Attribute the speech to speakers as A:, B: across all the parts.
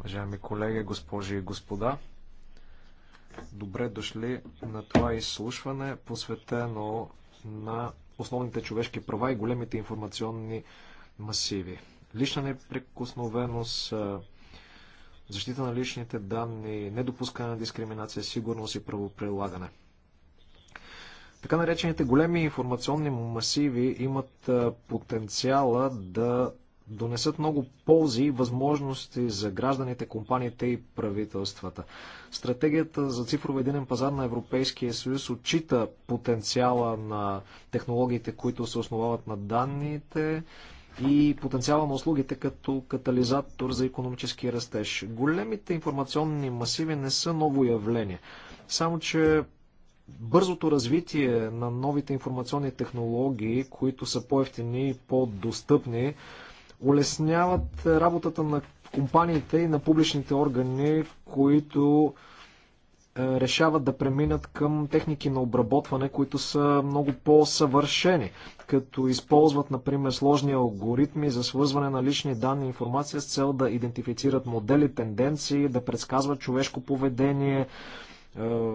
A: Уважаеми колеги, госпожи и господа, добре дошли на това изслушване, посветено на основните човешки права и големите информационни масиви. Лична неприкосновеност, защита на личните данни, недопускане на дискриминация, сигурност и правоприлагане – така наречените големи информационни масиви имат потенциала да донесат много ползи и възможности за гражданите, компаниите и правителствата. Стратегията за цифрово единен пазар на Европейския съюз отчита потенциала на технологиите, които се основават на данните и потенциала на услугите като катализатор за економически растеж. Големите информационни масиви не са ново явление, само че бързото развитие на новите информационни технологии, които са по-ефтини и по-достъпни, улесняват работата на компаниите и на публичните органи, които е, решават да преминат към техники на обработване, които са много по-съвършени, като използват, например, сложни алгоритми за свързване на лични данни и информация с цел да идентифицират модели, тенденции, да предсказват човешко поведение, е,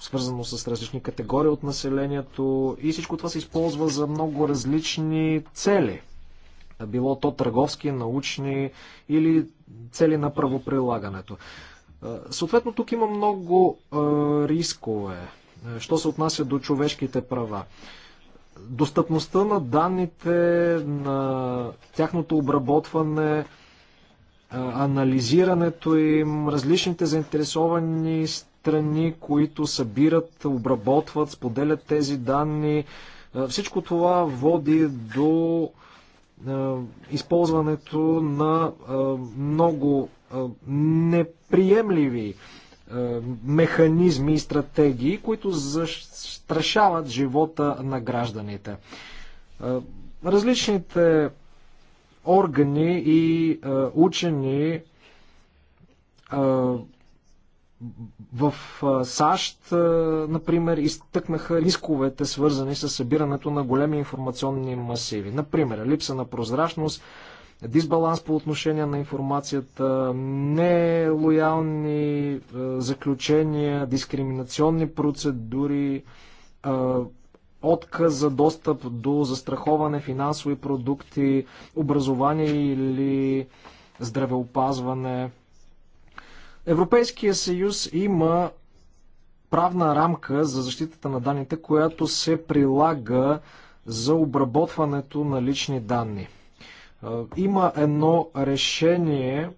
A: свързано с различни категории от населението и всичко това се използва за много различни цели. Било то търговски, научни или цели на правоприлагането. Е, съответно, тук има много е, рискове, що се отнася до човешките права достъпността на данните, на тяхното обработване, анализирането им, различните заинтересовани страни, които събират, обработват, споделят тези данни. Е, всичко това води до е, използването на е, много неприемливи механизми и стратегии, които застрашават живота на гражданите. Различните органи и учени в САЩ, например, изтъкнаха рисковете, свързани с събирането на големи информационни масиви. Например, липса на прозрачност, дисбаланс по отношение на информацията, нелоялни заключения, дискриминационни процедури, отказ за достъп до застраховане, финансови продукти, образование или здравеопазване – Европейския съюз има правна рамка за защитата на данните, която се прилага за обработването на лични данни. Има едно решение,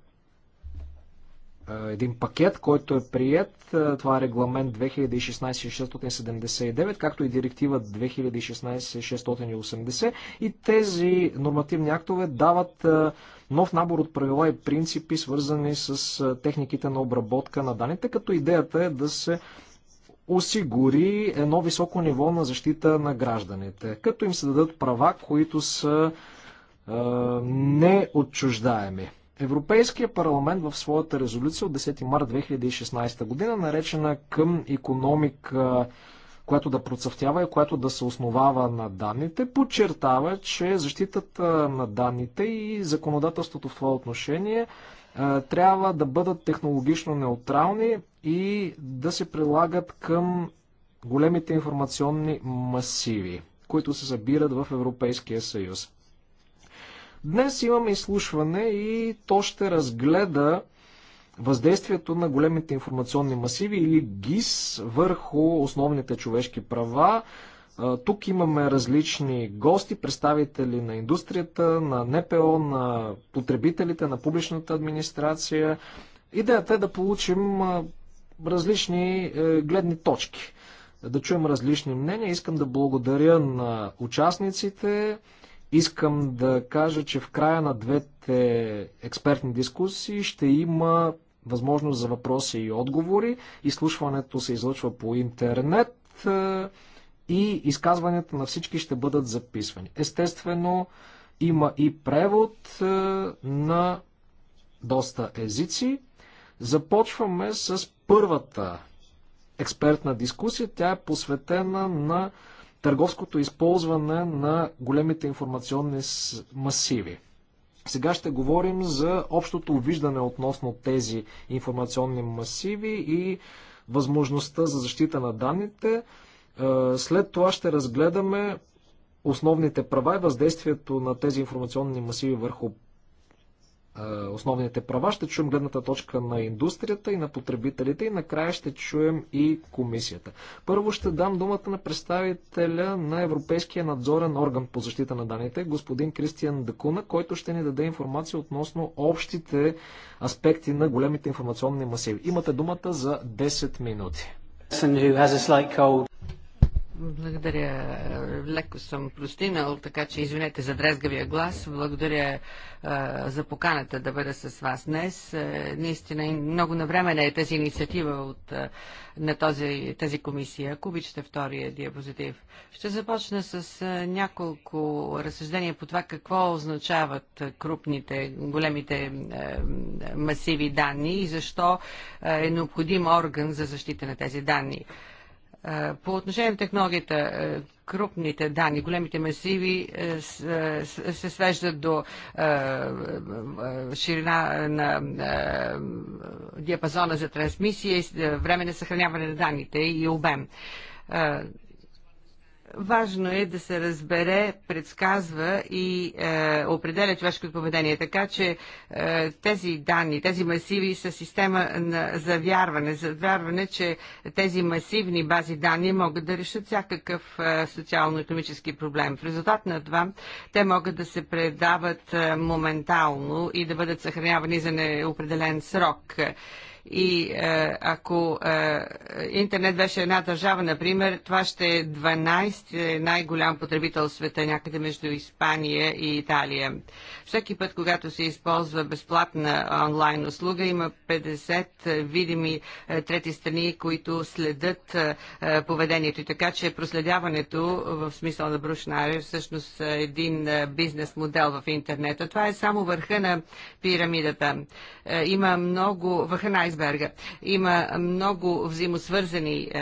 A: един пакет, който е прият. Това е регламент 2016-679, както и директива 2016-680. И тези нормативни актове дават нов набор от правила и принципи, свързани с техниките на обработка на данните, като идеята е да се осигури едно високо ниво на защита на гражданите, като им се дадат права, които са е, неотчуждаеми. Европейския парламент в своята резолюция от 10 март 2016 година, наречена към економика която да процъфтява и която да се основава на данните, подчертава, че защитата на данните и законодателството в това отношение е, трябва да бъдат технологично неутрални и да се прилагат към големите информационни масиви, които се събират в Европейския съюз. Днес имаме изслушване и то ще разгледа въздействието на големите информационни масиви или ГИС върху основните човешки права. Тук имаме различни гости, представители на индустрията, на НПО, на потребителите, на публичната администрация. Идеята е да получим различни е, гледни точки, да чуем различни мнения. Искам да благодаря на участниците, Искам да кажа, че в края на двете експертни дискусии ще има възможност за въпроси и отговори. Изслушването се излъчва по интернет е, и изказванията на всички ще бъдат записвани. Естествено, има и превод е, на доста езици. Започваме с първата експертна дискусия. Тя е посветена на търговското използване на големите информационни масиви. Сега ще говорим за общото виждане относно тези информационни масиви и възможността за защита на данните. Е, след това ще разгледаме основните права и въздействието на тези информационни масиви върху основните права. Ще чуем гледната точка на индустрията и на потребителите и накрая ще чуем и комисията. Първо ще дам думата на представителя на Европейския надзорен орган по защита на данните, господин Кристиан Дакуна, който ще ни даде информация относно общите аспекти на големите информационни масиви. Имате думата за 10 минути.
B: Благодаря. Леко съм простинал, така че извинете за дрезгавия глас. Благодаря а, за поканата да бъда с вас днес. А, наистина много навремене е тази инициатива от, а, на този, тази комисия. Ако обичате втория диапозитив. Ще започна с а, няколко разсъждения по това какво означават крупните, големите а, масиви данни и защо а, е необходим орган за защита на тези данни. А, по отношение на технологията, крупните данни, големите масиви се свеждат до ширина на диапазона за трансмисия, време на съхраняване на данните и обем Важно е да се разбере, предсказва и е, определя човешкото поведение. Така че е, тези данни, тези масиви са система на, за вярване. За вярване, че тези масивни бази данни могат да решат всякакъв е, социално-економически проблем. В резултат на това те могат да се предават е, моментално и да бъдат съхранявани за неопределен срок. Е, и е, ако е, интернет беше една държава, например, това ще е 12 най-голям потребител в света, някъде между Испания и Италия. Всеки път, когато се използва безплатна онлайн услуга, има 50 видими е, трети страни, които следят е, е, поведението. И така че проследяването в смисъл на Брушнаре е всъщност един е, бизнес модел в интернета. Това е само върха на пирамидата. Е, има много върха на айсберга. Има много взаимосвързани е,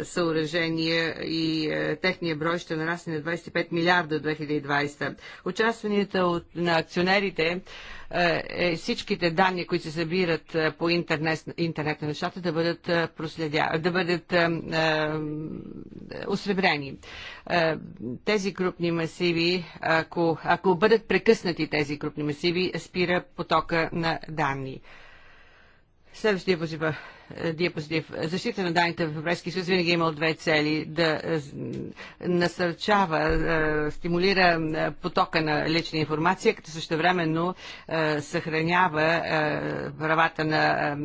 B: е съоръжения и е, техния брой ще нарасне на 25 милиарда 2020. Участванията от, на акционерите е, е, всичките данни, които се събират е, по интернет, интернет на нещата, да бъдат, проследя, да бъдат е, осребрени. Е, тези крупни масиви, ако, ако бъдат прекъснати тези крупни масиви, спира потока на данни. Следващия диапозитив, е, диапозитив. Защита на данните в Европейския съюз винаги е имал две цели. Да е, насърчава, е, стимулира потока на лична информация, като същевременно съхранява правата на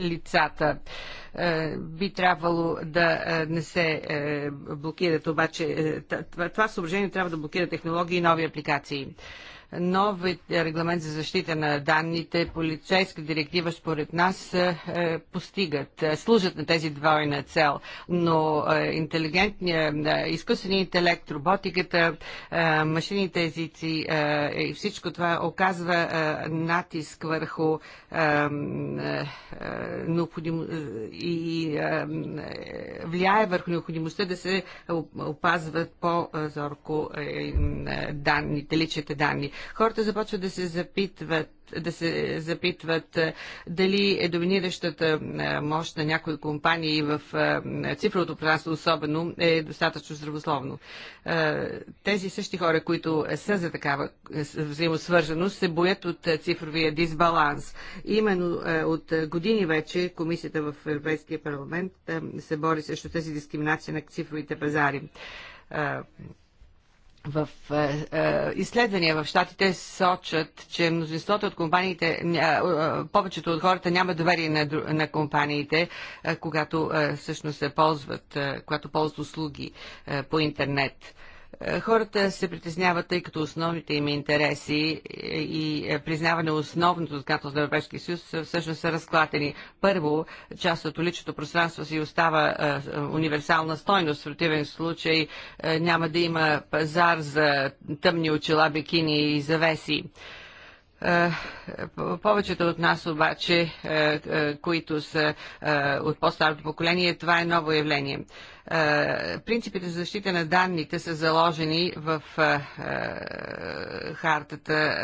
B: лицата. Би трябвало да не се блокират, обаче това съображение трябва да блокира технологии и нови апликации новите регламент за защита на данните, полицейска директива, според нас, е, е, постигат, е, служат на тези двойна цел. Но интелигентният изкуственият интелект, роботиката, машините езици и всичко това оказва натиск върху и влияе върху необходимостта да се опазват по-зорко данните, личните данни хората започват да се запитват да се запитват е, дали е доминиращата е, мощ на някои компании в е, цифровото пространство особено е достатъчно здравословно. Тези същи хора, които са за такава взаимосвърженост, се боят от цифровия дисбаланс. Именно от години вече комисията в Европейския парламент се бори срещу тази дискриминация на цифровите пазари в е, е, изследвания в щатите сочат, че мнозинството от компаниите, е, е, повечето от хората няма доверие на, на компаниите, е, когато е, всъщност се ползват, е, когато ползват услуги е, по интернет. Е, Хората се притесняват, тъй като основните им интереси е, и е, признаване основното законодателство на Европейския съюз всъщност са разклатени. Първо, част от личното пространство си остава е, универсална стойност. В противен случай няма да има пазар за тъмни очила, бикини и завеси. Повечето от нас обаче, които са от по-старото поколение, това е ново явление. Е, принципите за защита на данните са заложени в е, е, хартата,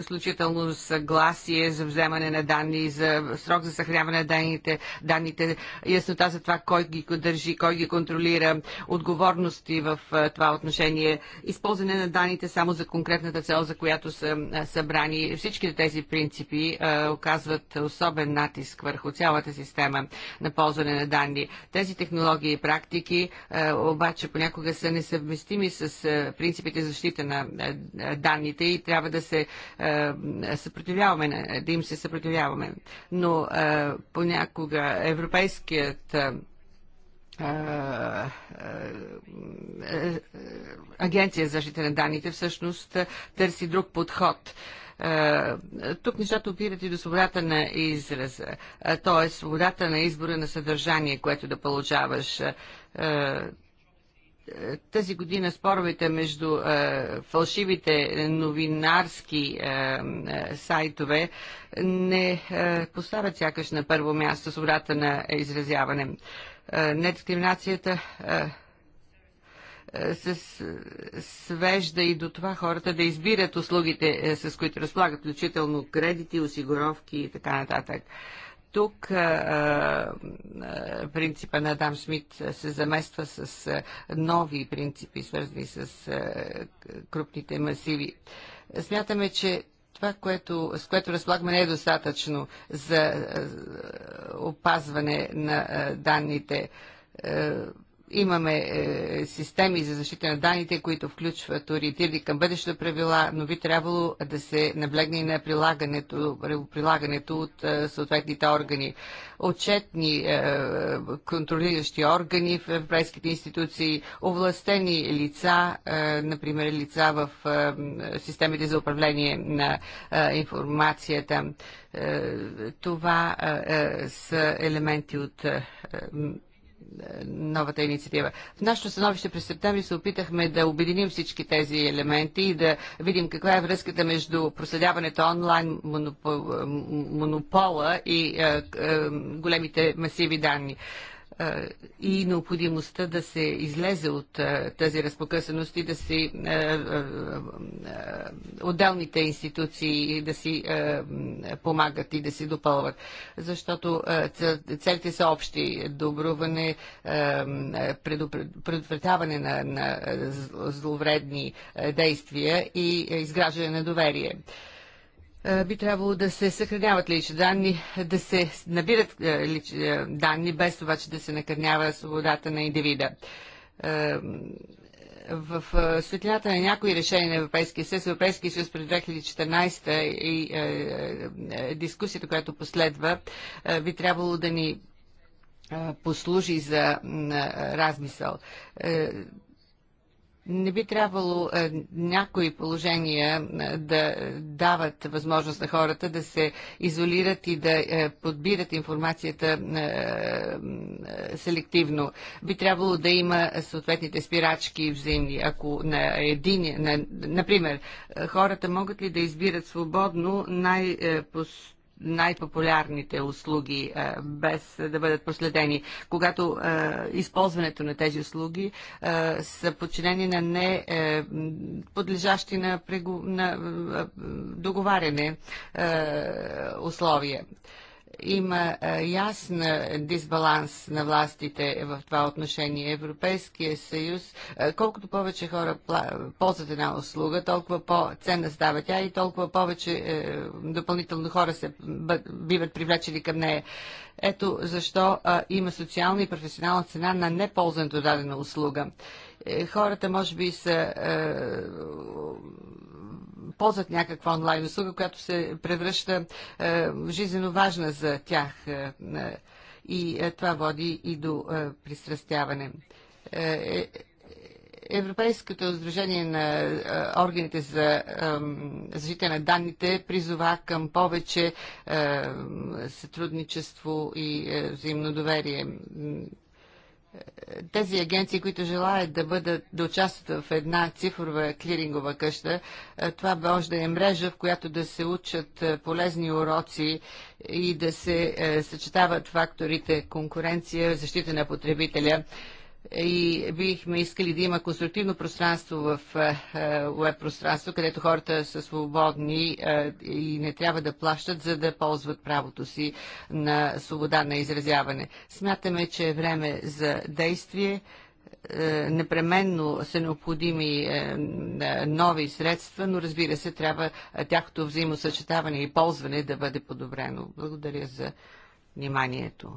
B: случително съгласие за вземане на данни, за срок за съхраняване на данните, данните яснота за това кой ги държи, кой ги контролира, отговорности в това отношение, използване на данните само за конкретната цел, за която са събрани. Всички тези принципи оказват особен натиск върху цялата система на ползване на данни. Тези технологии правят практики, е, обаче понякога са несъвместими с е, принципите за защита на е, данните и трябва да се съпротивяваме, да им се съпротивяваме. Но понякога европейският Агенция за защита на данните всъщност търси друг подход тук нещата опират и до свободата на израза, т.е. свободата на избора на съдържание, което да получаваш тази година споровете между е, фалшивите новинарски е, сайтове не е, поставят сякаш на първо място свободата на изразяване. Е, недискриминацията е, се свежда и до това хората да избират услугите, е, с които разполагат, включително кредити, осигуровки и така нататък. Тук е, е, принципа на Адам Шмидт се замества с нови принципи, свързани с крупните масиви. Смятаме, че това, което, с което разполагаме, не е достатъчно за опазване на данните. Имаме е, системи за защита на данните, които включват ориентирани към бъдещето правила, но би трябвало да се наблегне и на прилагането, прилагането от е, съответните органи. Отчетни е, контролиращи органи в европейските институции, овластени лица, е, например лица в е, системите за управление на е, информацията. Е, това е, е са елементи от е, новата инициатива. В нашето становище през септември се опитахме да обединим всички тези елементи и да видим каква е връзката между проследяването онлайн монопола и е, е, големите масиви данни и необходимостта да се излезе от тази разпокъсаност и да си отделните институции да си помагат и да си допълват. Защото целите са общи. Добруване, предотвратяване на, на зловредни действия и изграждане на доверие. Е, би трябвало да се съхраняват лични данни, да се набират е, лични е, данни, без обаче да се накърнява свободата на индивида. В светлината на някои решения на Европейския съюз, Европейския съюз през 2014 и дискусията, която последва, би трябвало да ни послужи за размисъл. Не би трябвало е, някои положения е, да дават възможност на хората да се изолират и да е, подбират информацията селективно. Би трябвало да има съответните спирачки взаимни. Ако на един, на, например, хората могат ли да избират свободно най-постоянно най-популярните услуги, е, без да бъдат проследени, когато е, използването на тези услуги е, са подчинени на не подлежащи на, на договаряне условия има ясна дисбаланс на властите в това отношение. Европейския съюз, колкото повече хора ползват една услуга, толкова по-ценна става тя и толкова повече е, допълнително хора се биват привлечени към нея. Ето защо има социална и професионална цена на неползването дадена услуга е, хората може би са е, ползват някаква онлайн услуга, която се превръща е, жизненно важна за тях. Е, е и е, това води и до е, пристрастяване. Е, е Европейското сдружение на е, органите за защита на данните призова към повече сътрудничество и взаимно доверие тези агенции, които желаят да бъдат, да участват в една цифрова клирингова къща, е, това може да е мрежа, в която да се учат е, полезни уроци и да се е, съчетават факторите конкуренция, защита на потребителя, и бихме искали да има конструктивно пространство в веб е, е, пространство, където хората са свободни е, и не трябва да плащат, за да ползват правото си на свобода на изразяване. Смятаме, че е време за действие непременно са необходими нови средства, но разбира се, трябва тяхното взаимосъчетаване и ползване да бъде подобрено. Благодаря за вниманието.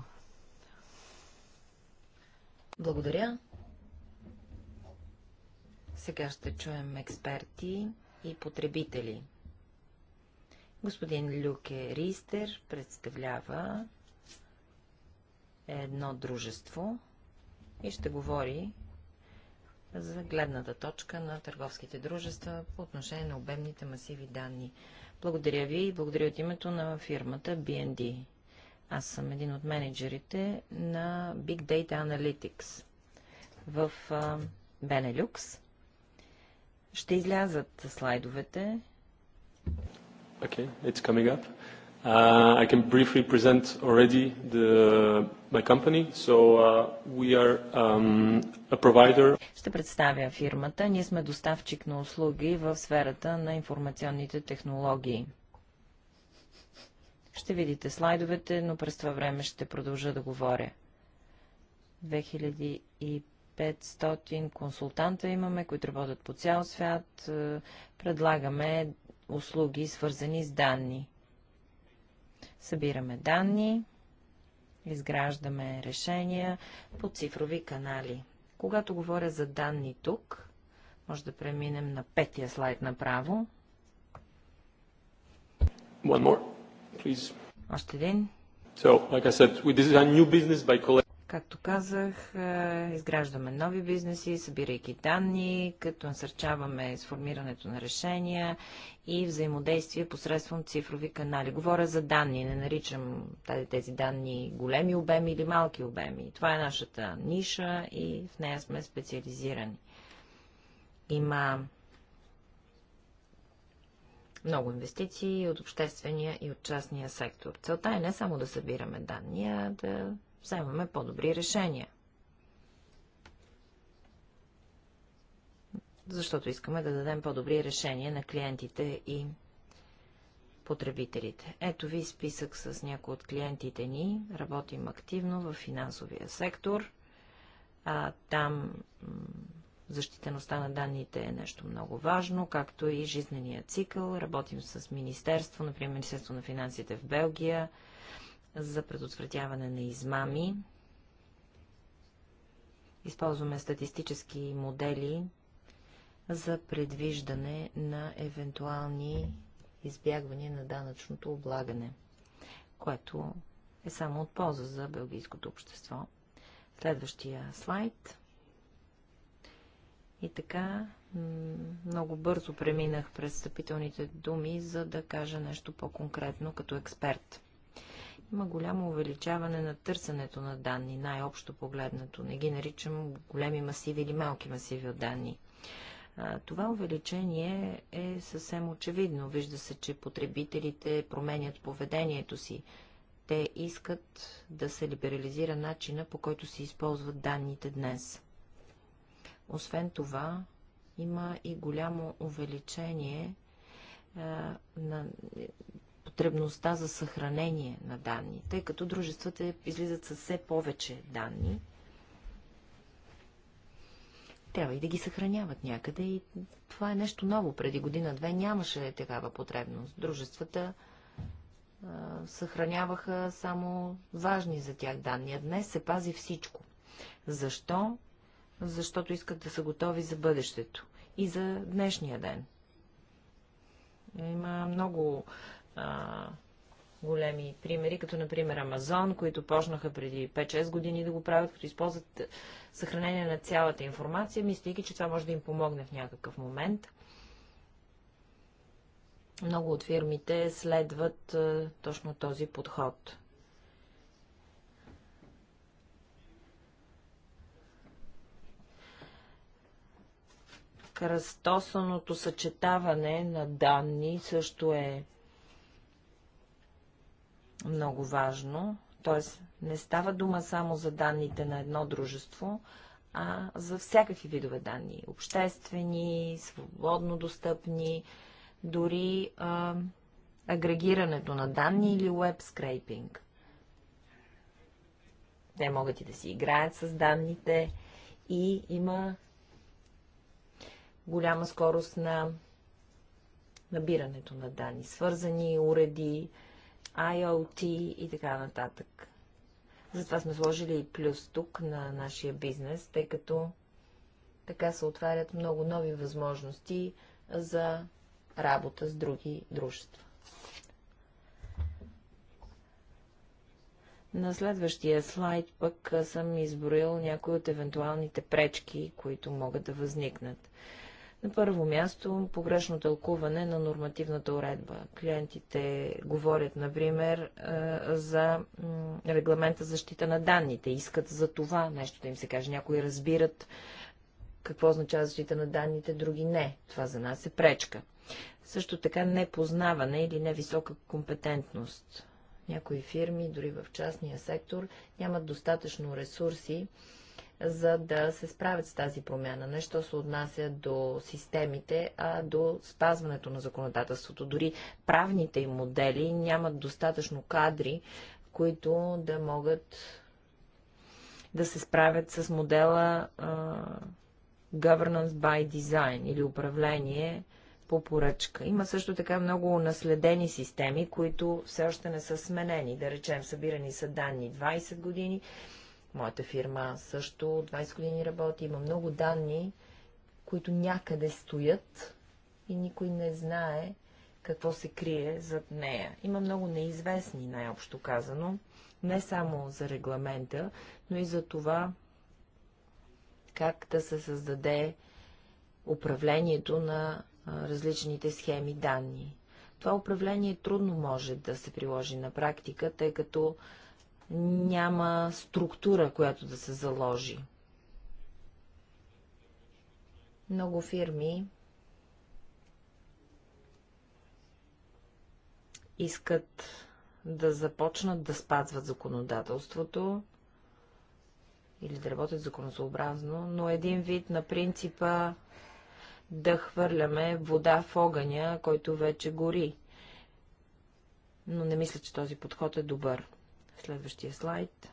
B: Благодаря.
C: Сега ще чуем експерти и потребители. Господин Люке Ристер представлява едно дружество и ще говори за гледната точка на търговските дружества по отношение на обемните масиви данни. Благодаря ви и благодаря от името на фирмата BND. Аз съм един от менеджерите на Big Data Analytics в Benelux. Ще излязат слайдовете.
B: Okay, it's coming up. Uh, I can briefly present already the, my
A: company. So uh, we are um, a provider.
C: Ще представя фирмата. Ние сме доставчик на услуги в сферата на информационните технологии. Ще видите слайдовете, но през това време ще продължа да говоря. 2500 консултанта имаме, които работят по цял свят. Е, предлагаме услуги, свързани с данни. Събираме данни, изграждаме решения по цифрови канали. Когато говоря за данни тук, може да преминем на петия слайд направо.
B: One more. Please. Още един. So, like I said, we a new business by
C: Както казах, е, изграждаме нови бизнеси, събирайки данни, като насърчаваме сформирането на решения и взаимодействие посредством цифрови канали. Говоря за данни, не наричам тези данни големи обеми или малки обеми. Това е нашата ниша и в нея сме специализирани. Има много инвестиции от обществения и от частния сектор. Целта е не само да събираме данни, а да вземаме по-добри решения. Защото искаме да дадем по-добри решения на клиентите и потребителите. Ето ви списък с някои от клиентите ни. Работим активно в финансовия сектор. А, там Защитеността на данните е нещо много важно, както и жизнения цикъл. Работим с Министерство, например Министерство на финансите в Белгия, за предотвратяване на измами. Използваме статистически модели за предвиждане на евентуални избягвания на данъчното облагане, което е само от полза за белгийското общество. Следващия слайд. И така, много бързо преминах през стъпителните думи, за да кажа нещо по-конкретно като експерт. Има голямо увеличаване на търсенето на данни, най-общо погледнато. Не ги наричам големи масиви или малки масиви от данни. Това увеличение е съвсем очевидно. Вижда се, че потребителите променят поведението си. Те искат да се либерализира начина, по който се използват данните днес. Освен това, има и голямо увеличение а, е, на потребността за съхранение на данни, тъй като дружествата излизат със все повече данни. Трябва и да ги съхраняват някъде и това е нещо ново. Преди година-две нямаше такава потребност. Дружествата а, е, съхраняваха само важни за тях данни, а днес се пази всичко. Защо? защото искат да са готови за бъдещето и за днешния ден. Има много а, големи примери, като например Амазон, които почнаха преди 5-6 години да го правят, като използват съхранение на цялата информация, мислейки, че това може да им помогне в някакъв момент. Много от фирмите следват а, точно този подход. кръстосаното съчетаване на данни също е много важно. Т.е. не става дума само за данните на едно дружество, а за всякакви видове данни. Обществени, свободно достъпни, дори а, агрегирането на данни или веб скрейпинг. Те могат и да си играят с данните и има голяма скорост на набирането на данни, свързани уреди, IoT и така нататък. Затова сме сложили и плюс тук на нашия бизнес, тъй като така се отварят много нови възможности за работа с други дружества. На следващия слайд пък съм изброил някои от евентуалните пречки, които могат да възникнат. На първо място, погрешно тълкуване на нормативната уредба. Клиентите говорят, например, за регламента защита на данните. Искат за това нещо да им се каже. Някои разбират какво означава защита на данните, други не. Това за нас е пречка. Също така непознаване или невисока компетентност. Някои фирми, дори в частния сектор, нямат достатъчно ресурси, за да се справят с тази промяна. Нещо се отнася до системите, а до спазването на законодателството. Дори правните им модели нямат достатъчно кадри, които да могат да се справят с модела uh, governance by design или управление по поръчка. Има също така много наследени системи, които все още не са сменени. Да речем, събирани са данни 20 години, Моята фирма също 20 години работи, има много данни, които някъде стоят и никой не знае какво се крие зад нея. Има много неизвестни, най-общо казано, не само за регламента, но и за това, как да се създаде управлението на различните схеми данни. Това управление трудно може да се приложи на практика, тъй като няма структура, която да се заложи. Много фирми искат да започнат да спазват законодателството или да работят законосообразно, но един вид на принципа да хвърляме вода в огъня, който вече гори. Но не мисля, че този подход е добър. Следващия слайд.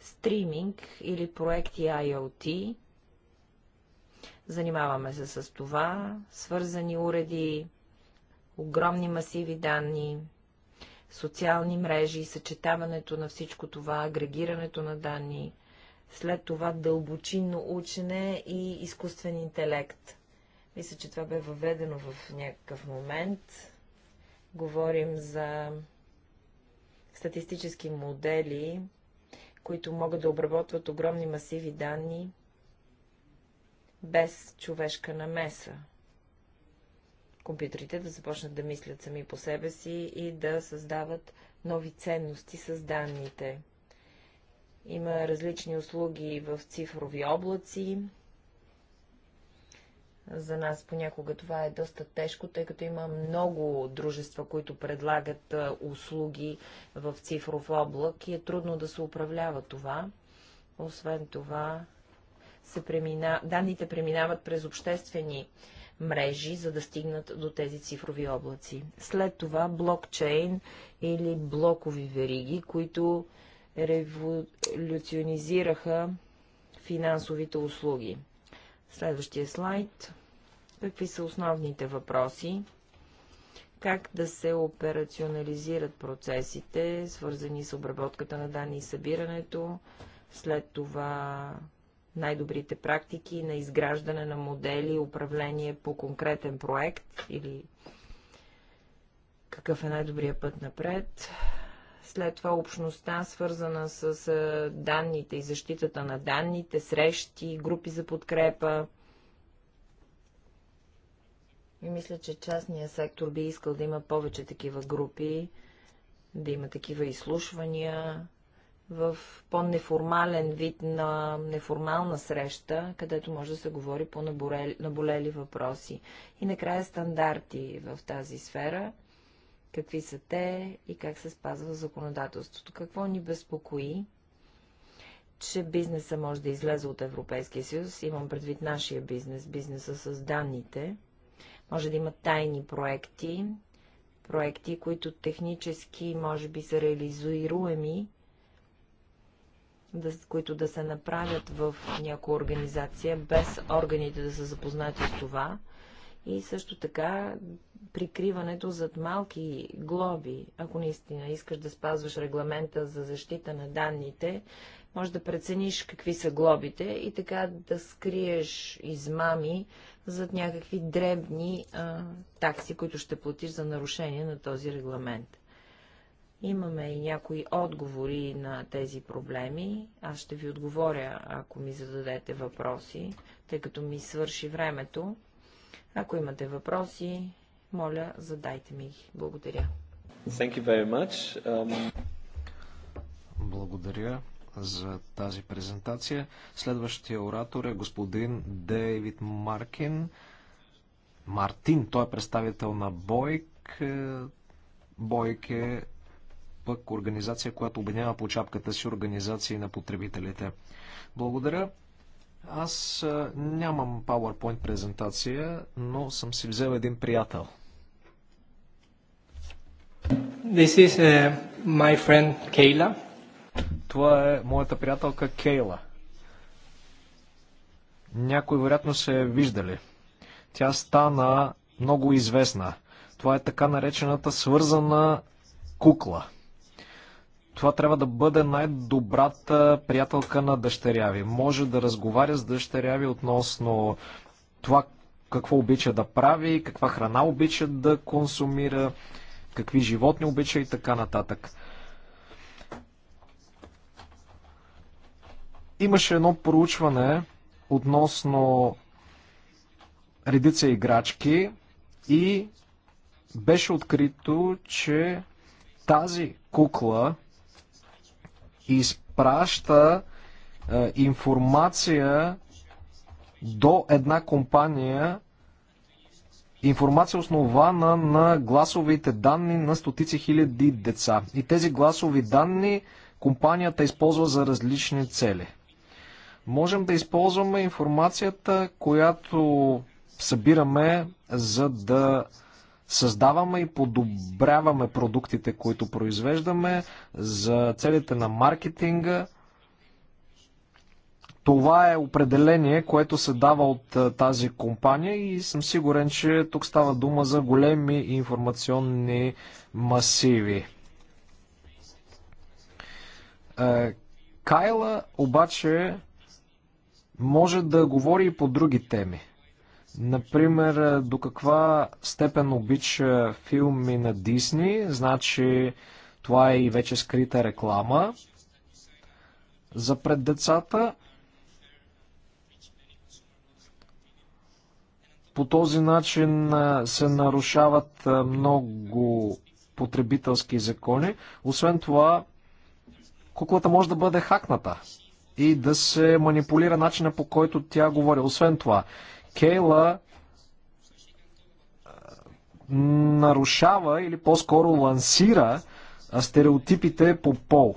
C: Стриминг или проекти IoT. Занимаваме се с това. Свързани уреди, огромни масиви данни, социални мрежи, съчетаването на всичко това, агрегирането на данни, след това дълбочинно учене и изкуствен интелект. Мисля, че това бе въведено в някакъв момент. Говорим за статистически модели, които могат да обработват огромни масиви данни без човешка намеса. Компютрите да започнат да мислят сами по себе си и да създават нови ценности с данните. Има различни услуги в цифрови облаци, за нас понякога това е доста тежко, тъй като има много дружества, които предлагат услуги в цифров облак и е трудно да се управлява това. Освен това, се премина... данните преминават през обществени мрежи, за да стигнат до тези цифрови облаци. След това блокчейн или блокови вериги, които революционизираха финансовите услуги. Следващия слайд. Какви са основните въпроси? Как да се операционализират процесите, свързани с обработката на данни и събирането, след това най-добрите практики на изграждане на модели, управление по конкретен проект или какъв е най-добрият път напред, след това общността, свързана с данните и защитата на данните, срещи, групи за подкрепа. И мисля, че частният сектор би искал да има повече такива групи, да има такива изслушвания в по-неформален вид на неформална среща, където може да се говори по наболели въпроси. И накрая стандарти в тази сфера – какви са те и как се спазва законодателството. Какво ни безпокои? че бизнеса може да излезе от Европейския съюз, имам предвид нашия бизнес, бизнеса с данните, може да има тайни проекти, проекти, които технически може би са реализуируеми, да, които да се направят в някоя организация, без органите да са запознати с това, и също така прикриването зад малки глоби. Ако наистина искаш да спазваш регламента за защита на данните, може да прецениш какви са глобите и така да скриеш измами зад някакви дребни а, такси, които ще платиш за нарушение на този регламент. Имаме и някои отговори на тези проблеми. Аз ще ви отговоря, ако ми зададете въпроси, тъй като ми свърши времето. Ако имате въпроси, моля, задайте ми ги. Благодаря.
A: Thank you very much. Um... Благодаря за тази презентация. Следващия оратор е господин Дейвид Маркин. Мартин, той е представител на Бойк. Бойк е пък организация, която обединява по чапката си организации на потребителите. Благодаря. Аз нямам PowerPoint презентация, но съм си взел един приятел. This is uh, my friend Kayla. Това е моята приятелка Кейла. Някой вероятно се е виждали. Тя стана много известна. Това е така наречената свързана кукла – това трябва да бъде най-добрата приятелка на дъщеря ви. Може да разговаря с дъщеря ви относно това какво обича да прави, каква храна обича да консумира, какви животни обича и така нататък. Имаше едно проучване относно редица играчки и беше открито, че тази кукла изпраща а, е, информация до една компания, информация основана на гласовите данни на стотици хиляди деца. И тези гласови данни компанията използва за различни цели. Можем да използваме информацията, която събираме, за да създаваме и подобряваме продуктите, които произвеждаме за целите на маркетинга. Това е определение, което се дава от тази компания и съм сигурен, че тук става дума за големи информационни масиви. Кайла обаче може да говори и по други теми. Например, до каква степен обича филми на Дисни, значи това е и вече скрита реклама за пред децата. По този начин се нарушават много потребителски закони. Освен това, куклата може да бъде хакната и да се манипулира начина по който тя говори. Освен това, Кейла нарушава или по-скоро лансира стереотипите по пол.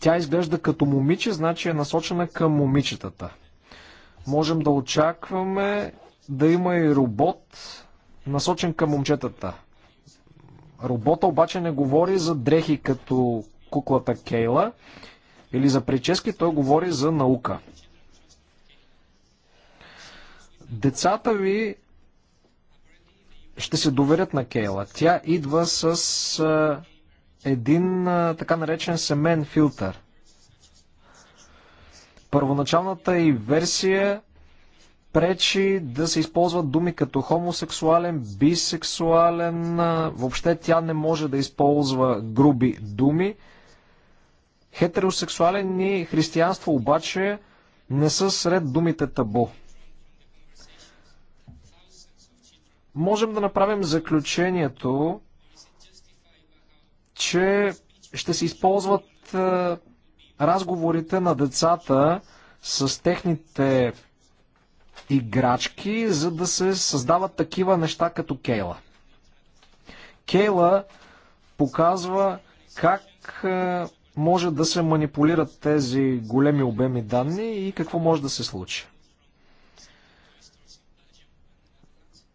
A: Тя изглежда като момиче, значи е насочена към момичетата. Можем да очакваме да има и робот, насочен към момчетата. Робота обаче не говори за дрехи като куклата Кейла или за прически, той говори за наука. Децата ви ще се доверят на Кейла. Тя идва с един така наречен семен филтър. Първоначалната и версия пречи да се използват думи като хомосексуален, бисексуален. Въобще тя не може да използва груби думи. Хетеросексуален и християнство обаче не са сред думите табу. можем да направим заключението, че ще се използват е, разговорите на децата с техните играчки, за да се създават такива неща като Кейла. Кейла показва как е, може да се манипулират тези големи обеми данни и какво може да се случи.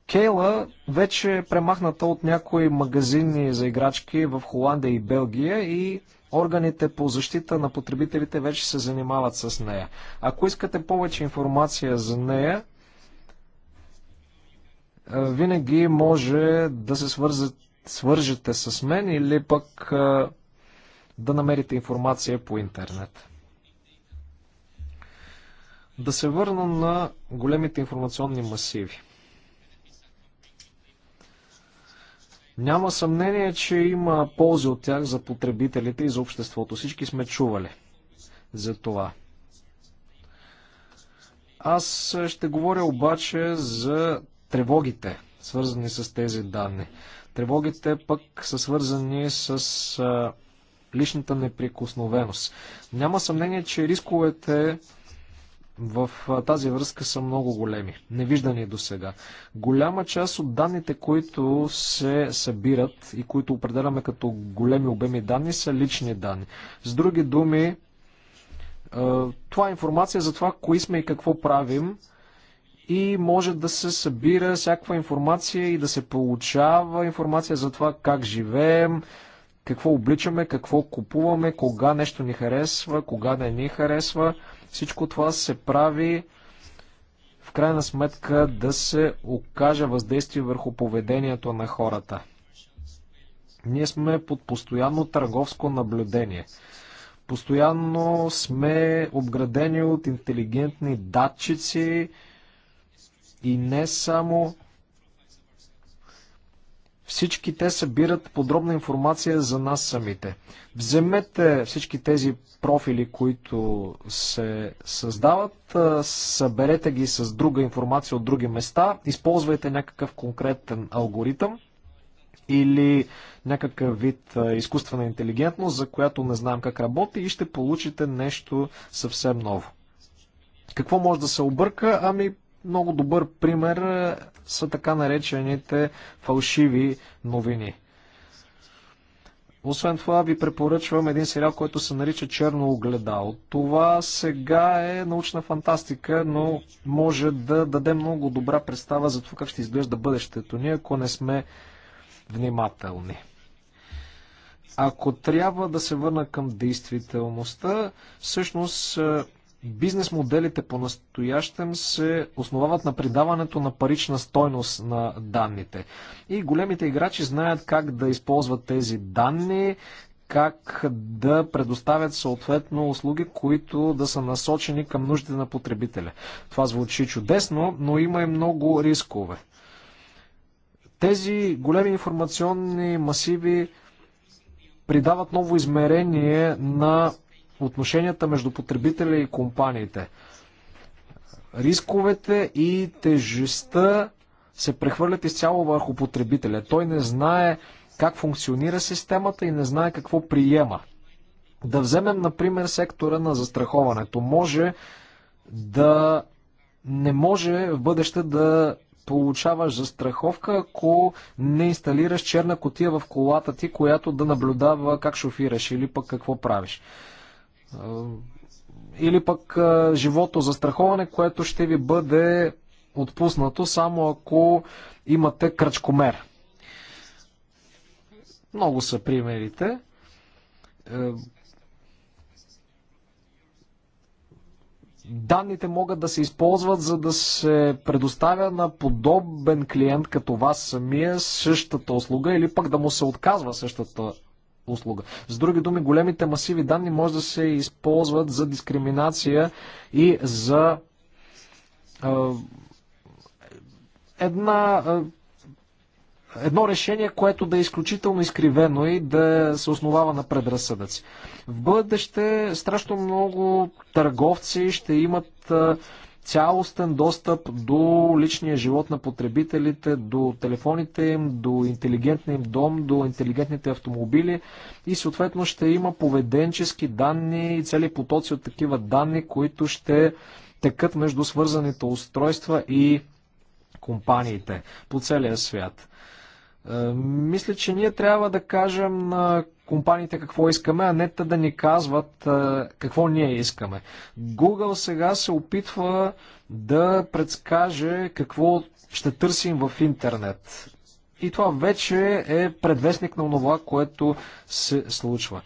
A: Кейла вече е премахната от някои магазини за играчки в Холандия и Белгия и органите по защита на потребителите вече се занимават с нея. Ако искате повече информация за нея, винаги може да се свързат, свържете с мен или пък да намерите информация по интернет. Да се върна на големите информационни масиви. Няма съмнение, че има ползи от тях за потребителите и за обществото. Всички сме чували за това. Аз ще говоря обаче за тревогите, свързани с тези данни. Тревогите пък са свързани с личната неприкосновеност. Няма съмнение, че рисковете в тази връзка са много големи, невиждани до сега. Голяма част от данните, които се събират и които определяме като големи обеми данни, са лични данни. С други думи, това е информация за това, кои сме и какво правим и може да се събира всякаква информация и да се получава информация за това как живеем, какво обличаме, какво купуваме, кога нещо ни харесва, кога не ни харесва – всичко това се прави в крайна сметка да се окаже въздействие върху поведението на хората. Ние сме под постоянно търговско наблюдение. Постоянно сме обградени от интелигентни датчици и не само всички те събират подробна информация за нас самите. Вземете всички тези профили, които се създават, съберете ги с друга информация от други места, използвайте някакъв конкретен алгоритъм или някакъв вид изкуствена интелигентност, за която не знаем как работи и ще получите нещо съвсем ново. Какво може да се обърка? Ами много добър пример е, са така наречените фалшиви новини. Освен това ви препоръчвам един сериал, който се нарича Черно огледало. Това сега е научна фантастика, но може да даде много добра представа за това как ще изглежда бъдещето ни, ако не сме внимателни. Ако трябва да се върна към действителността, всъщност е, бизнес моделите по настоящем се основават на придаването на парична стойност на данните. И големите играчи знаят как да използват тези данни, как да предоставят съответно услуги, които да са насочени към нуждите на потребителя. Това звучи чудесно, но има и много рискове. Тези големи информационни масиви придават ново измерение на отношенията между потребителя и компаниите. Рисковете и тежестта се прехвърлят изцяло върху потребителя. Той не знае как функционира системата и не знае какво приема. Да вземем, например, сектора на застраховането. Може да не може в бъдеще да получаваш застраховка, ако не инсталираш черна котия в колата ти, която да наблюдава как шофираш или пък какво правиш. Е, или пък е, живото застраховане, което ще ви бъде отпуснато само ако имате кръчкомер. Много са примерите. Е, данните могат да се използват, за да се предоставя на подобен клиент като вас самия същата услуга или пък да му се отказва същата услуга. С други думи, големите масиви данни може да се използват за дискриминация и за е, една, е, едно решение, което да е изключително изкривено и да се основава на предразсъдъци. В бъдеще страшно много търговци ще имат е, цялостен достъп до личния живот на потребителите, до телефоните им, до интелигентния им дом, до интелигентните автомобили и съответно ще има поведенчески данни и цели потоци от такива данни, които ще текат между свързаните устройства и компаниите по целия свят. Е, мисля, че ние трябва да кажем на компаниите какво искаме, а не те да ни казват какво ние искаме. Google сега се опитва да предскаже какво ще търсим в интернет. И това вече е предвестник на това, което се случва.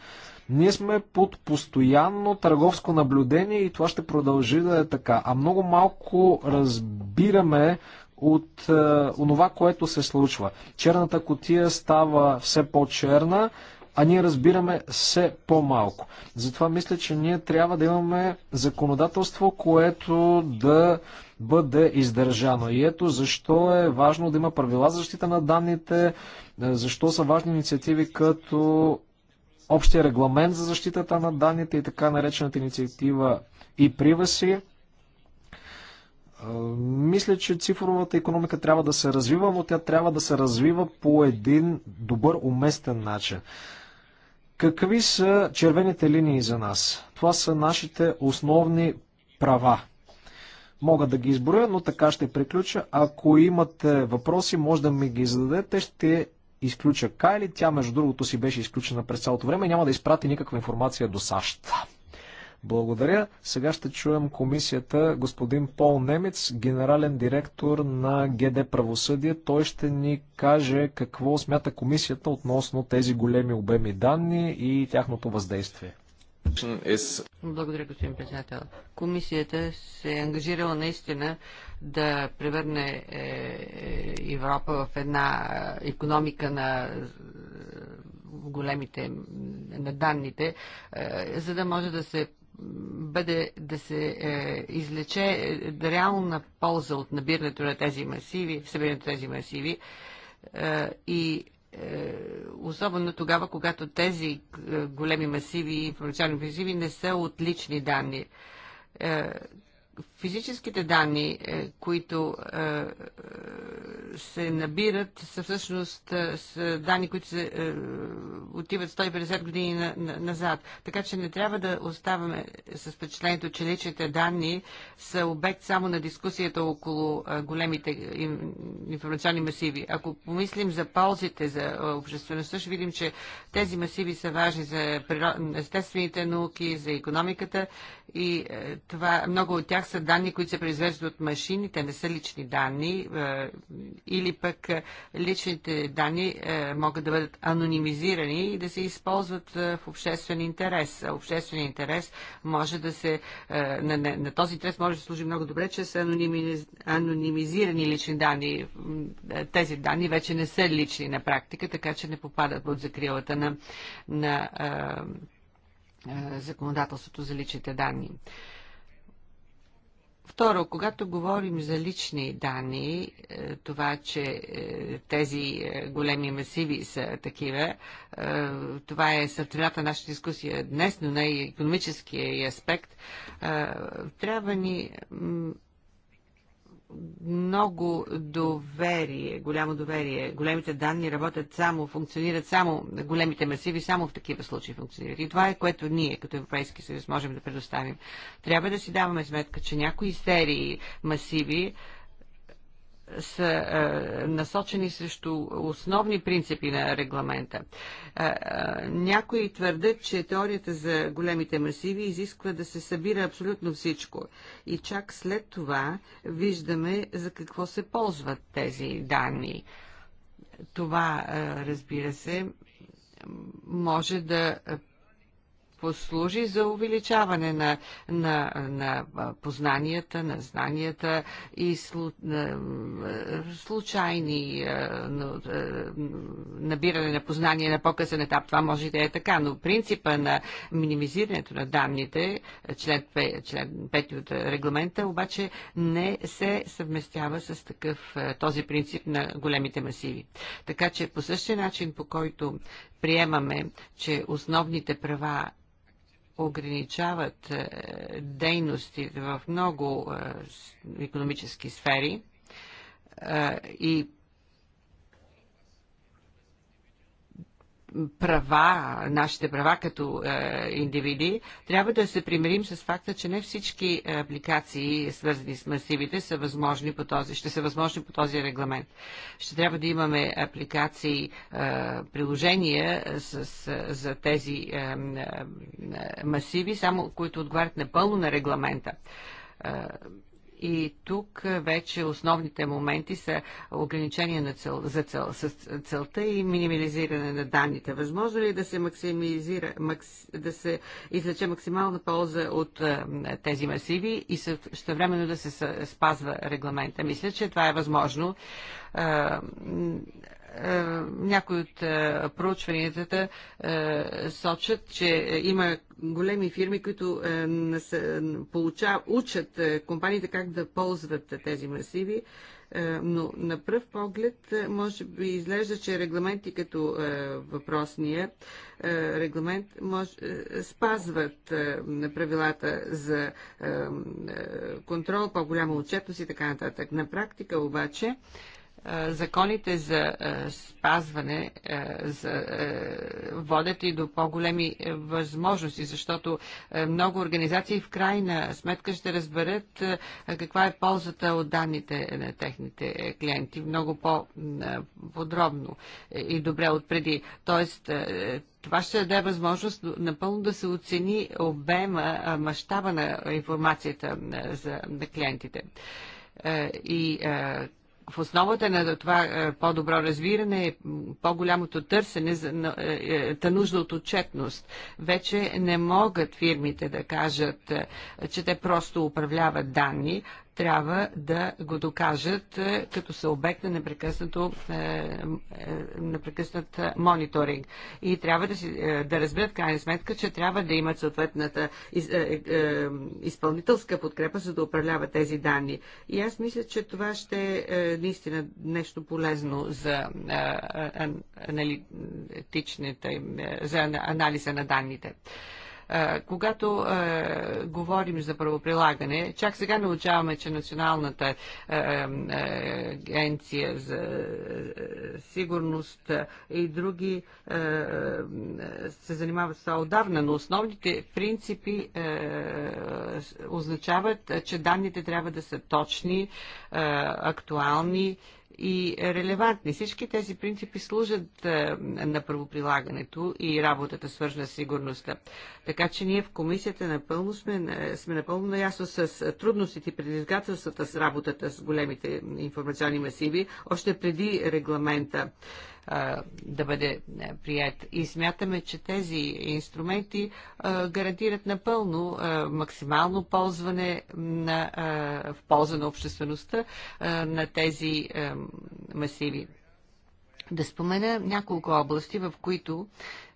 A: Ние сме под постоянно търговско наблюдение и това ще продължи да е така. А много малко разбираме от е, онова, което се случва. Черната котия става все по-черна, а ние разбираме все по-малко. Затова мисля, че ние трябва да имаме законодателство, което да бъде издържано. И ето защо е важно да има правила за защита на данните, е, защо са важни инициативи като общия регламент за защитата на данните и така наречената инициатива и приваси. Е, мисля, че цифровата економика трябва да се развива, но тя трябва да се развива по един добър, уместен начин. Какви са червените линии за нас? Това са нашите основни права. Мога да ги изброя, но така ще приключа. Ако имате въпроси, може да ми ги зададете. Ще изключа Кайли. Тя, между другото, си беше изключена през цялото време и няма да изпрати никаква информация до САЩ. Благодаря. Сега ще чуем комисията господин Пол Немец, генерален директор на ГД Правосъдие. Той ще ни каже какво смята комисията относно тези големи обеми данни и тяхното въздействие.
B: Благодаря, господин председател. Комисията се е ангажирала наистина да превърне е, е, Европа в една економика на е, големите, на данните, за да може да се бъде да се е, излече е, реална полза от набирането на тези масиви, събирането на тези масиви е, и е, особено тогава, когато тези е, големи масиви и информационни масиви не са отлични данни. Е, Физическите данни, е, които е, е, се набират, са всъщност са данни, които се, отиват 150 години назад. Така че не трябва да оставаме с впечатлението, че личните данни са обект само на дискусията около големите информационни масиви. Ако помислим за ползите за обществеността, ще видим, че тези масиви са важни за естествените науки, за економиката и това, много от тях са данни, които се произвеждат от машини, те не са лични данни е, или пък е, личните данни е, могат да бъдат анонимизирани и да се използват в обществен интерес. Обществен интерес може да се... На, на, на този интерес може да служи много добре, че са анонимиз, анонимизирани лични данни. Тези данни вече не са лични на практика, така че не попадат под закрилата на, на законодателството за личните данни. Второ, когато говорим за лични данни, е, това, че е, тези е, големи масиви са такива, това е сърцевината на нашата дискусия днес, но не и економическия аспект, трябва ни много доверие, голямо доверие. Големите данни работят само, функционират само, големите масиви само в такива случаи функционират. И това е което ние като Европейски съюз можем да предоставим. Трябва да си даваме сметка, че някои серии масиви са а, е, насочени срещу основни принципи на регламента. А, е, а, е, някои твърдят, че теорията за големите масиви изисква да се събира абсолютно всичко. И чак след това виждаме за какво се ползват тези данни. Това, разбира се, може да послужи за увеличаване на, на, на познанията, на знанията и слу, на, случайни на, набиране на познания на по-късен етап. Това може да е така, но принципа на минимизирането на данните, член 5, член 5 от регламента, обаче не се съвместява с такъв този принцип на големите масиви. Така че по същия начин, по който приемаме, че основните права ограничават е, дейности в много е, економически сфери е, и права, нашите права като е, индивиди, трябва да се примирим с факта, че не всички е, апликации, свързани с масивите, са възможни по този, ще са възможни по този регламент. Ще трябва да имаме апликации, е, приложения с, с, е, за тези е, е, масиви, само които отговарят напълно на регламента. Е, и тук вече основните моменти са ограничение на цел, за цел, с целта и минимализиране на данните. Възможно ли е да се максимизира, макс, да се излече максимална полза от а, тези масиви и също времено да се спазва регламента? Мисля, че това е възможно. А, е, някои от е, проучванията е, сочат, че има големи фирми, които получа, учат компаниите как да ползват тези масиви, но на пръв поглед може би изглежда, че регламенти като въпросния регламент може, спазват правилата за контрол, по-голяма отчетност и така нататък. На практика обаче законите за спазване за, водят и до по-големи е, възможности, защото е, много организации в крайна сметка ще разберат е, каква е ползата от данните на техните клиенти много по-подробно и добре от преди. Тоест, това ще даде възможност напълно да се оцени обема, мащаба на информацията за, на клиентите и в основата на това е, по-добро разбиране е по-голямото търсене, е, е, та нужда от отчетност. Вече не могат фирмите да кажат, че те просто управляват данни, трябва да го докажат, е, като са обект на непрекъснато, е, е, непрекъснат мониторинг. И трябва да, си, да разберат крайна сметка, че трябва да имат съответната из, изпълнителска подкрепа, за да управляват тези данни. И аз мисля, че това ще е наистина нещо полезно за аналитичните, за анализа на данните. Когато говорим за правоприлагане, чак сега научаваме, че Националната агенция за сигурност и други се занимават с това отдавна, но основните принципи означават, че данните трябва да са точни, актуални, и релевантни. Всички тези принципи служат е, на правоприлагането и работата свържена с сигурността. Така че ние в комисията напълно сме, е, сме напълно наясно с е, трудностите и предизвикателствата с работата с големите информационни масиви, още преди регламента да бъде прият. И смятаме, че тези инструменти гарантират напълно максимално ползване на, в полза на обществеността на тези масиви. Да спомена няколко области, в които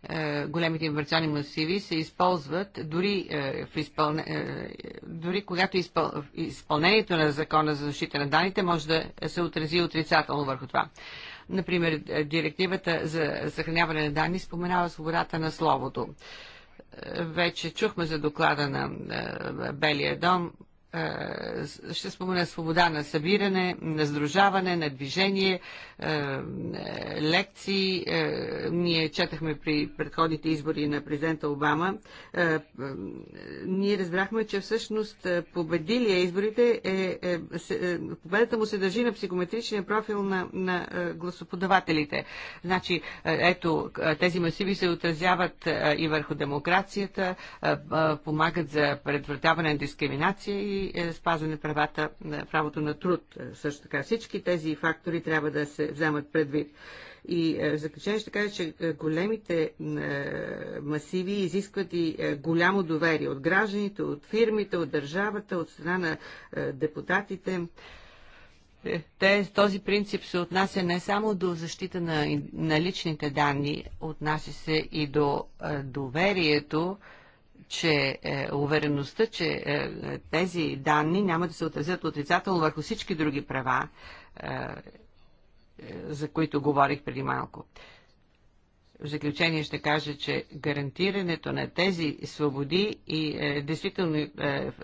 B: е, големите инверсионни масиви се използват дори, е, в изпълне, е, дори когато изпъл... изпълнението на закона за защита на данните може да се отрази отрицателно върху това. Е, Например, е, директивата за съхраняване на данни споменава свободата на словото. Е, вече чухме за доклада на е, Белия дом. Е, ще спомена свобода на събиране, на сдружаване, на движение, е, лекции. Е, ние четахме при предходните избори на президента Обама. Ние разбрахме, че всъщност победилия изборите е, е, е победата му се държи на психометричния профил на, на гласоподавателите. Значи, ето, тези масиви се отразяват и върху демокрацията, помагат за предотвратяване на дискриминация и е, спазване правата, е, правото на труд. Е, също така всички тези фактори трябва да се вземат предвид. И в заключение ще кажа, че големите масиви изискват и голямо доверие от гражданите, от фирмите, от държавата, от страна на депутатите. Те, този принцип се отнася не само до защита на, на личните данни, отнася се и до доверието че е, увереността, че е, тези данни няма да се отразят отрицателно върху всички други права, е, е за които говорих преди малко. Е, в заключение ще кажа, че гарантирането на тези свободи и е, действително е,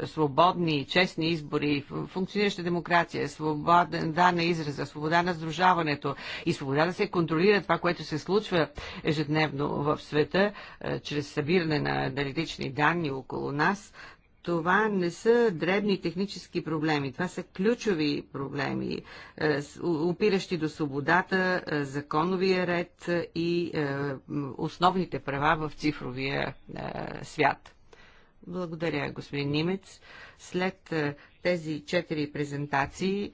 B: свободни и честни избори, функционираща демокрация, свобода на израза, свобода на сдружаването и свобода да се контролира това, което се случва ежедневно в света, е, чрез събиране на аналитични данни около нас, това не са дребни технически проблеми, това са ключови проблеми, е, опиращи до свободата, е, законовия ред е, и основните права в цифровия свят. Благодаря, господин Нимец. След тези четири презентации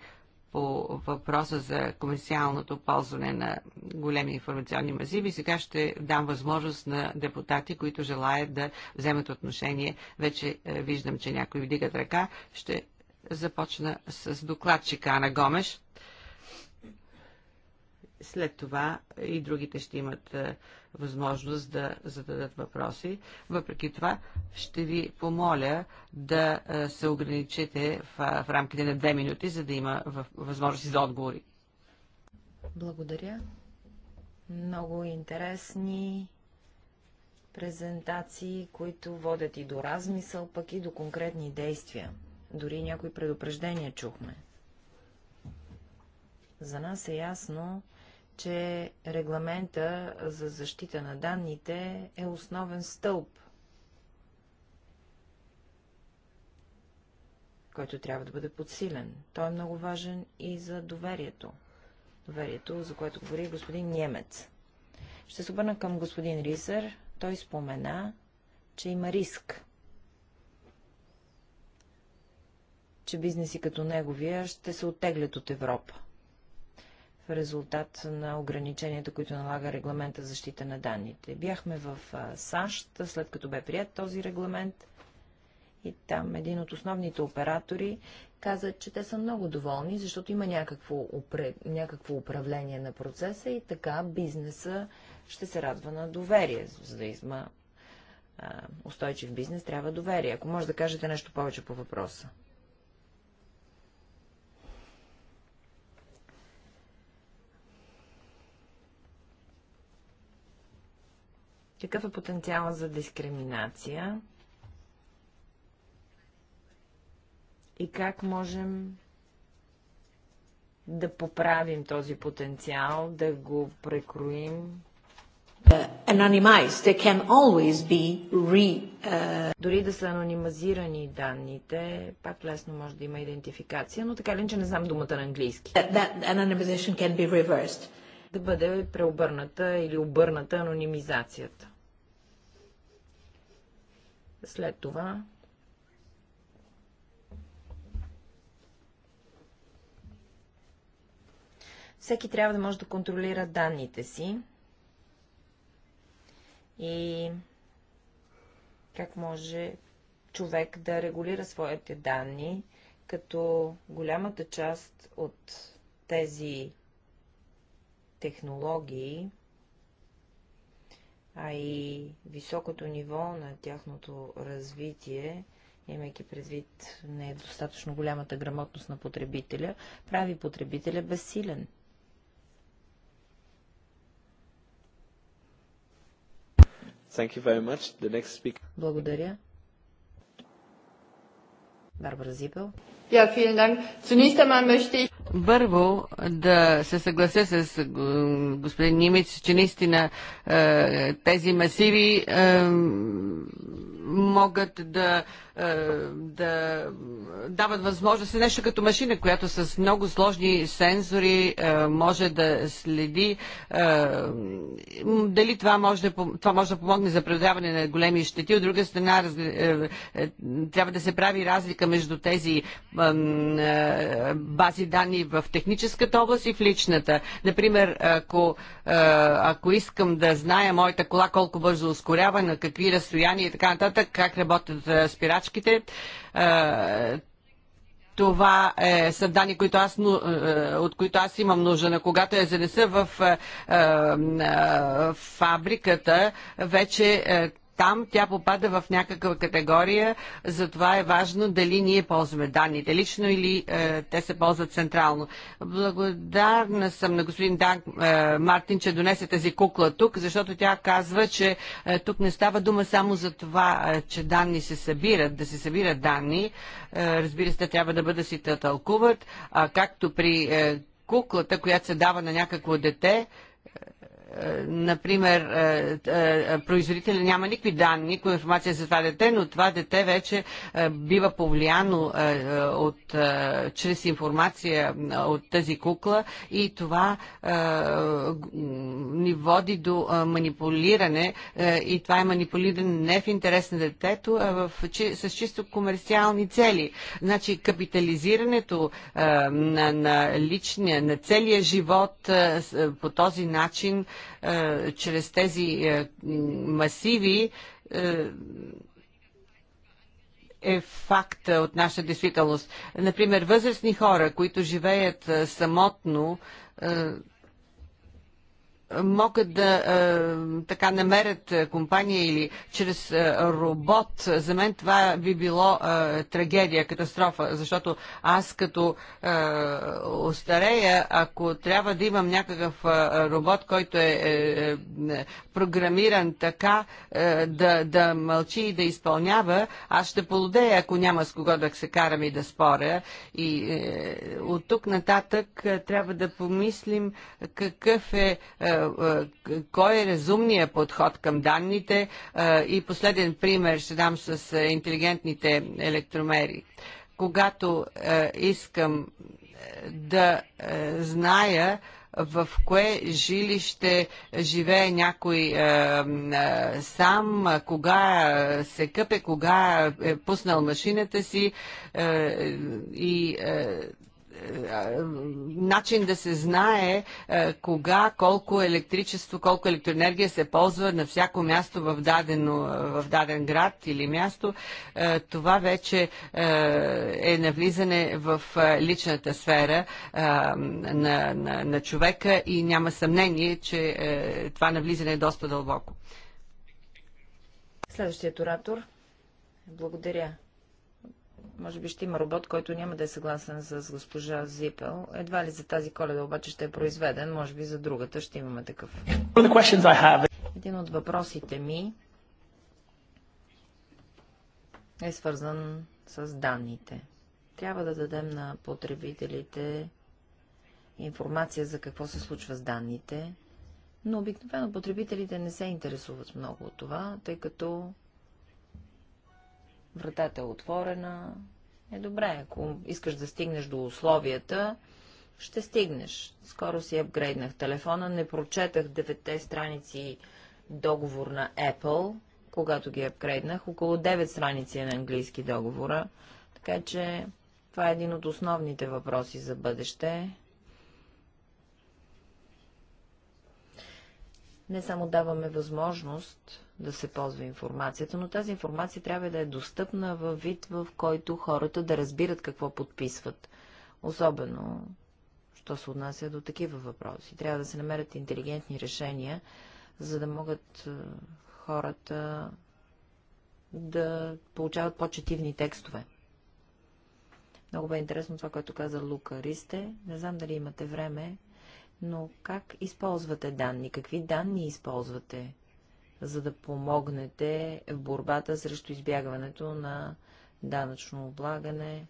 B: по въпроса за комерциалното ползване на големи информационни мазиви. Сега ще дам възможност на депутати, които желаят да вземат отношение. Вече е, виждам, че някои вдигат ръка. Ще започна с докладчика Ана Гомеш. След това и другите ще имат е, възможност да зададат въпроси. Въпреки това, ще ви помоля да се ограничите в, в рамките на две минути, за да има възможности за отговори.
C: Благодаря. Много интересни презентации, които водят и до размисъл, пък и до конкретни действия. Дори някои предупреждения чухме. За нас е ясно, че регламента за защита на данните е основен стълб, който трябва да бъде подсилен. Той е много важен и за доверието. Доверието, за което говори господин Немец. Ще се обърна към господин Рисър. Той спомена, че има риск. Че бизнеси като неговия ще се оттеглят от Европа в резултат на ограниченията, които налага регламента за защита на данните. Бяхме в САЩ, след като бе прият този регламент и там един от основните оператори каза, че те са много доволни, защото има някакво, упре... някакво управление на процеса и така бизнеса ще се радва на доверие. За да има а, устойчив бизнес, трябва доверие. Ако може да кажете нещо повече по въпроса. Какъв е потенциалът за дискриминация? И как можем да поправим този потенциал, да го прекроим? Uh, re... Uh, Дори да са анонимизирани данните, пак лесно може да има идентификация, но така ли, че не знам думата на английски. That, that да бъде преобърната или обърната анонимизацията. След това всеки трябва да може да контролира данните си и как може човек да регулира своите данни, като голямата част от тези технологии, а и високото ниво на тяхното развитие, имайки предвид недостатъчно е голямата грамотност на потребителя, прави потребителя безсилен. Благодаря. Барбара Зипел.
B: Ja, vielen Dank. Zunächst einmal möchte първо да се съглася с господин Нимич, че наистина е, тези масиви е, могат да, е, да дават възможност нещо като машина, която с много сложни сензори е, може да следи е, дали това може да, това може да помогне за преодоляване на големи щети. От друга страна трябва да се прави разлика между тези бази данни в техническата област и в личната. Например, ако, ако искам да зная моята кола колко бързо ускорява, на какви разстояния и така нататък, нататък, как работят спирачките. Това е, са данни, които аз, от които аз имам нужда. На когато я занеса в е, е, фабриката, вече е, там тя попада в някаква категория, затова е важно дали ние ползваме данните лично или е, те се ползват централно. Благодарна съм на господин Дан е, Мартин, че донесе тази кукла тук, защото тя казва, че е, тук не става дума само за това, е, че данни се събират, да се събират данни. Е, разбира се, трябва да бъде си тълкуват, а както при е, куклата, която се дава на някакво дете, например, е, е, производителя няма никакви данни, никаква информация за това дете, но това дете вече е, бива повлияно от, чрез информация от тази кукла и това ни води до манипулиране и това е манипулиране не в интерес на детето, а в, с чисто комерциални цели. Значи капитализирането на, на личния, на целия живот по този начин е, чрез тези е, масиви е, е факт от наша действителност. Например, възрастни хора, които живеят самотно, могат да а, е, така намерят е, компания или чрез а, е, робот. За мен това би било а, трагедия, катастрофа, защото аз като а, остарея, ако трябва да имам някакъв а, робот, който е, е, е програмиран така е, да, да мълчи и да изпълнява, аз ще полудея, ако няма с кого да се карам и да споря. И е, от тук нататък трябва да помислим какъв е, е кой е разумният подход към данните и последен пример ще дам с интелигентните електромери. Когато искам да зная в кое жилище живее някой е, е, сам, кога се къпе, кога е пуснал машината си е, и е, е, е, начин да се знае е, кога, колко електричество, колко електроенергия се ползва на всяко място в, дадено, в даден град или място, това вече е навлизане в личната сфера на, на, на човека и няма съмнение, че това навлизане е доста дълбоко.
C: Следващият оратор. Благодаря. Може би ще има робот, който няма да е съгласен с госпожа Зипел. Едва ли за тази коледа обаче ще е произведен, може би за другата ще имаме такъв. Един от въпросите ми е свързан с данните. Трябва да дадем на потребителите информация за какво се случва с данните, но обикновено потребителите не се интересуват много от това, тъй като вратата е отворена. Е добре, ако искаш да стигнеш до условията, ще стигнеш. Скоро си апгрейднах телефона, не прочетах девете страници договор на Apple, когато ги апгрейднах. Около 9 страници е на английски договора, така че това е един от основните въпроси за бъдеще. Не само даваме възможност да се ползва информацията, но тази информация трябва да е достъпна във вид, в който хората да разбират какво подписват. Особено, що се отнася до такива въпроси. Трябва да се намерят интелигентни решения, за да могат е, хората да получават по-четивни текстове. Много бе интересно това, което каза Лука Ристе. Не знам дали имате време, но как използвате данни? Какви данни използвате? за да помогнете в борбата срещу избягването на данъчно облагане?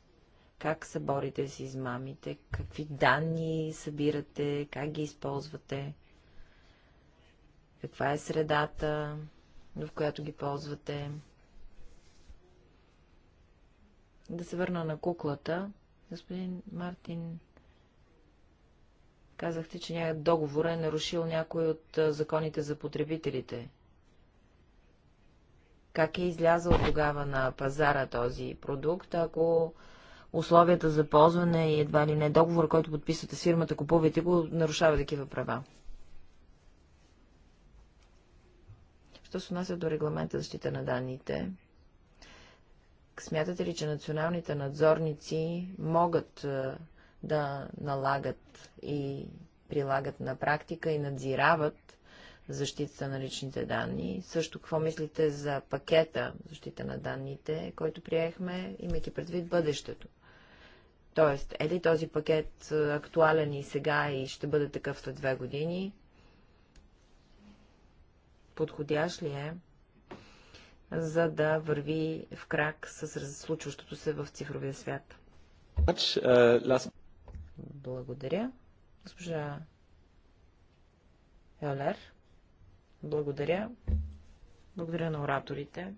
C: Как се борите с измамите? Какви данни събирате? Как ги използвате? Каква е средата, в която ги ползвате? Да се върна на куклата. Господин Мартин, казахте, че договор е нарушил някой от законите за потребителите. Как е излязъл тогава на пазара този продукт, ако условията за ползване и едва ли не договор, който подписвате с фирмата, купувате го, нарушава такива права? Що се отнася до регламента за защита на данните? Смятате ли, че националните надзорници могат да налагат и прилагат на практика и надзирават защитата на личните данни. Също какво мислите за пакета защита на данните, който приехме, имайки предвид бъдещето? Тоест, е ли този пакет е, актуален и сега и ще бъде такъв след две години? Подходящ ли е, за да върви в крак с случващото се в цифровия свят? Благодаря. Госпожа Елер. Благодаря. Благодаря на ораторите.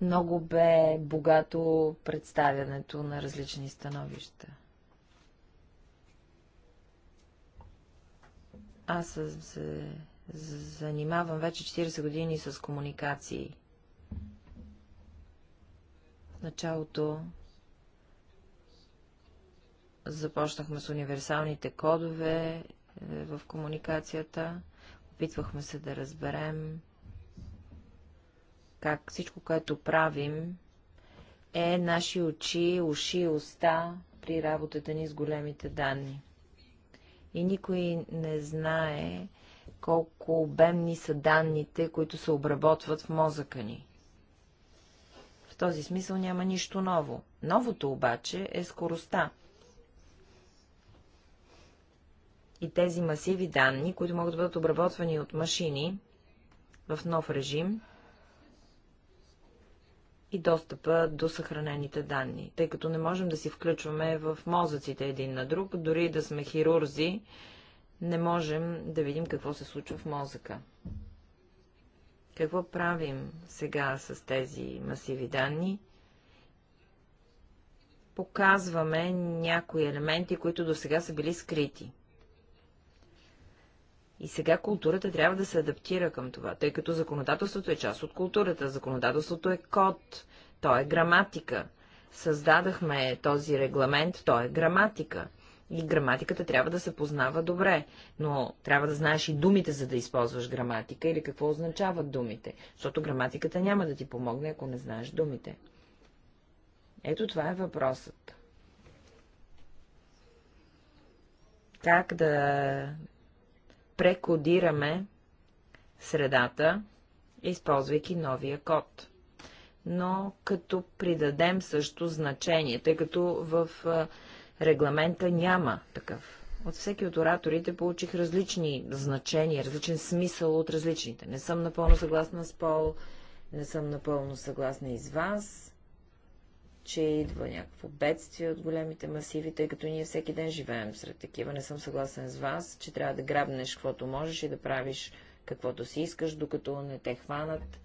C: Много бе богато представянето на различни становища. Аз се занимавам вече 40 години с комуникации. В началото Започнахме с универсалните кодове е, в комуникацията. Опитвахме се да разберем как всичко, което правим, е наши очи, уши, уста при работата ни с големите данни. И никой не знае колко обемни са данните, които се обработват в мозъка ни. В този смисъл няма нищо ново. Новото обаче е скоростта, и тези масиви данни, които могат да бъдат обработвани от машини в нов режим и достъпа до съхранените данни, тъй като не можем да си включваме в мозъците един на друг, дори да сме хирурзи, не можем да видим какво се случва в мозъка. Какво правим сега с тези масиви данни? Показваме някои елементи, които до сега са били скрити. И сега културата трябва да се адаптира към това, тъй като законодателството е част от културата. Законодателството е код, то е граматика. Създадахме този регламент, то е граматика. И граматиката трябва да се познава добре, но трябва да знаеш и думите, за да използваш граматика или какво означават думите, защото граматиката няма да ти помогне, ако не знаеш думите. Ето това е въпросът. Как да прекодираме средата, използвайки новия код. Но като придадем също значение, тъй като в регламента няма такъв. От всеки от ораторите получих различни значения, различен смисъл от различните. Не съм напълно съгласна с Пол, не съм напълно съгласна и с вас че идва някакво бедствие от големите масиви, тъй като ние всеки ден живеем сред такива. Не съм съгласен с вас, че трябва да грабнеш каквото можеш и да правиш каквото си искаш, докато не те хванат.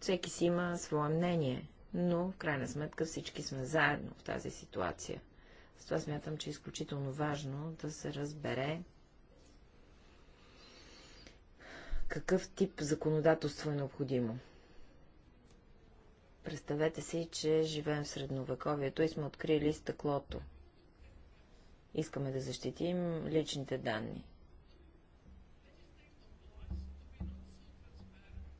C: Всеки си има свое мнение, но в крайна сметка всички сме заедно в тази ситуация. С това смятам, че е изключително важно да се разбере какъв тип законодателство е необходимо. Представете си, че живеем в средновековието и сме открили стъклото. Искаме да защитим личните данни.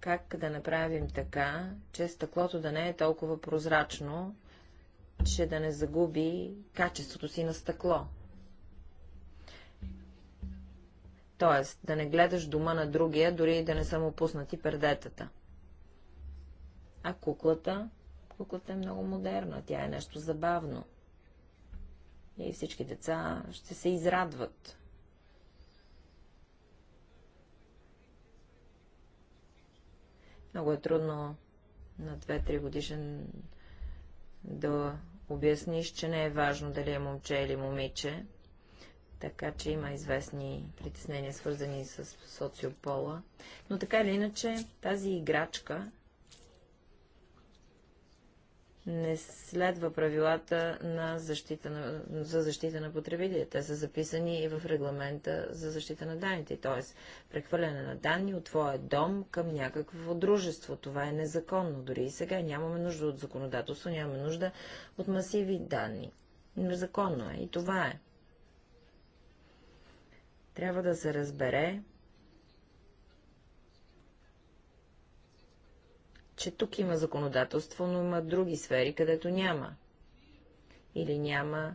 C: Как да направим така, че стъклото да не е толкова прозрачно, че да не загуби качеството си на стъкло? Тоест, да не гледаш дома на другия, дори и да не са му пуснати пердетата. А куклата? Куклата е много модерна, тя е нещо забавно. И всички деца ще се израдват. Много е трудно на 2-3 годишен да обясниш, че не е важно дали е момче или момиче, така че има известни притеснения, свързани с социопола. Но така или иначе, тази играчка не следва правилата на защита на, за защита на потребителите. Те са записани и в регламента за защита на данните, т.е. прехвърляне на данни от твоя дом към някакво дружество. Това е незаконно. Дори и сега нямаме нужда от законодателство, нямаме нужда от масиви данни. Незаконно е и това е. Трябва да се разбере, че тук има законодателство, но има други сфери, където няма. Или няма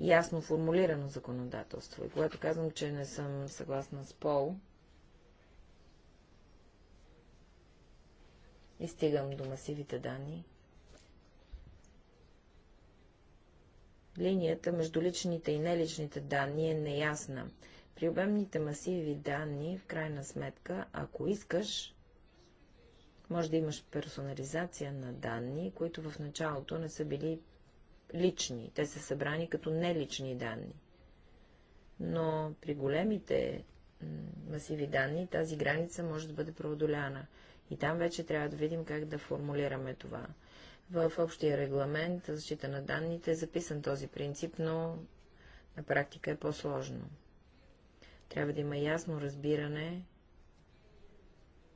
C: ясно формулирано законодателство. И когато казвам, че не съм съгласна с Пол, и стигам до масивите данни, линията между личните и неличните данни е неясна. При обемните масиви данни, в крайна сметка, ако искаш, може да имаш персонализация на данни, които в началото не са били лични. Те са събрани като нелични данни. Но при големите масиви данни тази граница може да бъде преодоляна. И там вече трябва да видим как да формулираме това. В общия регламент за защита на данните е записан този принцип, но на практика е по-сложно. Трябва да има ясно разбиране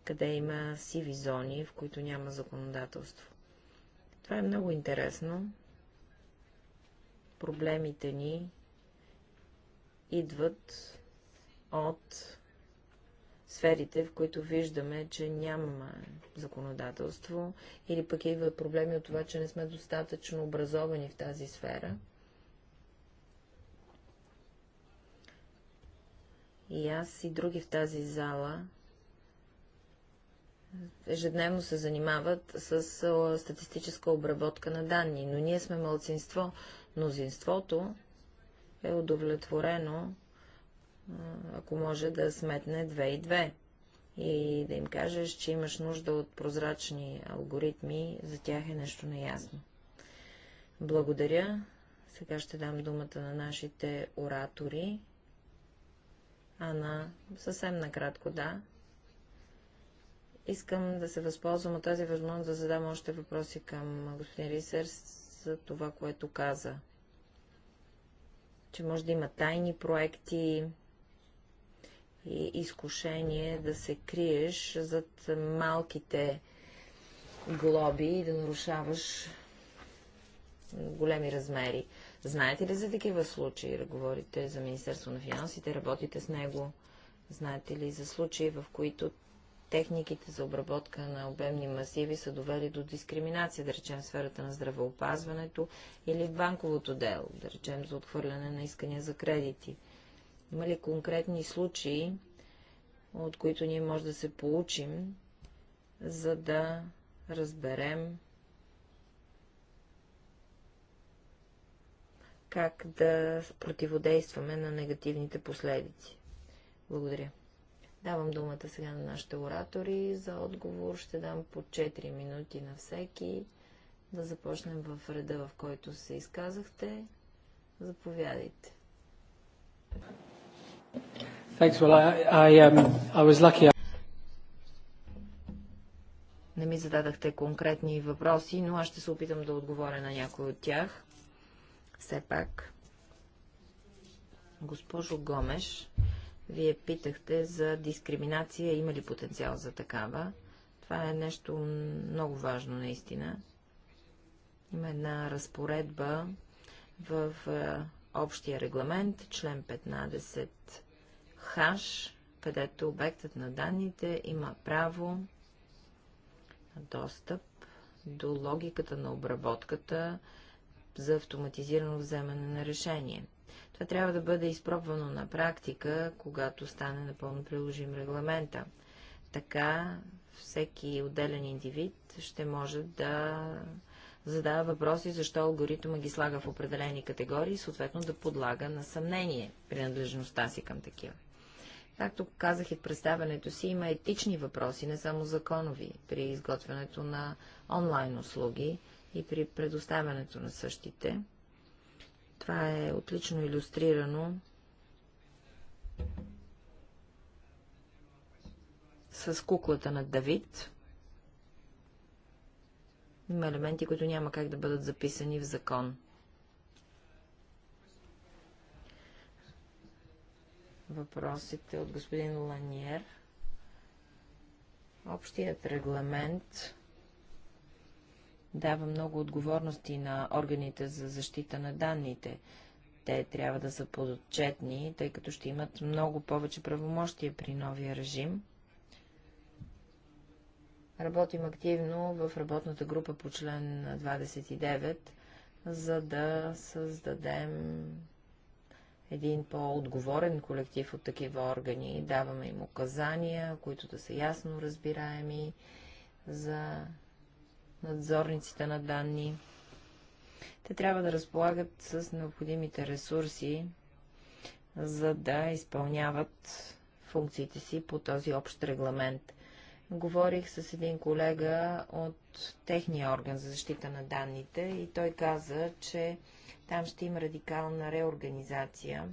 C: къде има сиви зони, в които няма законодателство. Това е много интересно. Проблемите ни идват от сферите, в които виждаме, че нямаме законодателство, или пък идват проблеми от това, че не сме достатъчно образовани в тази сфера. И аз и други в тази зала ежедневно се занимават с статистическа обработка на данни, но ние сме мълцинство. Мнозинството е удовлетворено, ако може да сметне 2 и 2 и да им кажеш, че имаш нужда от прозрачни алгоритми, за тях е нещо неясно. Благодаря. Сега ще дам думата на нашите оратори. Ана, съвсем накратко, да. Искам да се възползвам от тази възможност да задам още въпроси към господин Рисер за това, което каза. Че може да има тайни проекти и изкушение да се криеш зад малките глоби и да нарушаваш големи размери. Знаете ли за такива случаи? Говорите за Министерство на финансите, работите с него. Знаете ли за случаи, в които техниките за обработка на обемни масиви са довели до дискриминация, да речем в сферата на здравеопазването или в банковото дело, да речем за отхвърляне на искания за кредити. Има ли конкретни случаи, от които ние може да се получим, за да разберем как да противодействаме на негативните последици? Благодаря. Давам думата сега на нашите оратори. За отговор ще дам по 4 минути на всеки. Да започнем в реда, в който се изказахте. Заповядайте.
A: Thanks. Well, I, I, um, I was lucky.
C: Не ми зададахте конкретни въпроси, но аз ще се опитам да отговоря на някой от тях. Все пак, госпожо Гомеш, вие питахте за дискриминация, има ли потенциал за такава. Това е нещо много важно наистина. Има една разпоредба в е, общия регламент, член 15 хаш, където обектът на данните има право на достъп до логиката на обработката за автоматизирано вземане на решение. Това трябва да бъде изпробвано на практика, когато стане напълно приложим регламента. Така всеки отделен индивид ще може да задава въпроси, защо алгоритма ги слага в определени категории и съответно да подлага на съмнение принадлежността си към такива. Както казах и в представянето си, има етични въпроси, не само законови, при изготвянето на онлайн услуги и при предоставянето на същите. Това е отлично иллюстрирано с куклата на Давид. Има елементи, които няма как да бъдат записани в закон. Въпросите от господин Ланиер. Общият регламент дава много отговорности на органите за защита на данните. Те трябва да са подотчетни, тъй като ще имат много повече правомощия при новия режим. Работим активно в работната група по член 29, за да създадем един по-отговорен колектив от такива органи. Даваме им указания, които да са ясно разбираеми за надзорниците на данни. Те трябва да разполагат с необходимите ресурси, за да изпълняват функциите си по този общ регламент. Говорих с един колега от техния орган за защита на данните и той каза, че там ще има радикална реорганизация,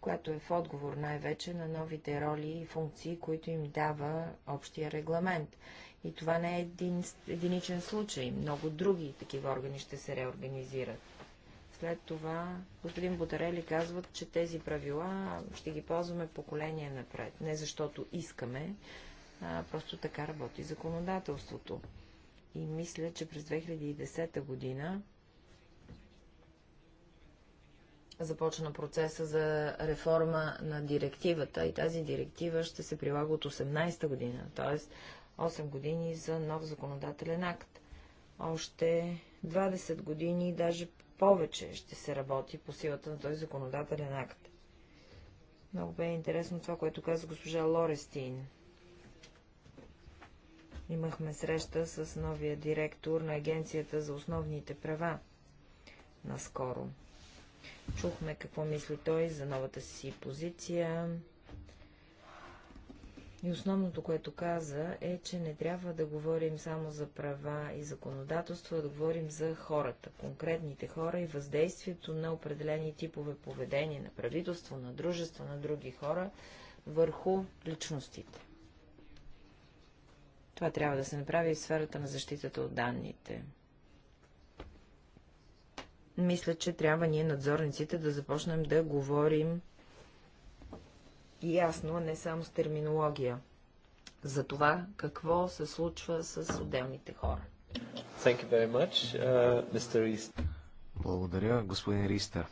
C: която е в отговор най-вече на новите роли и функции, които им дава общия регламент. И това не е един, единичен случай. Много други такива органи ще се реорганизират. След това господин Бутарели казват, че тези правила ще ги ползваме поколение напред. Не защото искаме, а просто така работи законодателството. И мисля, че през 2010 година започна процеса за реформа на директивата и тази директива ще се прилага от 18-та година, т.е. 8 години за нов законодателен акт. Още 20 години, даже повече ще се работи по силата на този законодателен акт. Много бе интересно това, което каза госпожа Лорестин. Имахме среща с новия директор на Агенцията за основните права наскоро. Чухме какво мисли той за новата си позиция, и основното, което каза, е, че не трябва да говорим само за права и законодателство, а да говорим за хората, конкретните хора и въздействието на определени типове поведение на правителство, на дружество, на други хора върху личностите. Това трябва да се направи и в сферата на защитата от данните. Мисля, че трябва ние надзорниците да започнем да говорим ясно, а не само с терминология, за това какво се случва с отделните хора.
A: Thank you very much, uh, Mr. Благодаря, господин Ристър.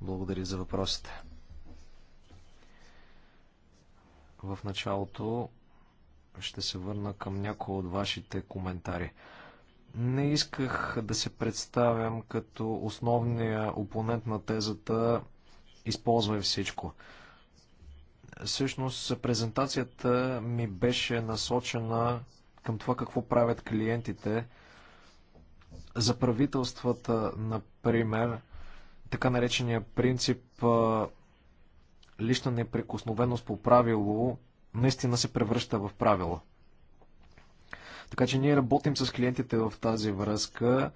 A: Благодаря за въпросите. В началото ще се върна към някои от вашите коментари. Не исках да се представям като основния опонент на тезата използвай всичко. Всъщност презентацията ми беше насочена към това какво правят клиентите. За правителствата, например, така наречения принцип лична неприкосновеност по правило наистина се превръща в правило. Така че ние работим с клиентите в тази връзка,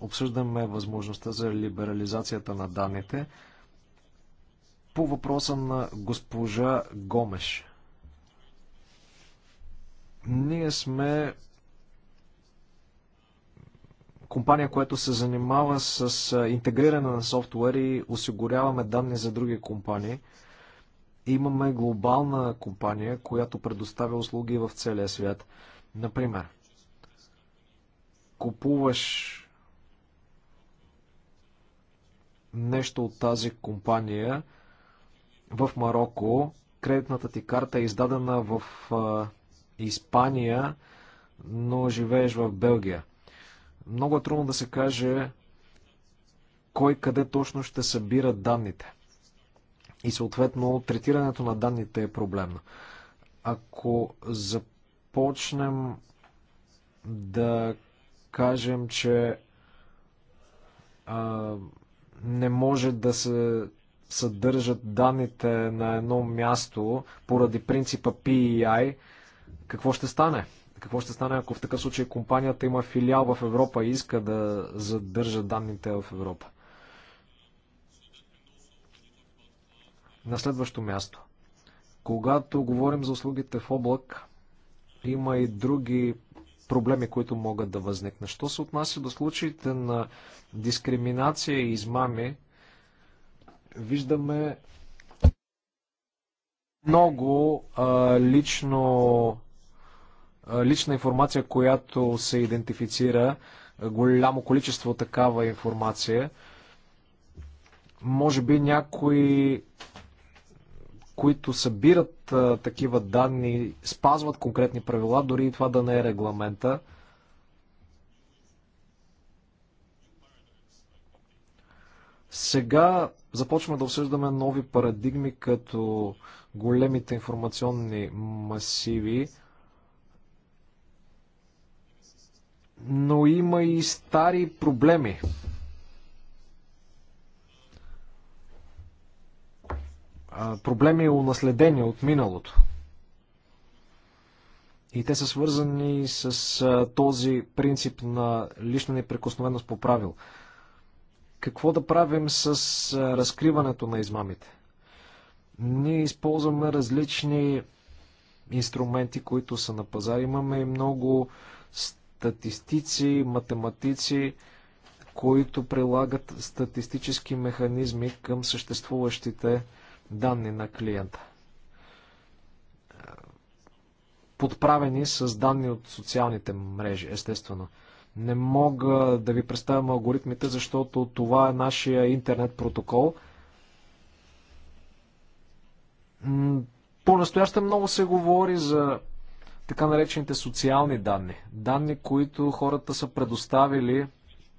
A: обсъждаме възможността за либерализацията на данните по въпроса на госпожа Гомеш. Ние сме компания, която се занимава с интегриране на софтуер и осигуряваме данни за други компании. Имаме глобална компания, която предоставя услуги в целия свят. Например, купуваш нещо от тази компания – в Марокко, кредитната ти карта е издадена в Испания, но живееш в Белгия. Много е трудно да се каже кой къде точно ще събира данните. И съответно третирането на данните е проблемно. Ако започнем да кажем, че а, не може да се съдържат данните на едно място поради принципа PEI, какво ще стане? Какво ще стане, ако в такъв случай компанията има филиал в Европа и иска да задържа данните в Европа? На следващо място. Когато говорим за услугите в облак, има и други проблеми, които могат да възникнат. Що се отнася до случаите на дискриминация и измами, виждаме много а, лично, а, лична информация, която се идентифицира, голямо количество такава информация. Може би някои, които събират а, такива данни, спазват конкретни правила, дори и това да не е регламента. Сега започваме да обсъждаме нови парадигми, като големите информационни масиви, но има и стари проблеми. Проблеми унаследени от миналото. И те са свързани с този принцип на лична неприкосновеност по правило. Какво да правим с разкриването на измамите? Ние използваме различни инструменти, които са на пазар. Имаме и много статистици, математици, които прилагат статистически механизми към съществуващите данни на клиента. Подправени с данни от социалните мрежи, естествено. Не мога да ви представям алгоритмите, защото това е нашия интернет протокол. По-настояще много се говори за така наречените социални данни. Данни, които хората са предоставили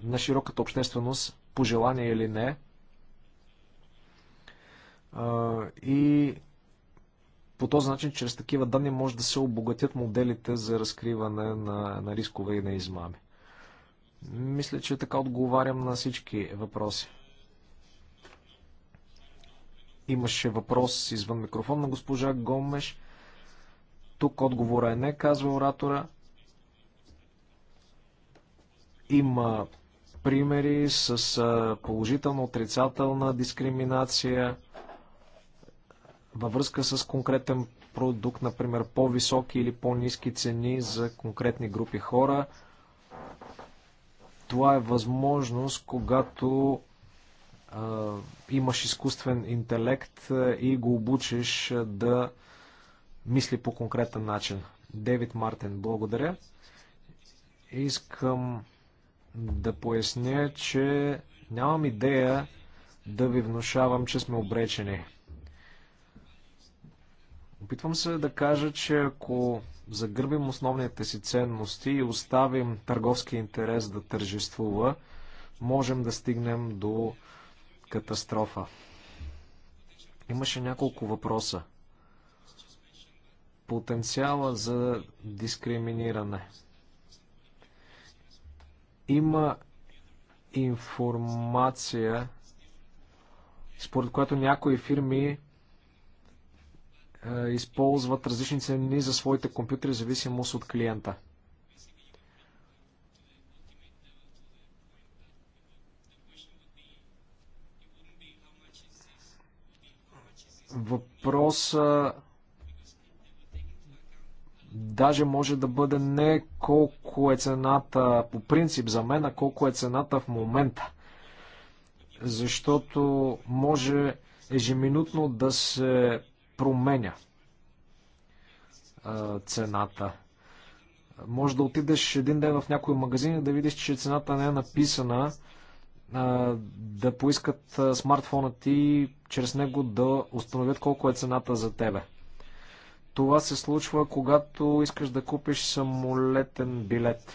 A: на широката общественост, пожелание или не. И по този начин, чрез такива данни, може да се обогатят моделите за разкриване на, на рискове и на измами. Мисля, че така отговарям на всички въпроси. Имаше въпрос извън микрофон на госпожа Гомеш. Тук отговора е не, казва оратора. Има примери с положителна отрицателна дискриминация във връзка с конкретен продукт, например по-високи или по-низки цени за конкретни групи хора – това е възможност, когато а, имаш изкуствен интелект и го обучиш да мисли по конкретен начин. Девид Мартин, благодаря. Искам да поясня, че нямам идея да ви внушавам, че сме обречени. Опитвам се да кажа, че ако загърбим основните си ценности и оставим търговски интерес да тържествува, можем да стигнем до катастрофа. Имаше няколко въпроса. Потенциала за дискриминиране. Има информация, според която някои фирми използват различни цени за своите компютри, зависимост от клиента. Въпрос даже може да бъде не колко е цената по принцип за мен, а колко е цената в момента. Защото може ежеминутно да се променя цената. Може да отидеш един ден в някой магазин и да видиш, че цената не е написана, да поискат смартфона ти чрез него да установят колко е цената за тебе. Това се случва, когато искаш да купиш самолетен билет.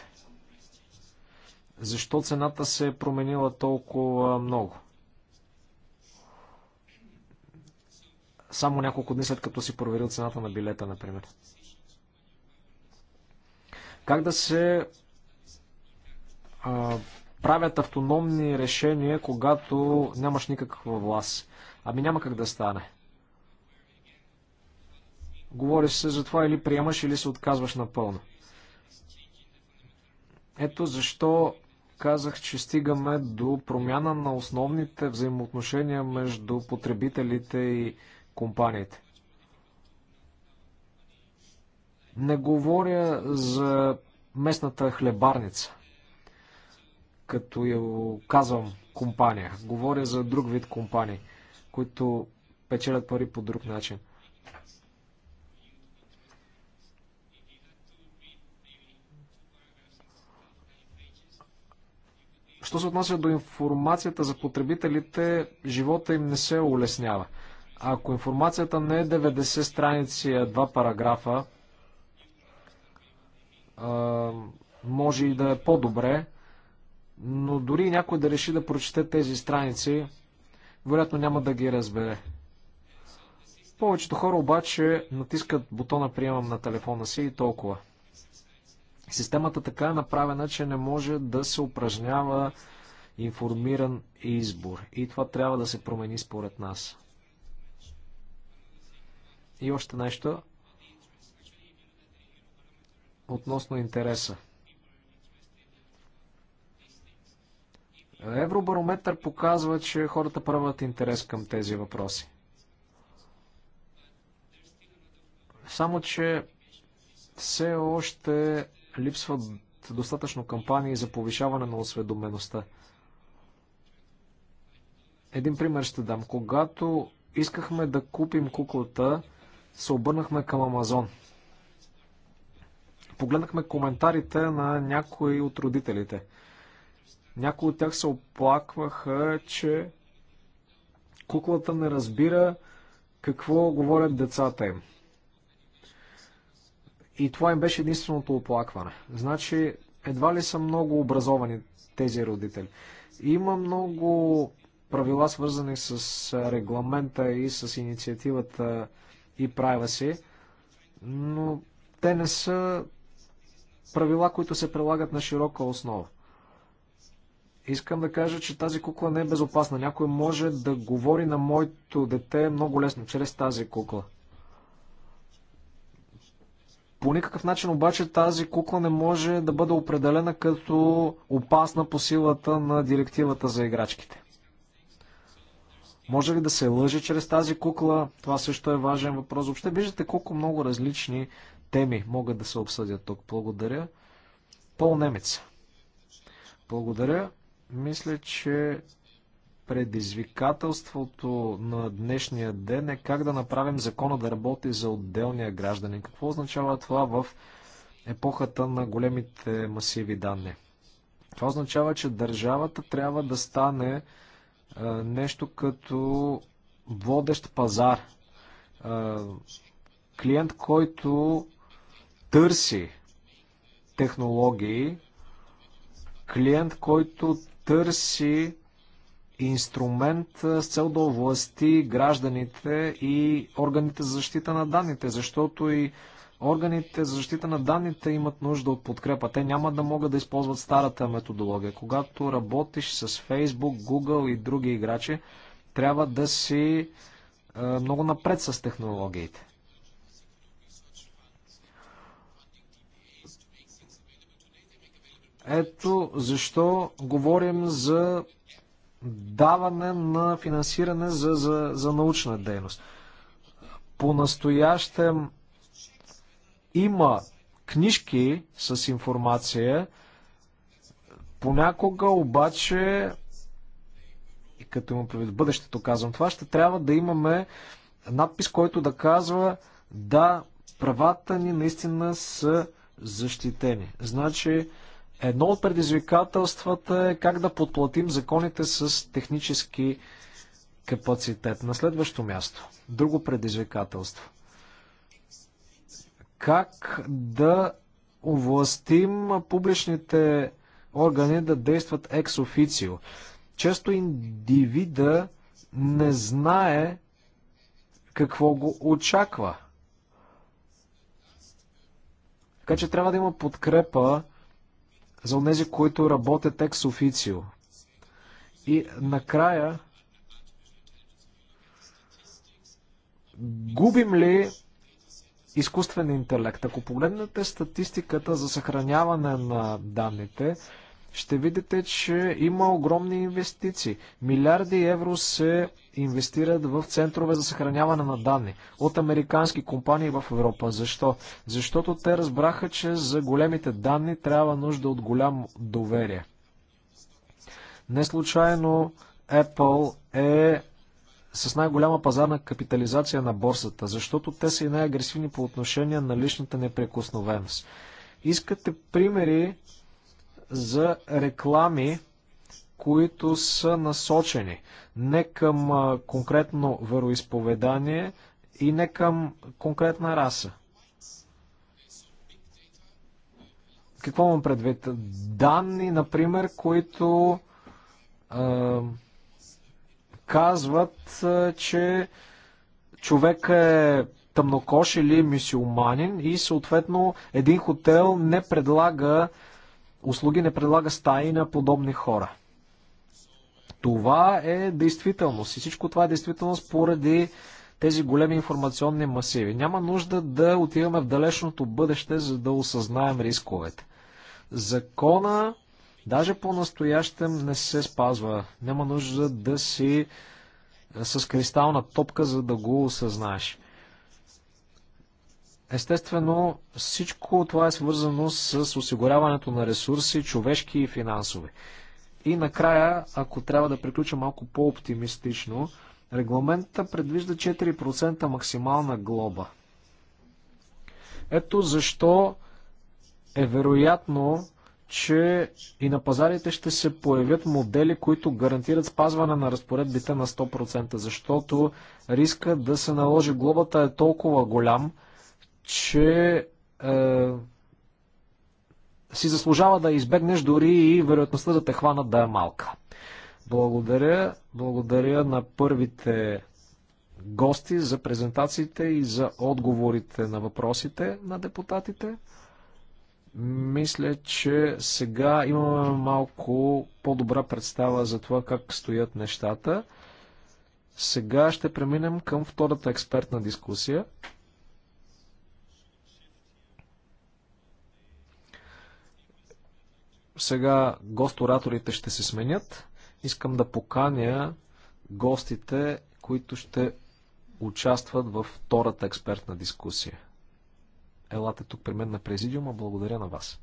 A: Защо цената се е променила толкова много? само няколко дни след като си проверил цената на билета, например. Как да се а, правят автономни решения, когато нямаш никаква власт? Ами няма как да стане. Говори се за това или приемаш, или се отказваш напълно. Ето защо казах, че стигаме до промяна на основните взаимоотношения между потребителите и компаниите. Не говоря за местната хлебарница, като я казвам компания. Говоря за друг вид компании, които печелят пари по друг начин. Що се отнася до информацията за потребителите, живота им не се улеснява. Ако информацията не е 90 страници, а два параграфа, може и да е по-добре, но дори някой да реши да прочете тези страници, вероятно няма да ги разбере. Повечето хора обаче натискат бутона приемам на телефона си и толкова. Системата така е направена, че не може да се упражнява информиран избор. И това трябва да се промени според нас. И още нещо относно интереса. Евробарометър показва, че хората правят интерес към тези въпроси. Само, че все още липсват достатъчно кампании за повишаване на осведомеността. Един пример ще дам. Когато искахме да купим куклата, се обърнахме към Амазон. Погледнахме коментарите на някои от родителите. Някои от тях се оплакваха, че куклата не разбира какво говорят децата им. И това им беше единственото оплакване. Значи, едва ли са много образовани тези родители. Има много правила, свързани с регламента и с инициативата и privacy, но те не са правила, които се прилагат на широка основа. Искам да кажа, че тази кукла не е безопасна. Някой може да говори на моето дете много лесно, чрез тази кукла. По никакъв начин обаче тази кукла не може да бъде определена като опасна по силата на директивата за играчките. Може ли да се лъжи чрез тази кукла? Това също е важен въпрос. Въобще виждате колко много различни теми могат да се обсъдят тук. Благодаря. Пол Немец. Благодаря. Мисля, че предизвикателството на днешния ден е как да направим закона да работи за отделния гражданин. Какво означава това в епохата на големите масиви данни? Това означава, че държавата трябва да стане нещо като водещ пазар. Клиент, който търси технологии, клиент, който търси инструмент с цел да овласти гражданите и органите за защита на данните, защото и Органите за защита на данните имат нужда от подкрепа. Те няма да могат да използват старата методология. Когато работиш с Facebook, Google и други играчи, трябва да си е, много напред с технологиите. Ето защо говорим за даване на финансиране за, за, за научна дейност. По настоящем има книжки с информация, понякога обаче, и като имам предвид бъдещето, казвам това, ще трябва да имаме надпис, който да казва да, правата ни наистина са защитени. Значи, едно от предизвикателствата е как да подплатим законите с технически капацитет. На следващо място, друго предизвикателство как да овластим публичните органи да действат екс официо. Често индивида не знае какво го очаква. Така че трябва да има подкрепа за тези, които работят екс официо. И накрая, губим ли изкуствен интелект. Ако погледнете статистиката за съхраняване на данните, ще видите, че има огромни инвестиции. Милиарди евро се инвестират в центрове за съхраняване на данни от американски компании в Европа. Защо? Защото те разбраха, че за големите данни трябва нужда от голям доверие. Не случайно Apple е с най-голяма пазарна капитализация на борсата, защото те са и най-агресивни по отношение на личната неприкосновеност. Искате примери за реклами, които са насочени не към конкретно вероисповедание и не към конкретна раса. Какво имам предвид? Данни, например, които казват, че човек е тъмнокош или мюсюлманин и съответно един хотел не предлага услуги, не предлага стаи на подобни хора. Това е действителност и всичко това е действителност поради тези големи информационни масиви. Няма нужда да отиваме в далечното бъдеще, за да осъзнаем рисковете. Закона Даже по-настоящем не се спазва. Няма нужда да си с кристална топка, за да го осъзнаеш. Естествено, всичко това е свързано с осигуряването на ресурси, човешки и финансови. И накрая, ако трябва да приключа малко по-оптимистично, регламента предвижда 4% максимална глоба. Ето защо е вероятно че и на пазарите ще се появят модели, които гарантират спазване на разпоредбите на 100%, защото риска да се наложи глобата е толкова голям, че е, си заслужава да избегнеш дори и вероятността да те хванат да е малка. Благодаря, благодаря на първите гости за презентациите и за отговорите на въпросите на депутатите. Мисля, че сега имаме малко по-добра представа за това как стоят нещата. Сега ще преминем към втората експертна дискусия. Сега гостораторите ще се сменят. Искам да поканя гостите, които ще участват във втората експертна дискусия. Елате тук при мен на президиума. Благодаря на вас.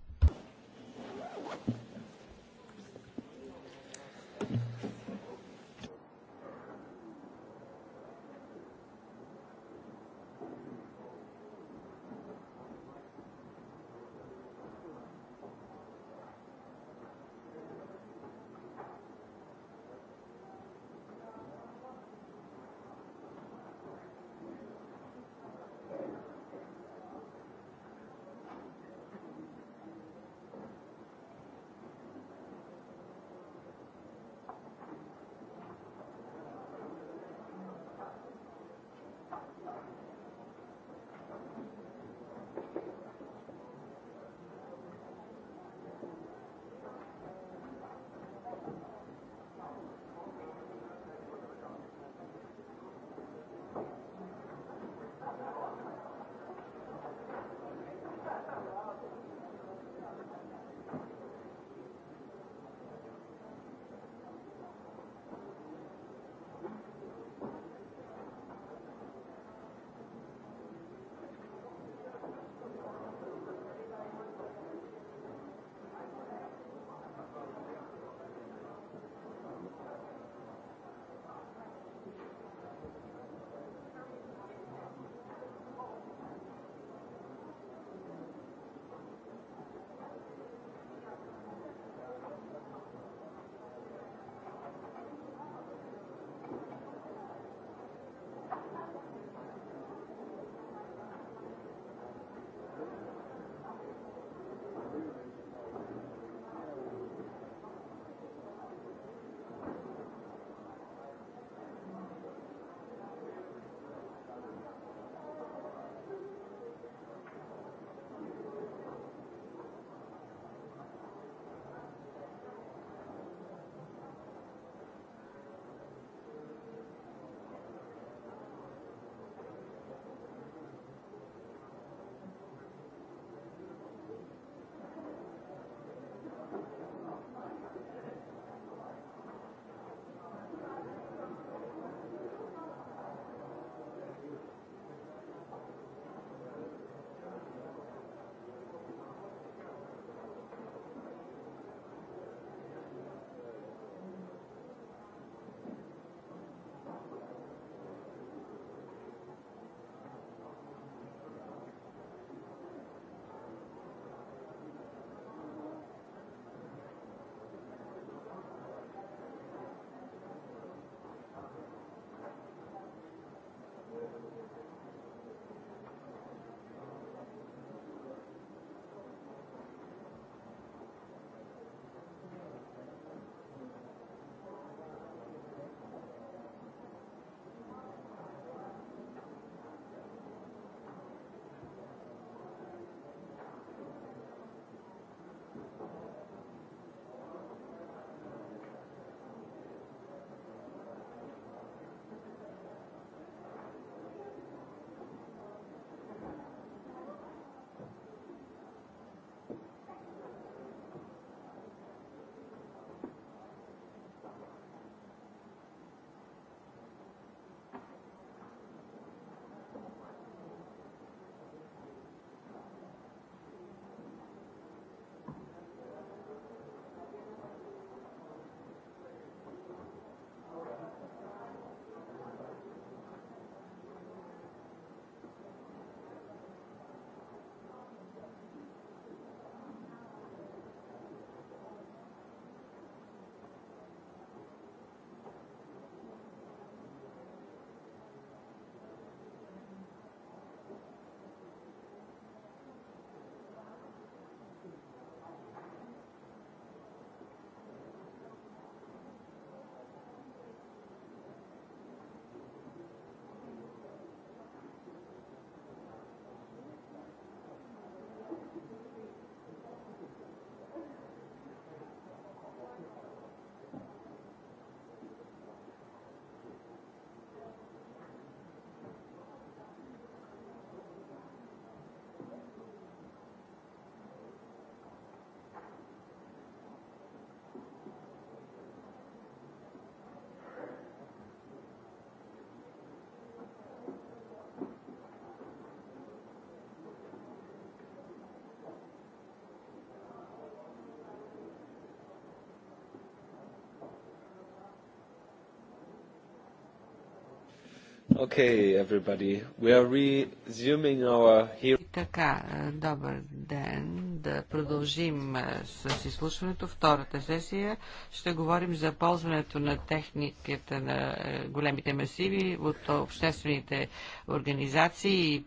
A: Okay, everybody. We are resuming our hearing.
B: Така, добър ден. Да продължим с изслушването. Втората сесия ще говорим за ползването на техниката на е, големите масиви от обществените организации и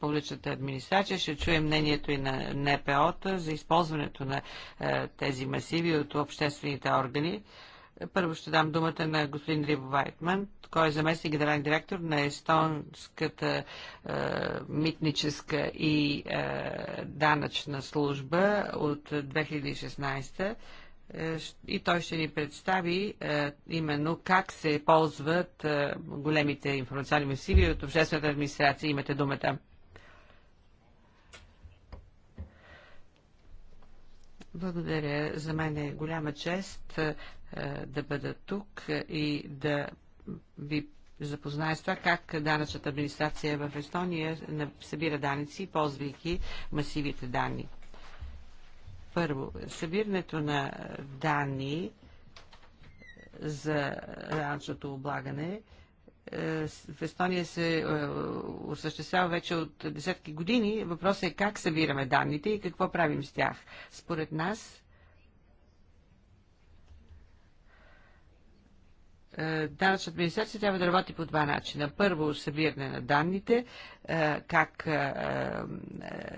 B: публичната администрация. Ще чуем мнението и на НПО-та за използването на е, тези масиви от обществените органи. Първо ще дам думата на господин Рибо Вайтман, кой е заместник генерален директор на естонската е, митническа и е, данъчна служба от 2016 е, и той ще ни представи е, именно как се ползват е, големите информационни масиви от обществената администрация. Имате думата. Благодаря. За мен е голяма чест е, е, да бъда тук и да ви запознае с това как данъчната администрация в Естония събира данници, ползвайки масивите данни. Първо, събирането на данни за данъчното облагане е, в Естония се е, осъществява вече от десетки години. Въпросът е как събираме данните и какво правим с тях. Според нас Е, данъчна администрация трябва да работи по два начина. Първо, събиране на данните, е, как е,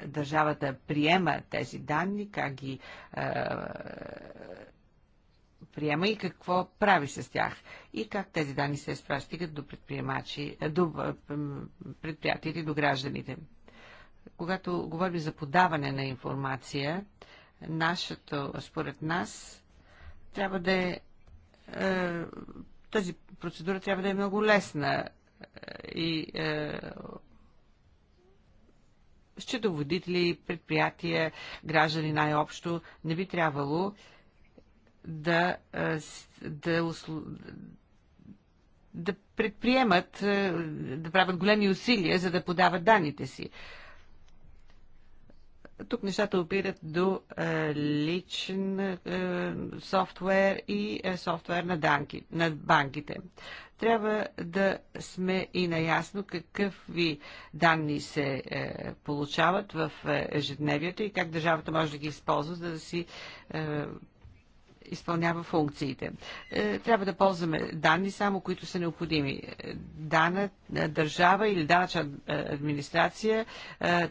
B: държавата приема тези данни, как ги приема и какво прави с тях и как тези данни се изпращат до до предприятията и до гражданите. Когато говорим за подаване на информация, нашето, според нас, трябва да е, тази процедура трябва да е много лесна е, и е, счетоводители, предприятия, граждани най-общо не би трябвало да, е, да, да предприемат, е, да правят големи усилия, за да подават данните си. Тук нещата опират до е, личен е, софтуер и е, софтуер на, данки, на банките. Трябва да сме и наясно какви данни се е, получават в е, ежедневието и как държавата може да ги използва, за да си е, изпълнява функциите. Е, трябва да ползваме данни само, които са необходими. Е, дана е, държава или данъчна администрация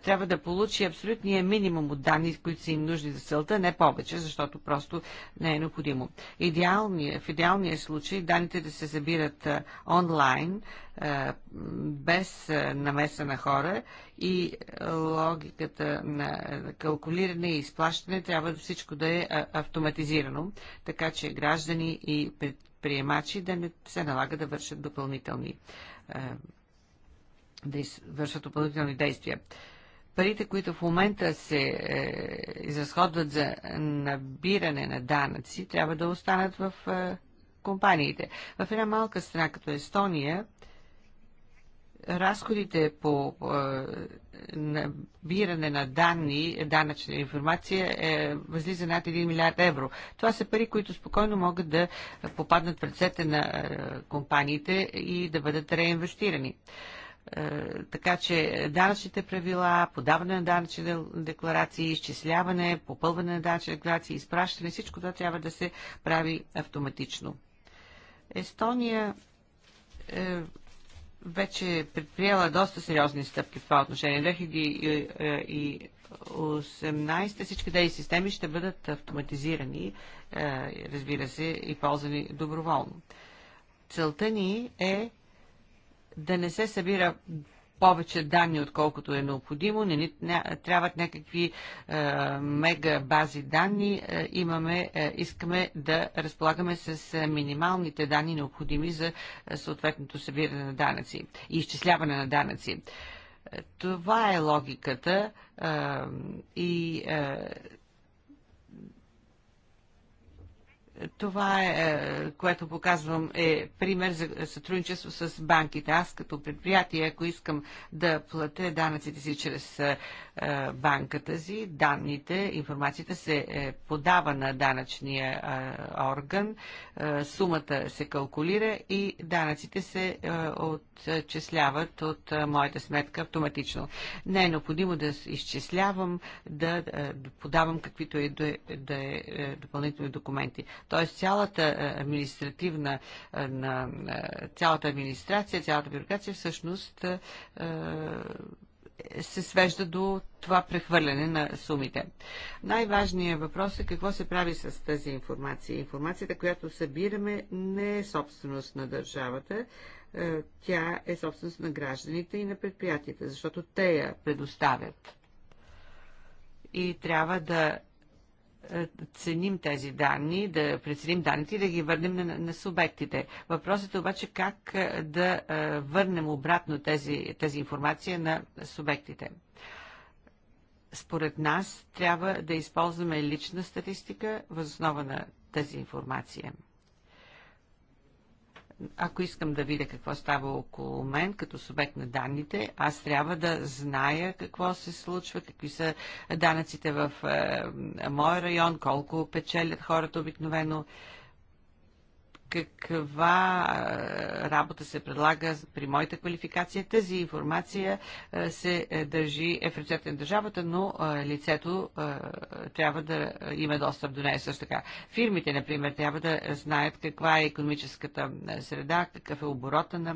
B: трябва да получи абсолютния минимум от данни, които са им нужни за целта, не повече, защото просто не е необходимо. Идеалния, в идеалния случай данните да се забират онлайн, е, без е, намеса на хора и логиката на е, калкулиране и изплащане трябва да всичко да е автоматизирано, така че граждани и предприемачи да не се налага да вършат допълнителни да вършат допълнителни действия парите, които в момента се изразходват за набиране на данъци, трябва да останат в компаниите. В една малка страна като Естония, разходите по е, набиране на данни, данъчна информация е, възлиза над 1 милиард евро. Това са пари, които спокойно могат да попаднат в ръцете на е, компаниите и да бъдат реинвестирани. Е, така че данъчните правила, подаване на данъчни декларации, изчисляване, попълване на данъчни декларации, изпращане, всичко това трябва да се прави автоматично. Естония вече е предприела доста сериозни стъпки в това отношение. 2018 всички тези системи ще бъдат автоматизирани, е, разбира се, и ползвани доброволно. Целта ни е да не се събира повече данни, отколкото е необходимо. Не ни не, трябват някакви е, мега бази данни. Е, имаме, е, искаме да разполагаме с е, минималните данни, необходими за е, съответното събиране на данъци и изчисляване на данъци. Е, това е логиката е, и е, Това е, е, което показвам, е пример за сътрудничество с банките. Аз като предприятие, ако искам да платя данъците си чрез е, банката си, данните, информацията се е, подава на данъчния орган, сумата се калкулира и данъците се отчисляват от моята сметка автоматично. Не е необходимо да изчислявам, да подавам каквито и да, е, е допълнителни документи. Тоест цялата административна, цялата администрация, цялата бюрокрация всъщност се свежда до това прехвърляне на сумите. Най-важният въпрос е какво се прави с тази информация. Информацията, която събираме, не е собственост на държавата, е, тя е собственост на гражданите и на предприятията, защото те я предоставят. И трябва да е, ценим тези данни, да преценим данните и да ги върнем на, на субектите. Въпросът е обаче как е, да е, върнем обратно тези, тази информация на субектите. Според нас трябва да използваме лична статистика възоснова на тази информация ако искам да видя какво става около мен като субект на данните, аз трябва да зная какво се случва, какви са данъците в е, моя район, колко печелят хората обикновено. Е, каква работа се предлага при моята квалификация. Тази информация се е, държи е в ръцете на държавата, но лицето трябва да има достъп до нея също така. Фирмите, например, трябва да знаят каква е економическата среда, какъв е оборота на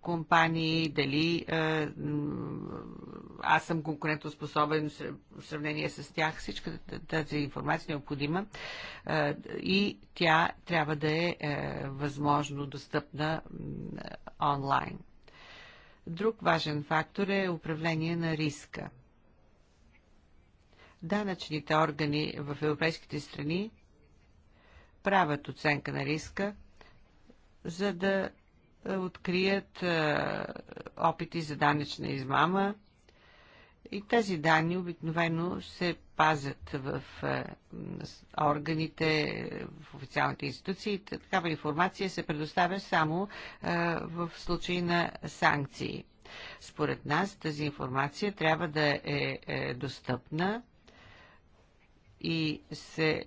B: компании, дали аз съм конкурентоспособен в сравнение с тях. Всичката тази информация е необходима и тя трябва да е възможно достъпна онлайн. Друг важен фактор е управление на риска. Данъчните органи в европейските страни правят оценка на риска, за да е, открият е, опити за данъчна измама и тези данни обикновено се пазят в е, органите, в официалните институции. Такава информация се предоставя само е, в случай на санкции. Според нас тази информация трябва да е, е достъпна и се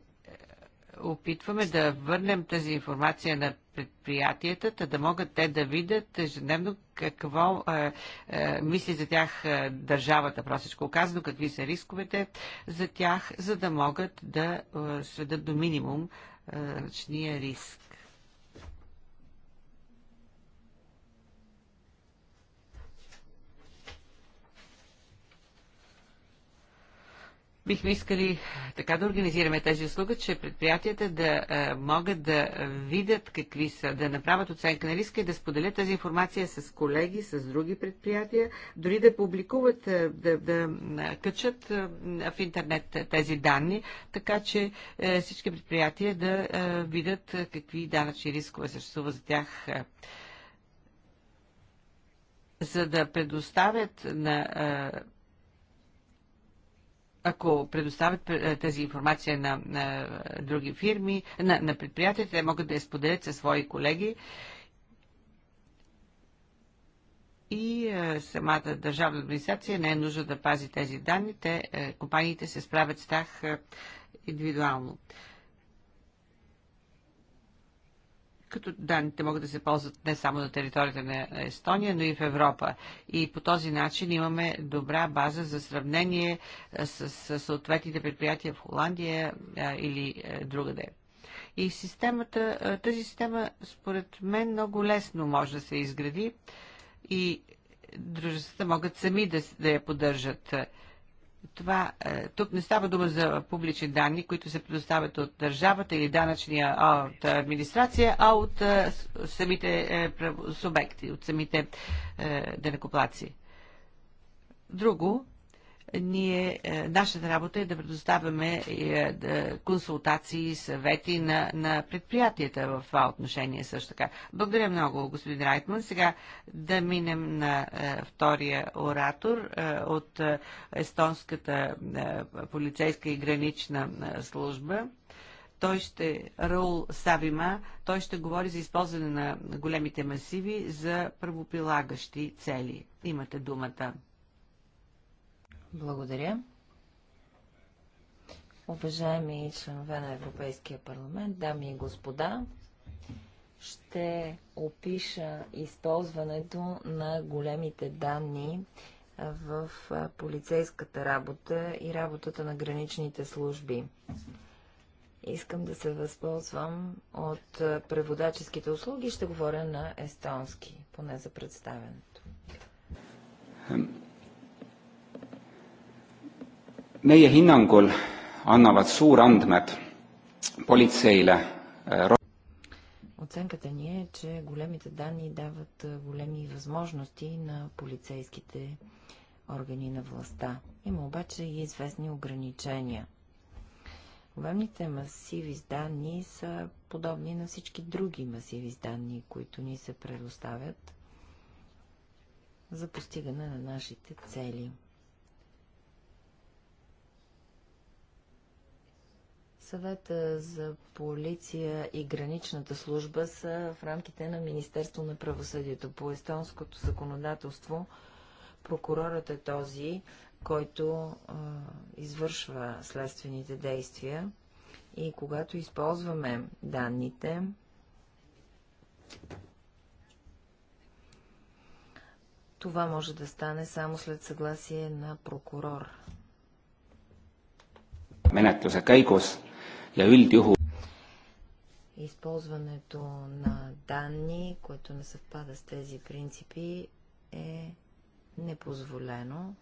B: опитваме да върнем тази информация на предприятията, та да могат те да видят ежедневно какво е, е, мисли за тях е, държавата, просечко казано, какви са рисковете за тях, за да могат да е, сведат до минимум е, риск. Бихме искали така да организираме тези услуга, че предприятията да а, могат да видят какви са, да направят оценка на риска и да споделят тази информация с колеги, с други предприятия, дори да публикуват, да, да качат в интернет тези данни, така че а, е, всички предприятия да а, видят какви данъчни рискове съществува за тях за да предоставят на ако предоставят е, тази информация на, на други фирми, на, на предприятията, те могат да я споделят със свои колеги. И е, самата държавна администрация не е нужда да пази тези данни. Те, е, компаниите се справят с тях е, индивидуално. Е, като данните могат да се ползват не само на територията на Естония, но и в Европа. И по този начин имаме добра база за сравнение е, с, с съответните предприятия в Холандия а, е, или а, е, другаде. И системата, тази система, според мен, много лесно може да се изгради и дружествата могат сами да, да я поддържат това, е, тук не става дума за публични данни, които се предоставят от държавата или данъчния а от администрация, а от е, самите е, субекти, от самите денекоплаци. Друго, ние, е, нашата работа е да предоставяме е, консултации, съвети на, на предприятията в това отношение също така. Благодаря много, господин Райтман. Сега да минем на е, втория оратор от Естонската полицейска и гранична служба той ще, Раул Савима, той ще говори за използване на големите масиви за правоприлагащи цели. Имате думата. Благодаря.
C: Уважаеми членове на Европейския парламент, дами и господа, ще опиша използването на големите данни в полицейската работа и работата на граничните служби. Искам да се възползвам от преводаческите услуги и ще говоря на естонски, поне за представянето
A: meie hinnangul annavad suurandmed politseile äh,
C: Оценката ни е, че големите данни дават э, големи възможности на полицейските органи на властта. Има обаче и известни ограничения. Големите масиви с данни са подобни на всички други масиви с данни, които ни се предоставят за постигане на нашите цели. Съвета за полиция и граничната служба са в рамките на Министерство на правосъдието. По естонското законодателство прокурорът е този, който а, извършва следствените действия и когато използваме данните, това може да стане само след съгласие на прокурор.
A: menetluse käigus
C: Използването на данни, които не съвпада с тези принципи, е непозволено.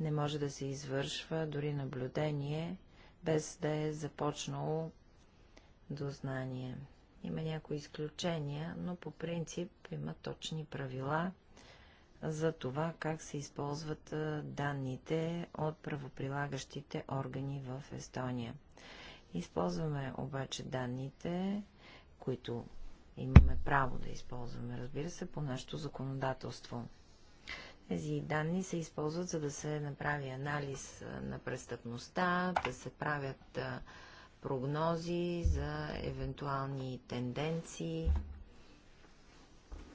C: Не може да се извършва дори наблюдение, без да е започнало дознание. Има някои изключения, но по принцип има точни правила за това как се използват данните от правоприлагащите органи в Естония. Използваме обаче данните, които имаме право да използваме, разбира се, по нашето законодателство. Тези данни се използват, за да се направи анализ на престъпността, да се правят прогнози за евентуални тенденции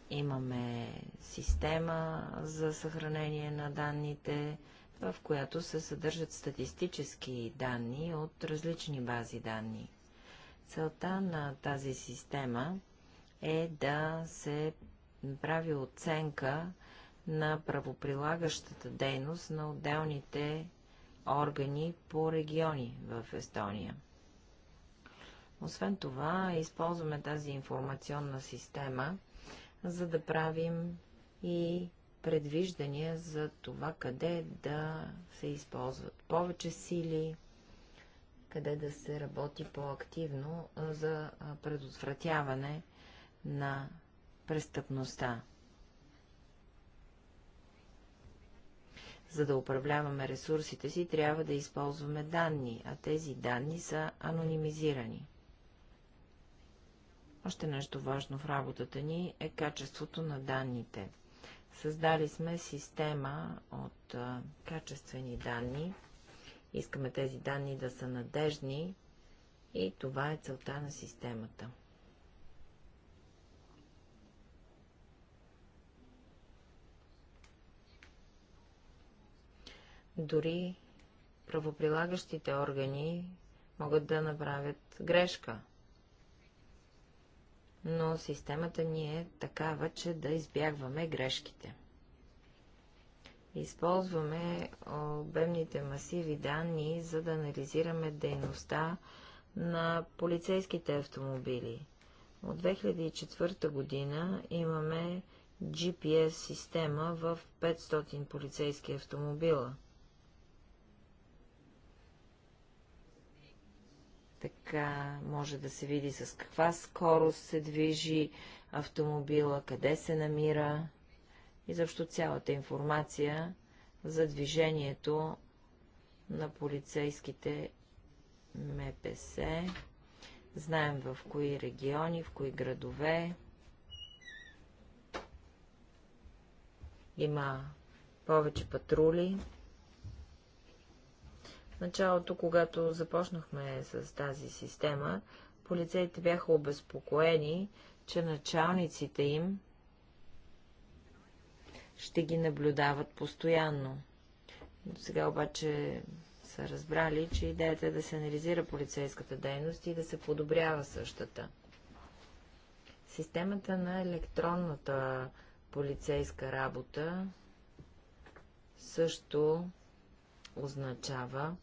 C: Имаме система за съхранение на данните, в която се съдържат статистически данни от различни бази данни. Целта на тази система е да се прави оценка на правоприлагащата дейност на отделните органи по региони в Естония. Освен това, използваме тази информационна система за да правим и предвиждания за това, къде да се използват повече сили, къде да се работи по-активно за предотвратяване на престъпността. За да управляваме ресурсите си, трябва да използваме данни, а тези данни са анонимизирани. Още нещо важно в работата ни е качеството на данните. Създали сме система от качествени данни. Искаме тези данни да са надежни и това е целта на системата. Дори правоприлагащите органи могат да направят грешка – но системата ни е такава, че да избягваме грешките. Използваме обемните масиви данни, за да анализираме дейността на полицейските автомобили. От 2004 година имаме GPS система в 500 полицейски автомобила – Така може да се види с каква скорост се движи автомобила, къде се намира и защо цялата информация за движението на полицейските МПС. Знаем в кои региони, в кои градове има повече патрули. В началото, когато започнахме с тази система, полицейите бяха обезпокоени, че началниците им ще ги наблюдават постоянно. Сега обаче са разбрали, че идеята е да се анализира полицейската дейност и да се подобрява същата. Системата на електронната полицейска работа също означава,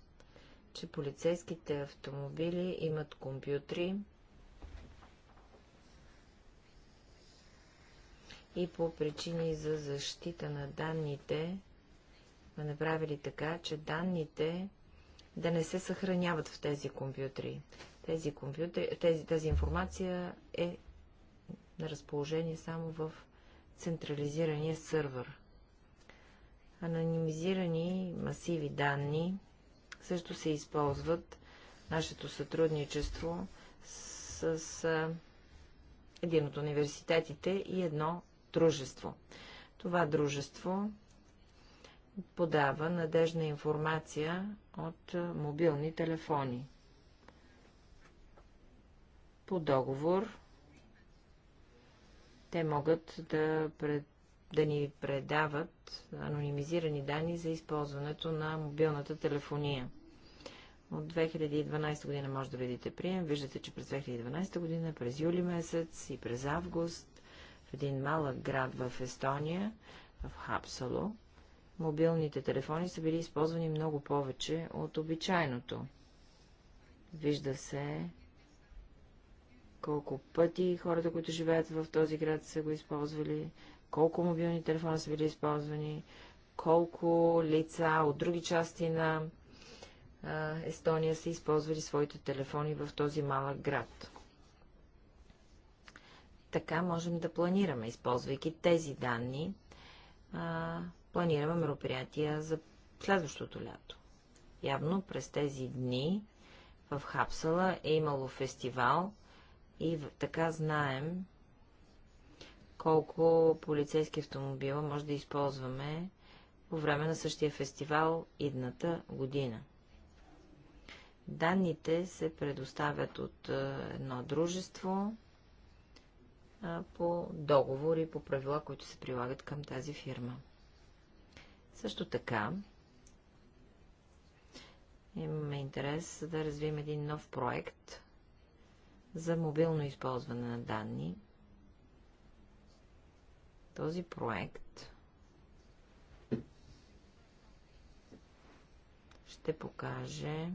C: че полицейските автомобили имат компютри и по причини за защита на данните сме направили така, че данните да не се съхраняват в тези компютри. Тези компютри тези, тази информация е на разположение само в централизирания сървър. Анонимизирани масиви данни също се използват нашето сътрудничество с, с един от университетите и едно дружество. Това дружество подава надежна информация от мобилни телефони. По договор те могат да пред да ни предават анонимизирани данни за използването на мобилната телефония. От 2012 година може да видите прием. Виждате, че през 2012 година, през юли месец и през август в един малък град в Естония, в Хапсало, мобилните телефони са били използвани много повече от обичайното. Вижда се колко пъти хората, които живеят в този град, са го използвали, колко мобилни телефона са били използвани, колко лица от други части на а, Естония са използвали своите телефони в този малък град. Така можем да планираме, използвайки тези данни, а, планираме мероприятия за следващото лято. Явно през тези дни в Хапсала е имало фестивал и така знаем, колко полицейски автомобила може да използваме по време на същия фестивал идната година. Данните се предоставят от едно дружество по договори, по правила, които се прилагат към тази фирма. Също така, имаме интерес да развием един нов проект за мобилно използване на данни – този проект ще покаже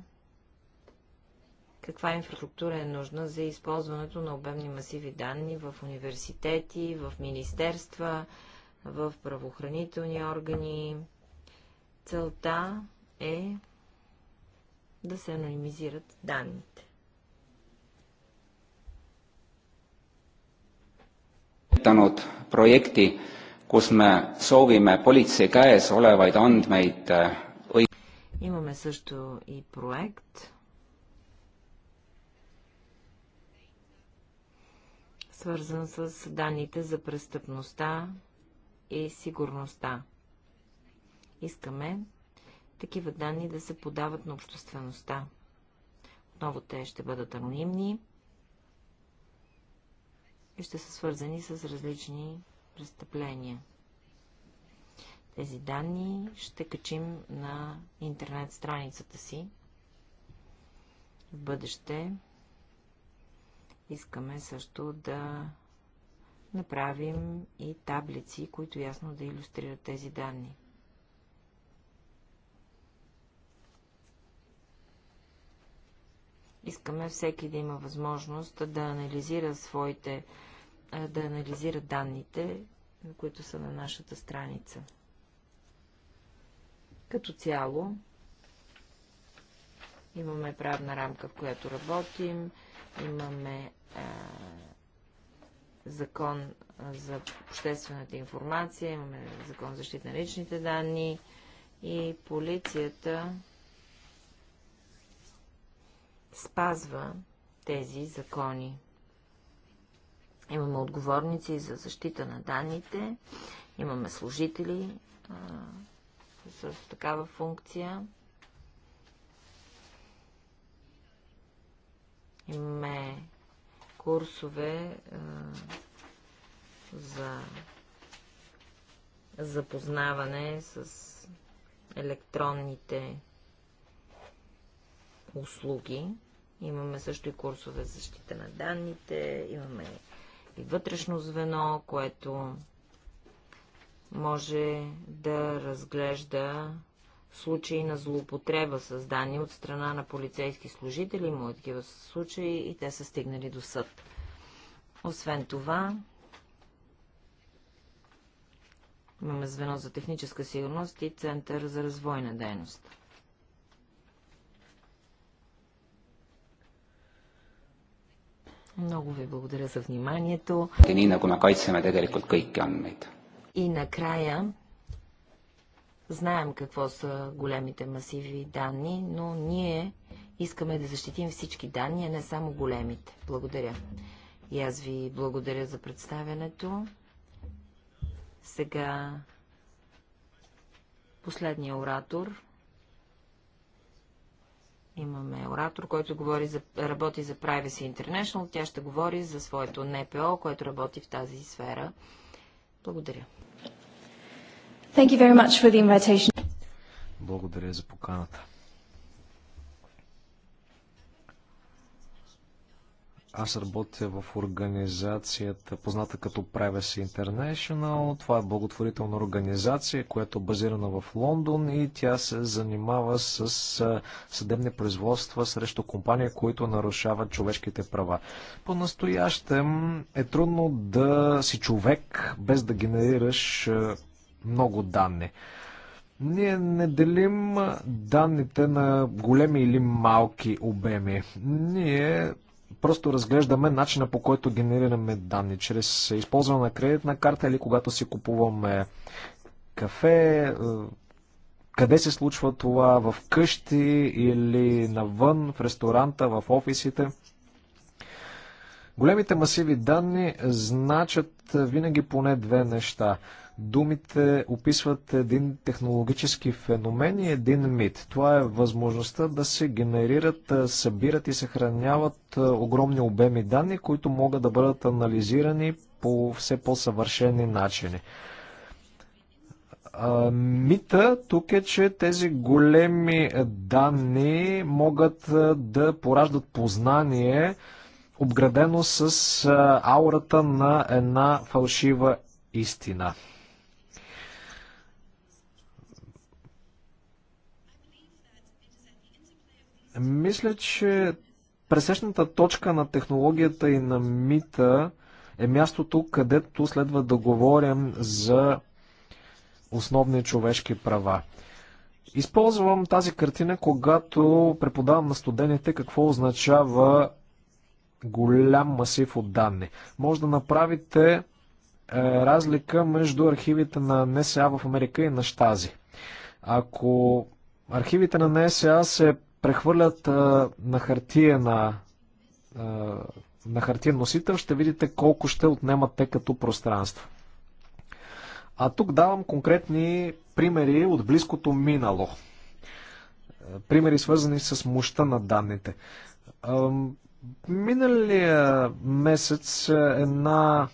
C: каква инфраструктура е нужна за използването на обемни масиви данни в университети, в министерства, в правоохранителни органи. Целта е да се анонимизират данните.
A: esitanud projekti, kus me soovime politsei käes olevaid andmeid äh,
C: Имаме също и проект, свързан с данните за престъпността и сигурността. Искаме такива данни да се подават на обществеността. Отново те ще бъдат анонимни и ще са свързани с различни престъпления. Тези данни ще качим на интернет страницата си. В бъдеще искаме също да направим и таблици, които ясно да иллюстрират тези данни. Искаме всеки да има възможност да анализира своите да анализира данните, които са на нашата страница. Като цяло имаме правна рамка, в която работим, имаме а, закон за обществената информация, имаме закон за защита на личните данни и полицията спазва тези закони. Имаме отговорници за защита на данните, имаме служители с такава функция. Имаме курсове за запознаване с електронните услуги. Имаме също и курсове за защита на данните, имаме и вътрешно звено, което може да разглежда случаи на злоупотреба с данни от страна на полицейски служители. Има такива случаи и те са стигнали до съд. Освен това, имаме звено за техническа сигурност и Център за развойна дейност. Много ви благодаря за вниманието. И накрая знаем какво са големите масиви данни, но ние искаме да защитим всички данни, а не само големите. Благодаря. И аз ви благодаря за представянето. Сега последния оратор Имаме оратор, който говори за, работи за Privacy International. Тя ще говори за своето НПО, което работи в тази сфера. Благодаря.
A: Thank you very much for the invitation. Благодаря за поканата. Аз работя в организацията, позната като Privacy International. Това е благотворителна организация, която е базирана в Лондон и тя се занимава с съдебни производства срещу компании, които нарушават човешките права. По-настоящем е трудно да си човек без да генерираш много данни. Ние не делим данните на големи или малки обеми. Ние просто разглеждаме начина по който генерираме данни, чрез използване на кредитна карта или когато си купуваме кафе, е, къде се случва това, в къщи или навън, в ресторанта, в офисите. Големите масиви данни значат винаги поне две неща – Думите описват един технологически феномен и един мит. Това е възможността да се генерират, събират и съхраняват огромни обеми данни, които могат да бъдат анализирани по все по-съвършени начини. Мита тук е, че тези големи данни могат да пораждат познание, обградено с аурата на една фалшива истина. Мисля, че пресечната точка на технологията и на мита е мястото, където следва да говорим за основни човешки права. Използвам тази картина, когато преподавам на студентите какво означава голям масив от данни. Може да направите е, разлика между архивите на НСА в Америка и на Штази. Ако архивите на НСА се прехвърлят а, на хартия на, а, на хартия носител, ще видите колко ще отнемат те като пространство. А тук давам конкретни примери от близкото минало. Примери свързани с мощта на данните. Миналия месец една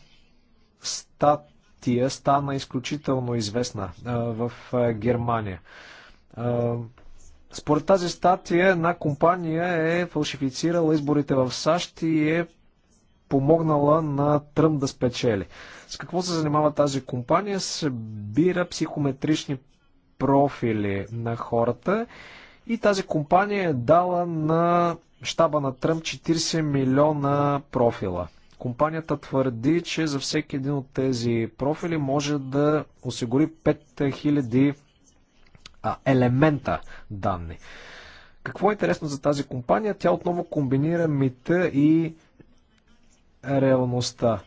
A: статия стана изключително известна в Германия. Според тази статия една компания е фалшифицирала изборите в САЩ и е помогнала на Тръм да спечели. С какво се занимава тази компания? Събира психометрични профили на хората и тази компания е дала на щаба на Тръм 40 милиона профила. Компанията твърди, че за всеки един от тези профили може да осигури 5000 а, елемента данни. Какво е интересно за тази компания? Тя отново комбинира мита и реалността.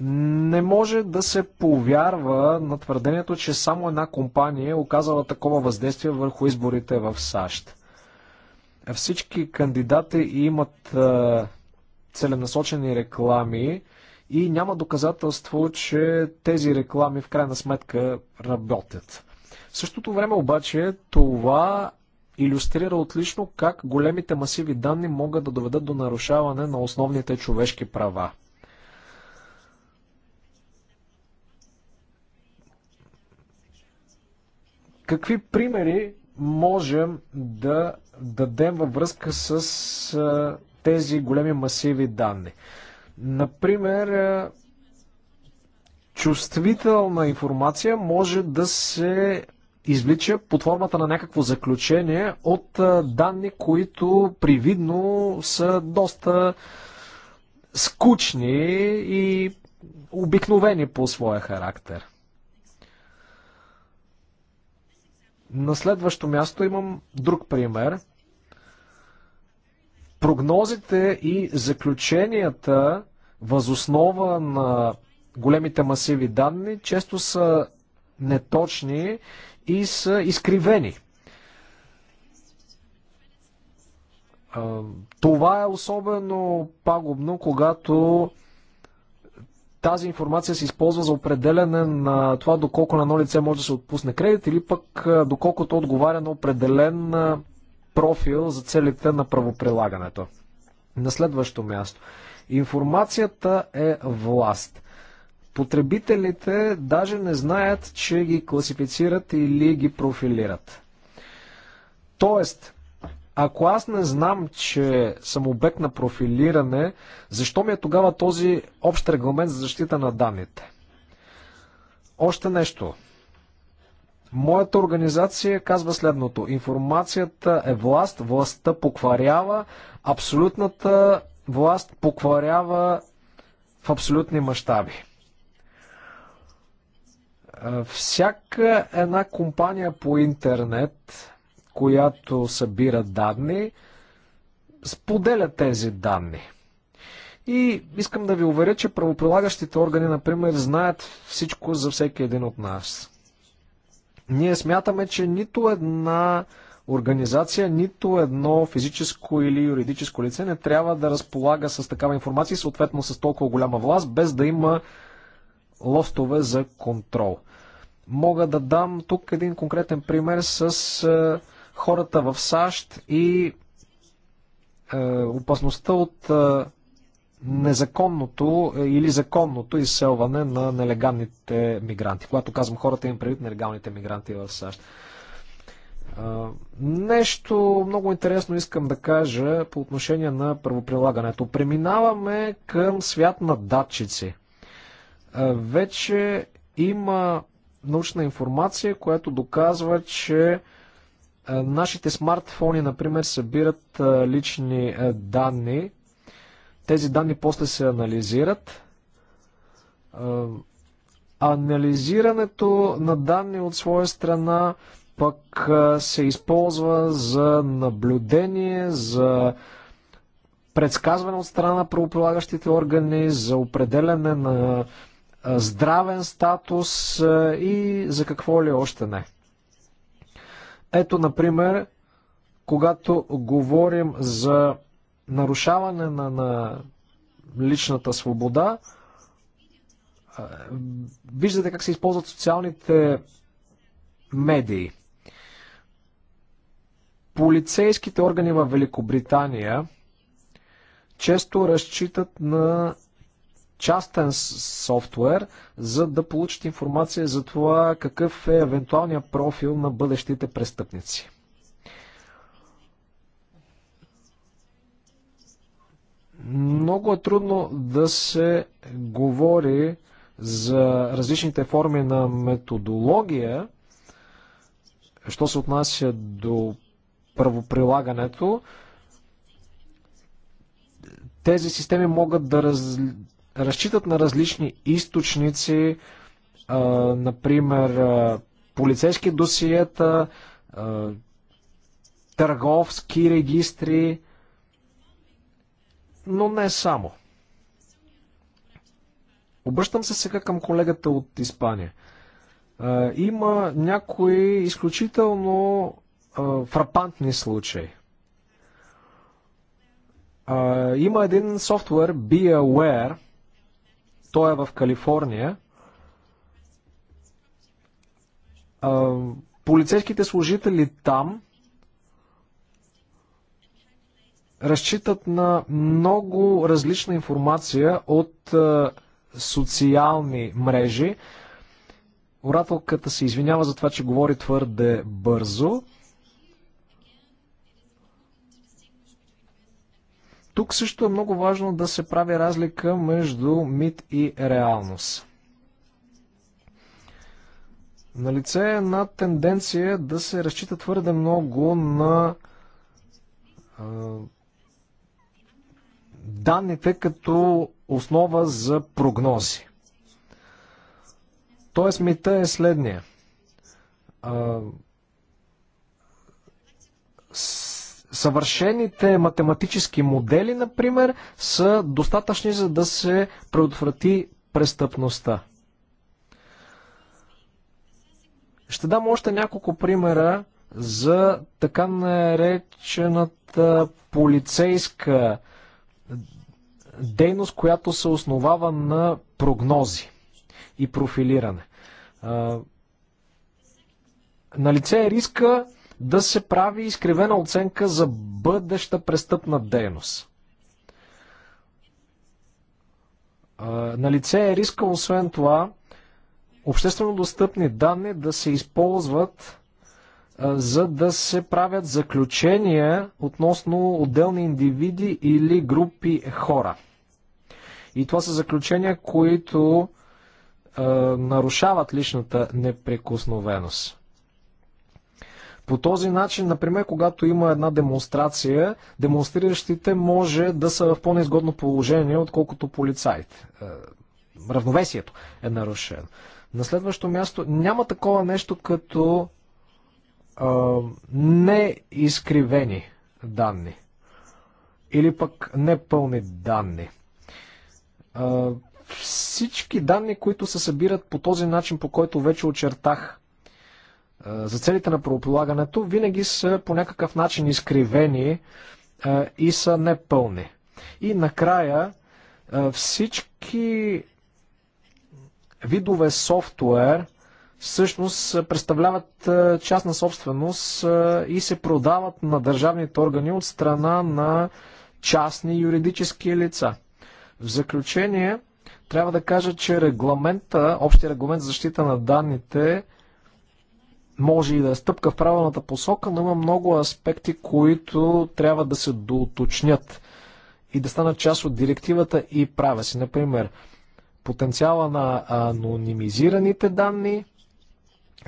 A: Не може да се повярва на твърдението, че само една компания е оказала такова въздействие върху изборите в САЩ. Всички кандидати имат целенасочени реклами и няма доказателство, че тези реклами в крайна сметка работят. В същото време обаче това иллюстрира отлично как големите масиви данни могат да доведат до нарушаване на основните човешки права. Какви примери можем да дадем във връзка с тези големи масиви данни? Например, чувствителна информация може да се извлича под формата на някакво заключение от данни, които привидно са доста скучни и обикновени по своя характер. На следващо място имам друг пример. Прогнозите и заключенията възоснова на големите масиви данни често са неточни и са изкривени. Това е особено пагубно, когато тази информация се използва за определене на това доколко на едно лице може да се отпусне кредит или пък доколкото отговаря на определен профил за целите на правоприлагането. На следващо място. Информацията е власт. Потребителите даже не знаят, че ги класифицират или ги профилират. Тоест, ако аз не знам, че съм обект на профилиране, защо ми е тогава този общ регламент за защита на данните? Още нещо. Моята организация казва следното. Информацията е власт, властта покварява, абсолютната власт покварява в абсолютни мащаби. Всяка една компания по интернет, която събира данни, споделя тези данни. И искам да ви уверя, че правоприлагащите органи, например, знаят всичко за всеки един от нас. Ние смятаме, че нито една организация, нито едно физическо или юридическо лице не трябва да разполага с такава информация и съответно с толкова голяма власт, без да има лостове за контрол. Мога да дам тук един конкретен пример с е, хората в САЩ и е, опасността от е, незаконното или законното изселване на нелегалните мигранти. Когато казвам хората, им предвид нелегалните мигранти в САЩ. Нещо много интересно искам да кажа по отношение на правоприлагането. Преминаваме към свят на датчици. Вече има научна информация, която доказва, че е, нашите смартфони, например, събират е, лични е, данни. Тези данни после се анализират. Анализирането на данни от своя страна пък се използва за наблюдение, за предсказване от страна на правополагащите органи, за определяне на здравен статус и за какво ли още не. Ето, например, когато говорим за нарушаване на, на личната свобода, виждате как се използват социалните медии. Полицейските органи в Великобритания често разчитат на частен софтуер, за да получат информация за това какъв е евентуалния профил на бъдещите престъпници. Много е трудно да се говори за различните форми на методология, що се отнася до правоприлагането, тези системи могат да, раз разчитат на различни източници, а, например а, полицейски досиета, а, търговски регистри, но не само. Обръщам се сега към колегата от Испания. Има някои изключително фрапантни случаи. Има един софтуер BeAware, той е в Калифорния. Полицейските служители там разчитат на много различна информация от социални мрежи. Орателката се извинява за това, че говори твърде бързо. Тук също е много важно да се прави разлика между мит и реалност. Налице е една тенденция да се разчита твърде много на а, данните като основа за прогнози. Тоест мита е следния. А, Съвършените математически модели, например, са достатъчни за да се предотврати престъпността. Ще дам още няколко примера за така наречената полицейска дейност, която се основава на прогнози и профилиране. лице е риска да се прави изкривена оценка за бъдеща престъпна дейност. На лице е риска, освен това, обществено достъпни данни да се използват за да се правят заключения относно отделни индивиди или групи хора. И това са заключения, които е, нарушават личната неприкосновеност. По този начин, например, когато има една демонстрация, демонстриращите може да са в по-неизгодно положение, отколкото полицаите. Е, равновесието е нарушено. На следващо място няма такова нещо като а, неизкривени данни или пък непълни данни. А, всички данни, които се събират по този начин, по който вече очертах, за целите на правополагането винаги са по някакъв начин изкривени и са непълни. И накрая всички видове софтуер всъщност представляват частна собственост и се продават на държавните органи от страна на частни юридически лица. В заключение, трябва да кажа, че регламента, общия регламент за защита на данните може и да е стъпка в правилната посока, но има много аспекти, които трябва да се доуточнят и да станат част от директивата и правя си. Например, потенциала на анонимизираните данни,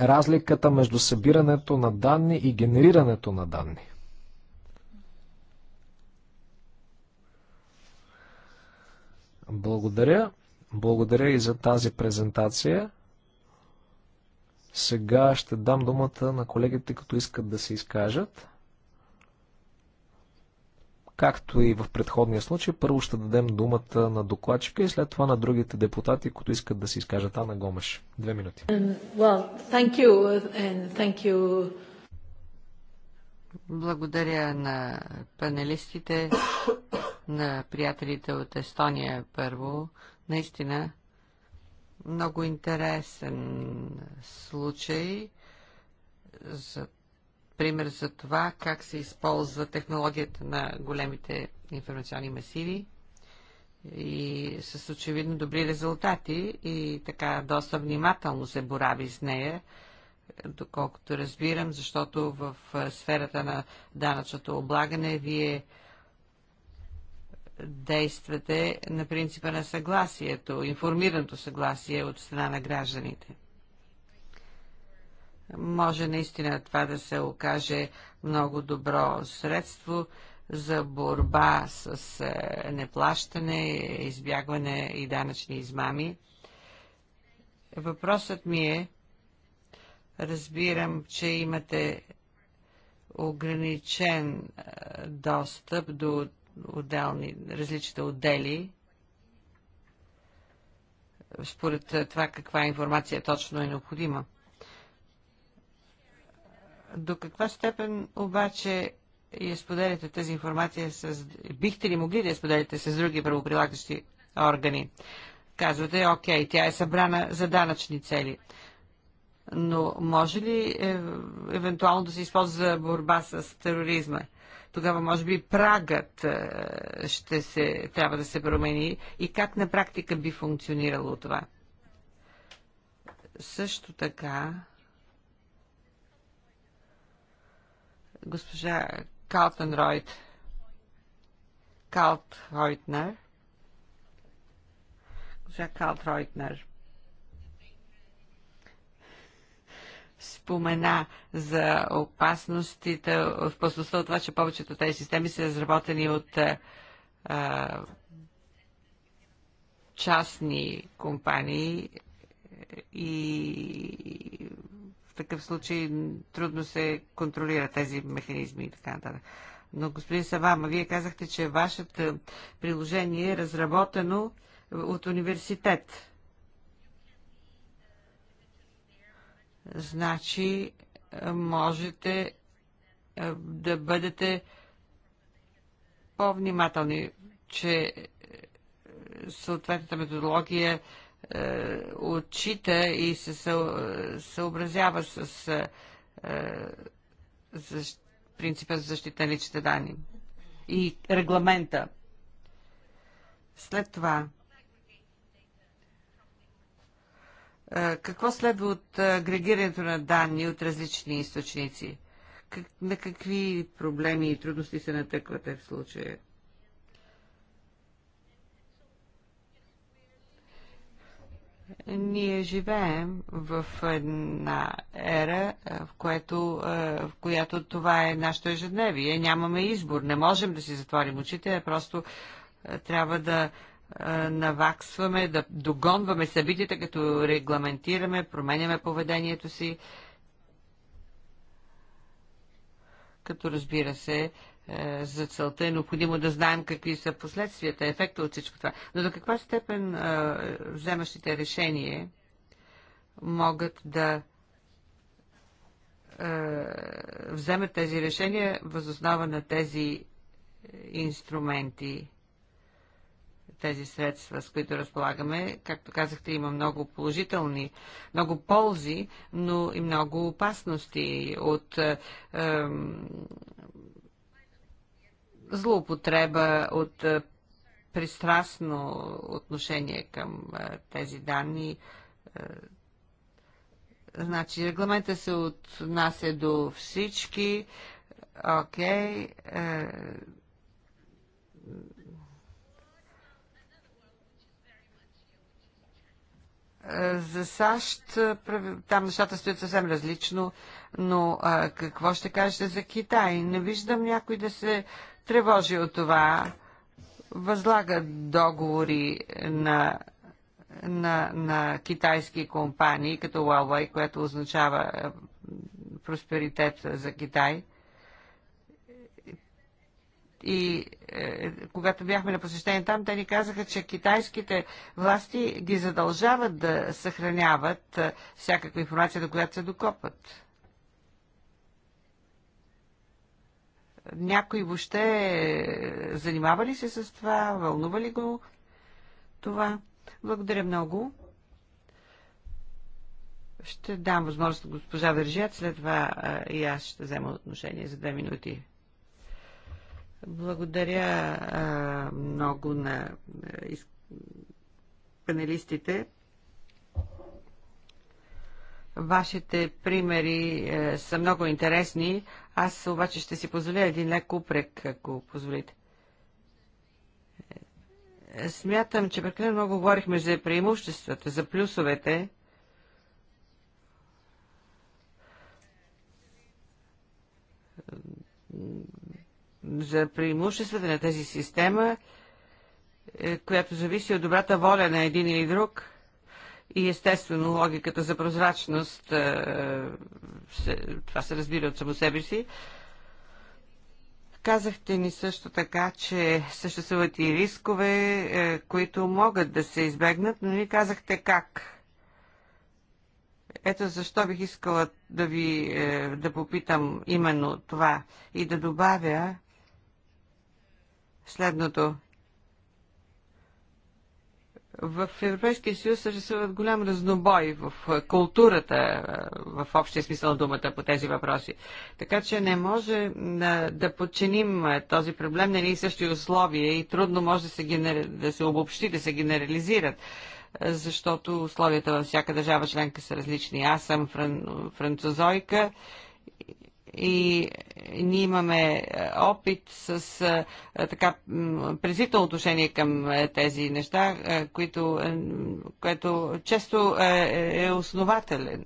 A: разликата между събирането на данни и генерирането на данни. Благодаря. Благодаря и за тази презентация. Сега ще дам думата на колегите, като искат да се изкажат. Както и в предходния случай, първо ще дадем думата на докладчика и след това на другите депутати, които искат да се изкажат. Ана Гомеш, две минути.
B: Um, well, thank you, uh, thank you. Благодаря на панелистите, на приятелите от Естония първо. Наистина, много интересен случай за пример за това как се използва технологията на големите информационни масиви и с очевидно добри резултати и така доста внимателно се борави с нея, доколкото разбирам, защото в сферата на данъчното облагане вие действате на принципа на съгласието, информираното съгласие от страна на гражданите. Може наистина това да се окаже много добро средство за борба с е, неплащане, избягване и данъчни измами. Въпросът ми е, разбирам, че имате ограничен е, достъп до отделни, различните отдели, според е, това каква информация точно е необходима. До каква степен обаче я споделяте тази информация с... Бихте ли могли да я споделите с други правоприлагащи органи? Казвате, окей, тя е събрана за данъчни цели. Но може ли е, евентуално да се използва за борба с тероризма? Тогава, може би, прагът е, ще се, трябва да се промени и как на практика би функционирало това. Също така, госпожа Калтенройд, Калт Ройтнер, госпожа Калт Ройтнер, спомена за опасностите, опасността от това, че повечето тези системи са разработени от а, частни компании и в такъв случай трудно се контролира тези механизми и така нататък. Но, господин Савама, вие казахте, че вашето приложение е разработено от университет. значи е, можете е, да бъдете по-внимателни, че е, съответната методология отчита и се съобразява с принципа за защита на личните данни и регламента. След това Какво следва от агрегирането на данни от различни източници? Как, на какви проблеми и трудности се натъквате в случая? Ние живеем в една ера, в, което, в която това е нашето ежедневие. Нямаме избор. Не можем да си затворим очите, просто трябва да наваксваме, да догонваме събитията, като регламентираме, променяме поведението си, като разбира се, е, за целта е необходимо да знаем какви са последствията, ефекта от всичко това. Но до каква степен е, вземащите решение могат да е, вземат тези решения възоснова на тези инструменти? тези средства, с които разполагаме. Както казахте, има много положителни, много ползи, но и много опасности от е, злоупотреба, от е, пристрастно отношение към е, тези данни. Е, значи, регламента се отнася до всички. Окей. Okay. Е, За САЩ там нещата стоят съвсем различно, но а, какво ще кажете за Китай? Не виждам някой да се тревожи от това. Възлага договори на, на, на китайски компании, като Huawei, което означава просперитет за Китай – и е, когато бяхме на посещение там, те ни казаха, че китайските власти ги задължават да съхраняват е, всякаква информация, до която се докопат. Някой въобще е, занимава ли се с това? Вълнува ли го това? Благодаря много. Ще дам възможност на госпожа Вержият, след това е, и аз ще взема отношение за две минути. Благодаря а, много на из, панелистите. Вашите примери е, са много интересни. Аз обаче ще си позволя един лек упрек, ако позволите. Е, смятам, че прекалено много говорихме за преимуществата, за плюсовете за преимуществата на тази система, е, която зависи от добрата воля на един или друг и естествено логиката за прозрачност, е, това се разбира от само себе си. Казахте ни също така, че съществуват и рискове, е, които могат да се избегнат, но ни казахте как. Ето защо бих искала да ви да попитам именно това и да добавя, следното. В Европейския съюз съществуват голям разнобой в културата, в общия смисъл на думата по тези въпроси. Така че не може да, да подчиним този проблем на едни същи условия и трудно може да се, генер... да се обобщи, да се генерализират защото условията във всяка държава членка са различни. Аз съм фран... французойка и ние имаме е, опит с а, е, е, така презително отношение към тези неща, които, което често е, е основателен.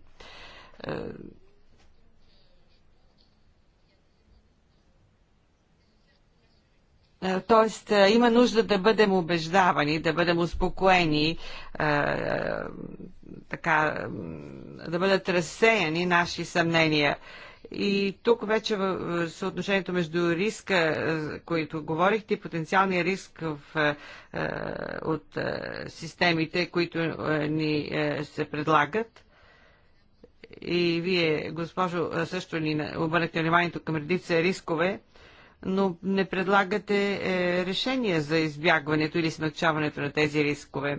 B: Тоест, има нужда да бъдем убеждавани, да бъдем успокоени, така, да бъдат разсеяни наши съмнения. И тук вече съотношението между риска, е, които говорихте, потенциалния риск в, е, е, от системите, които ни се предлагат. И вие, госпожо, също ни обърнахте вниманието към редица рискове, но не предлагате решения за избягването или смягчаването на тези рискове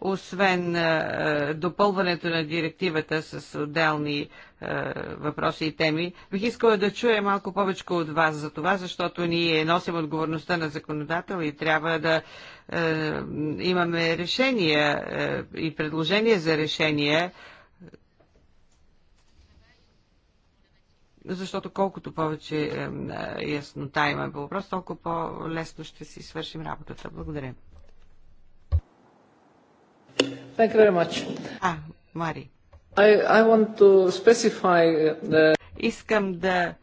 B: освен е, допълването на директивата с отделни е, въпроси и теми, бих искала да чуя малко повече от вас за това, защото ние носим отговорността на законодател и трябва да е, имаме решения е, и предложения за решения, защото колкото повече е, яснота имаме по въпрос, толкова по-лесно ще си свършим работата. Благодаря.
A: Thank you very much. А,
B: Мари. I, I want to specify the... Uh, Искам да е,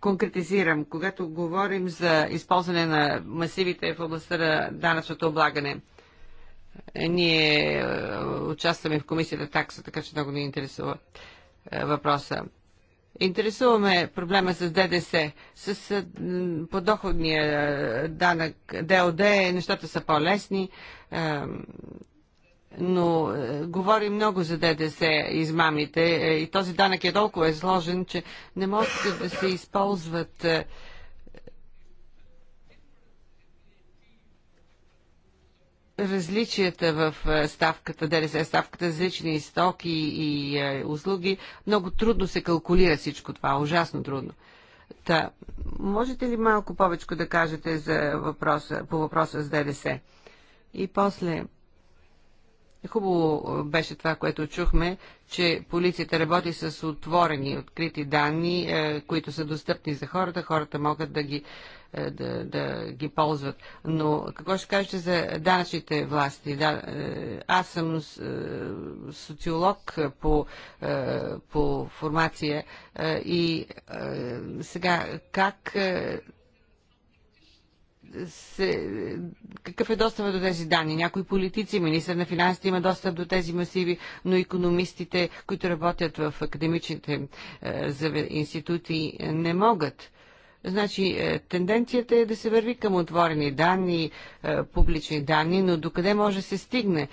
B: конкретизирам, когато говорим за използване на масивите в областта на данъчното облагане. Е, ние е, участваме в комисията такса, така че много ни интересува въпроса. Интересуваме проблема с ДДС. С подоходния данък ДОД нещата са по-лесни но е, говори много за ДДС измамите е, и този данък е толкова изложен, че не могат да се използват е, различията в е, ставката, ДДС ставката различни стоки и, и е, услуги. Много трудно се калкулира всичко това, ужасно трудно. Та, можете ли малко повече да кажете за въпроса, по въпроса с ДДС? И после, Хубаво е, беше това, което чухме, че полицията работи с отворени, открити данни, е, които са достъпни за хората. Хората могат да ги, е, да, да ги ползват. Но какво ще кажете за данъчните власти? Да, аз съм социолог по, по формация и сега как се, какъв е достъп до тези данни? Някои политици, министър на финансите има достъп до тези масиви, но економистите, които работят в академичните е, институти, е, не могат. Значи, е, тенденцията е да се върви към отворени данни, е, публични данни, но докъде може да се стигне?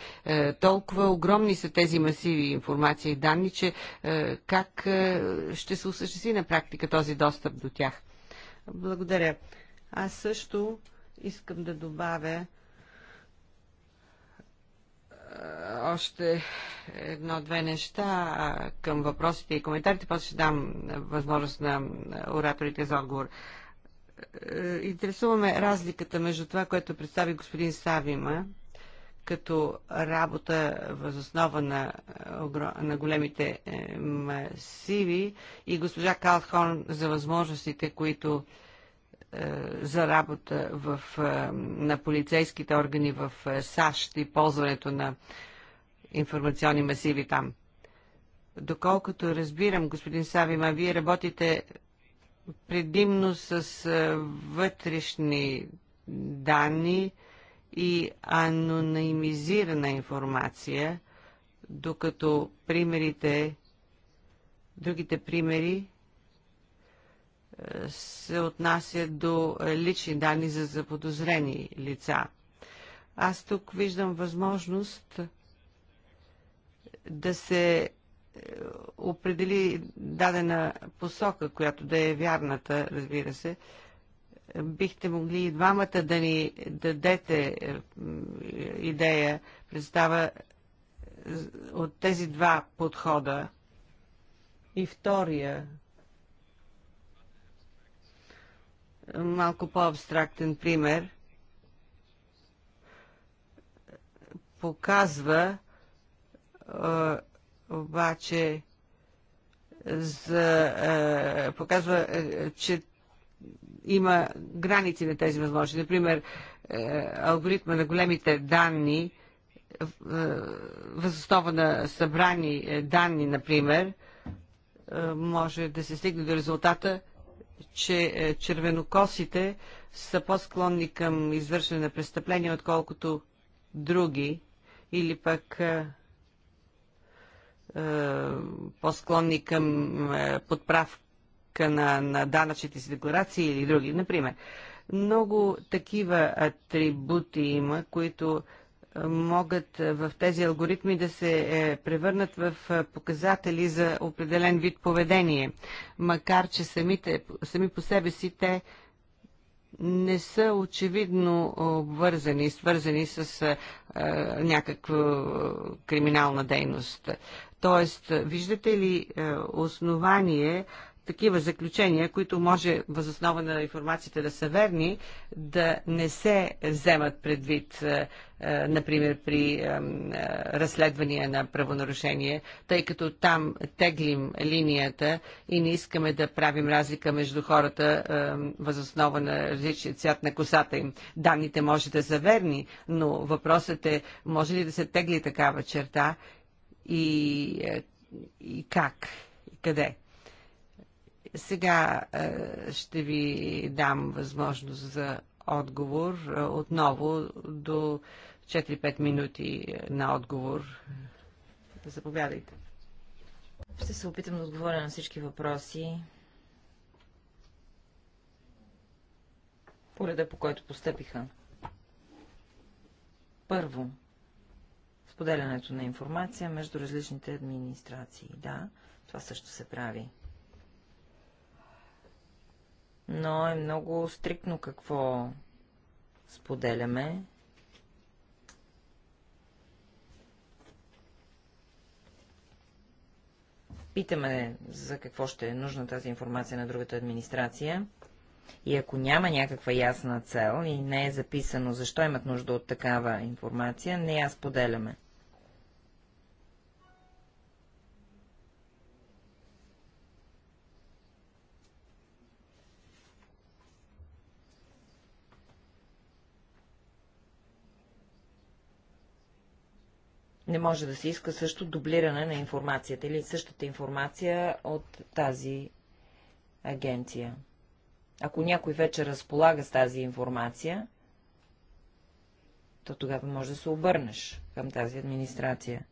B: Толкова огромни са тези масиви информация и данни, че как ще се осъществи на практика този достъп до тях? Благодаря. Аз също искам да добавя още едно-две неща към въпросите и коментарите, после ще дам възможност на ораторите за отговор. Интересуваме разликата между това, което представи господин Савима, като работа възоснова на, на големите е, масиви и госпожа Калхон за възможностите, които е, за работа в, е, на полицейските органи в е, САЩ и ползването на информационни масиви там. Доколкото разбирам, господин Савима, вие работите предимно с вътрешни данни и анонимизирана информация, докато примерите, другите примери се отнася до е, лични данни за заподозрени лица. Аз тук виждам възможност е, да се е, определи дадена посока, която да е вярната, разбира се. Бихте могли и двамата да ни дадете идея, представа от тези два подхода и втория малко по-абстрактен пример показва обаче за, показва, че има граници на тези възможности. Например, алгоритма на големите данни, възоснова на събрани е, данни, например, може да се стигне до резултата, че е, червенокосите са по-склонни към извършване на престъпления, отколкото други, или пък е, е, по-склонни към е, подправка на, на данъчните си декларации или други. Например, много такива атрибути има, които могат е, в тези алгоритми да се е, превърнат в е, показатели за определен вид поведение, макар че самите, сами по себе си те не са очевидно обвързани, свързани с а, някаква криминална дейност. Тоест, виждате ли основание такива заключения, които може възоснова на информацията да са верни, да не се вземат предвид, е, е, например, при е, разследвания на правонарушение, тъй като там теглим линията и не искаме да правим разлика между хората възоснова на различния цвят на косата им. Данните може да са верни, но въпросът е, може ли да се тегли такава черта и, и как, и къде? Сега е, ще ви дам възможност за отговор е, отново до 4-5 минути е, на отговор. Заповядайте.
C: Ще се опитам да отговоря на всички въпроси. По реда, по който постъпиха. Първо, споделянето на информация между различните администрации. Да, това също се прави но е много стриктно какво споделяме. Питаме за какво ще е нужна тази информация на другата администрация. И ако няма някаква ясна цел и не е записано защо имат нужда от такава информация, не я споделяме. Не може да се иска също дублиране на информацията или същата информация от тази агенция. Ако някой вече разполага с тази информация, то тогава може да се обърнеш към тази администрация.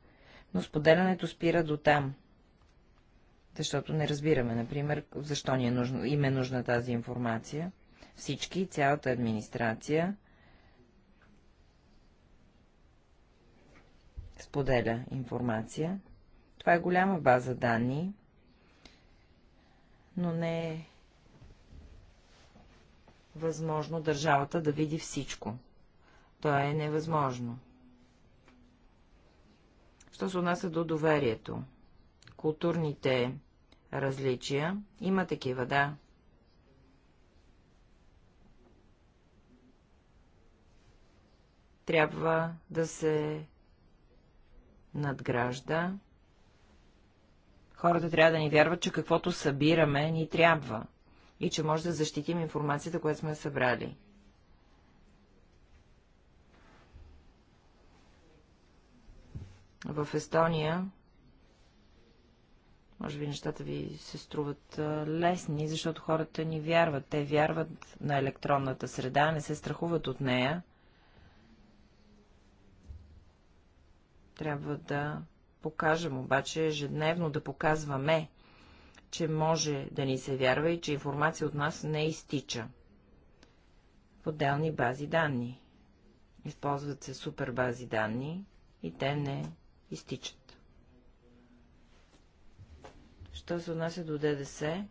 C: Но споделянето спира до там, защото не разбираме, например, защо ни е нужно, им е нужна тази информация. Всички, цялата администрация, споделя информация. Това е голяма база данни, но не е възможно държавата да види всичко. То е невъзможно. Що се отнася до доверието? Културните различия има такива, да. Трябва да се надгражда. Хората трябва да ни вярват, че каквото събираме, ни трябва и че може да защитим информацията, която сме събрали. В Естония може би нещата ви се струват лесни, защото хората ни вярват. Те вярват на електронната среда, не се страхуват от нея. Трябва да покажем, обаче ежедневно да показваме, че може да ни се вярва и че информация от нас не изтича. В отделни бази данни. Използват се супербази данни и те не изтичат. Що се отнася до ДДС?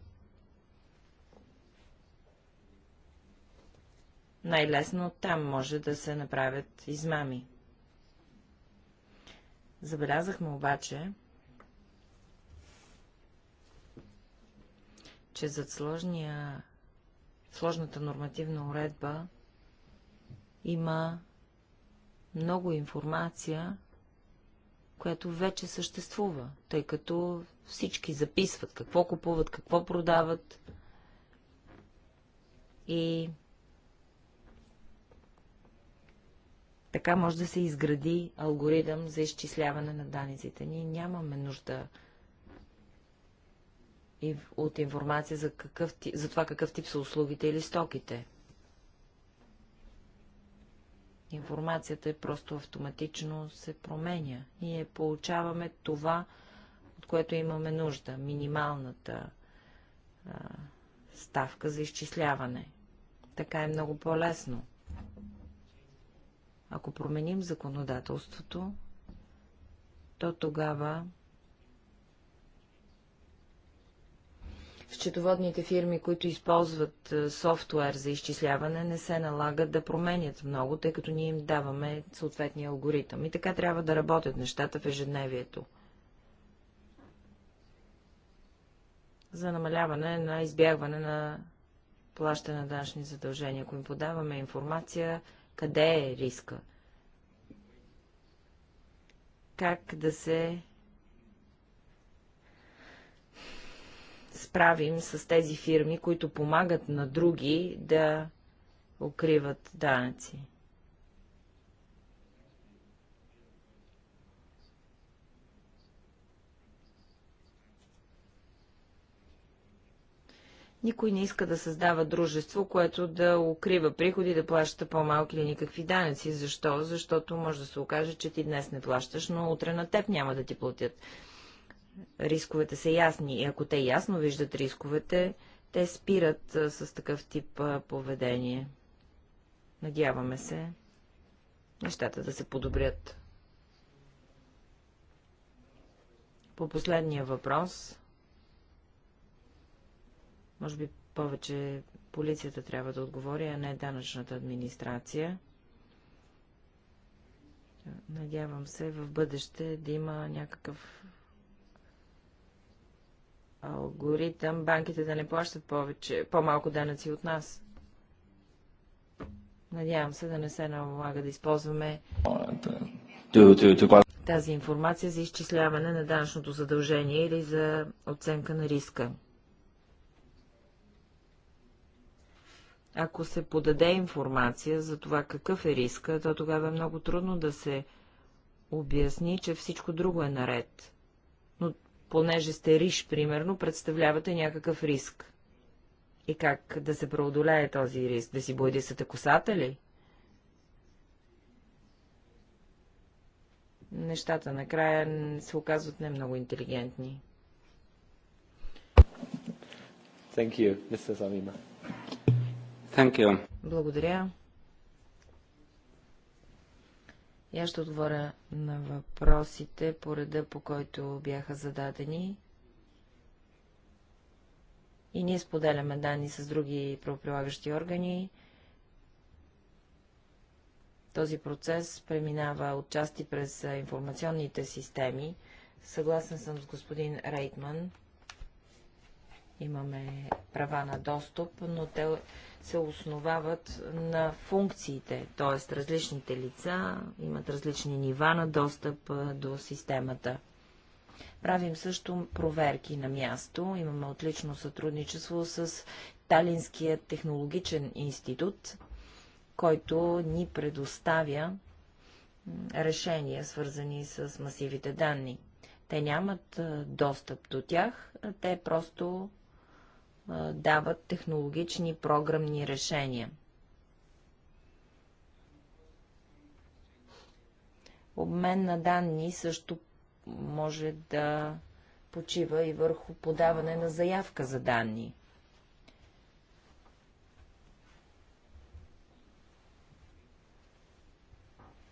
C: Най-лесно там може да се направят измами. Забелязахме обаче, че зад сложния, сложната нормативна уредба има много информация, която вече съществува, тъй като всички записват какво купуват, какво продават и Така може да се изгради алгоритъм за изчисляване на данниците. Ние нямаме нужда от информация за, какъв, за това какъв тип са услугите или стоките. Информацията е просто автоматично се променя. Ние получаваме това, от което имаме нужда, минималната а, ставка за изчисляване. Така е много по-лесно. Ако променим законодателството, то тогава счетоводните фирми, които използват е, софтуер за изчисляване, не се налагат да променят много, тъй като ние им даваме съответния алгоритъм. И така трябва да работят нещата в ежедневието. За намаляване на избягване на плащане на данъчни задължения. Ако им подаваме информация, къде е риска? Как да се справим с тези фирми, които помагат на други да укриват данъци? Никой не иска да създава дружество, което да укрива приходи, да плаща по-малки или никакви данъци. Защо? Защото може да се окаже, че ти днес не плащаш, но утре на теб няма да ти платят. Рисковете са ясни и ако те ясно виждат рисковете, те спират с такъв тип поведение. Надяваме се нещата да се подобрят. По последния въпрос може би повече полицията трябва да отговори, а не данъчната администрация. Надявам се в бъдеще да има някакъв алгоритъм банките да не плащат повече, по-малко данъци от нас. Надявам се да не се налага да използваме тази информация за изчисляване на данъчното задължение или за оценка на риска. Ако се подаде информация за това какъв е риска, то тогава е много трудно да се обясни, че всичко друго е наред. Но понеже сте риш, примерно, представлявате някакъв риск. И как да се преодолее този риск? Да си бойдисате косата ли? Нещата накрая се оказват не много интелигентни.
B: Thank you, Mr. Samima. Thank you.
C: Благодаря. И аз ще отговоря на въпросите по реда, по който бяха зададени. И ние споделяме данни с други правоприлагащи органи. Този процес преминава отчасти през информационните системи. Съгласен съм с господин Рейтман, Имаме права на достъп, но те се основават на функциите, т.е. различните лица имат различни нива на достъп до системата. Правим също проверки на място. Имаме отлично сътрудничество с Талинския технологичен институт, който ни предоставя решения, свързани с масивите данни. Те нямат достъп до тях, те просто дават технологични програмни решения. Обмен на данни също може да почива и върху подаване на заявка за данни.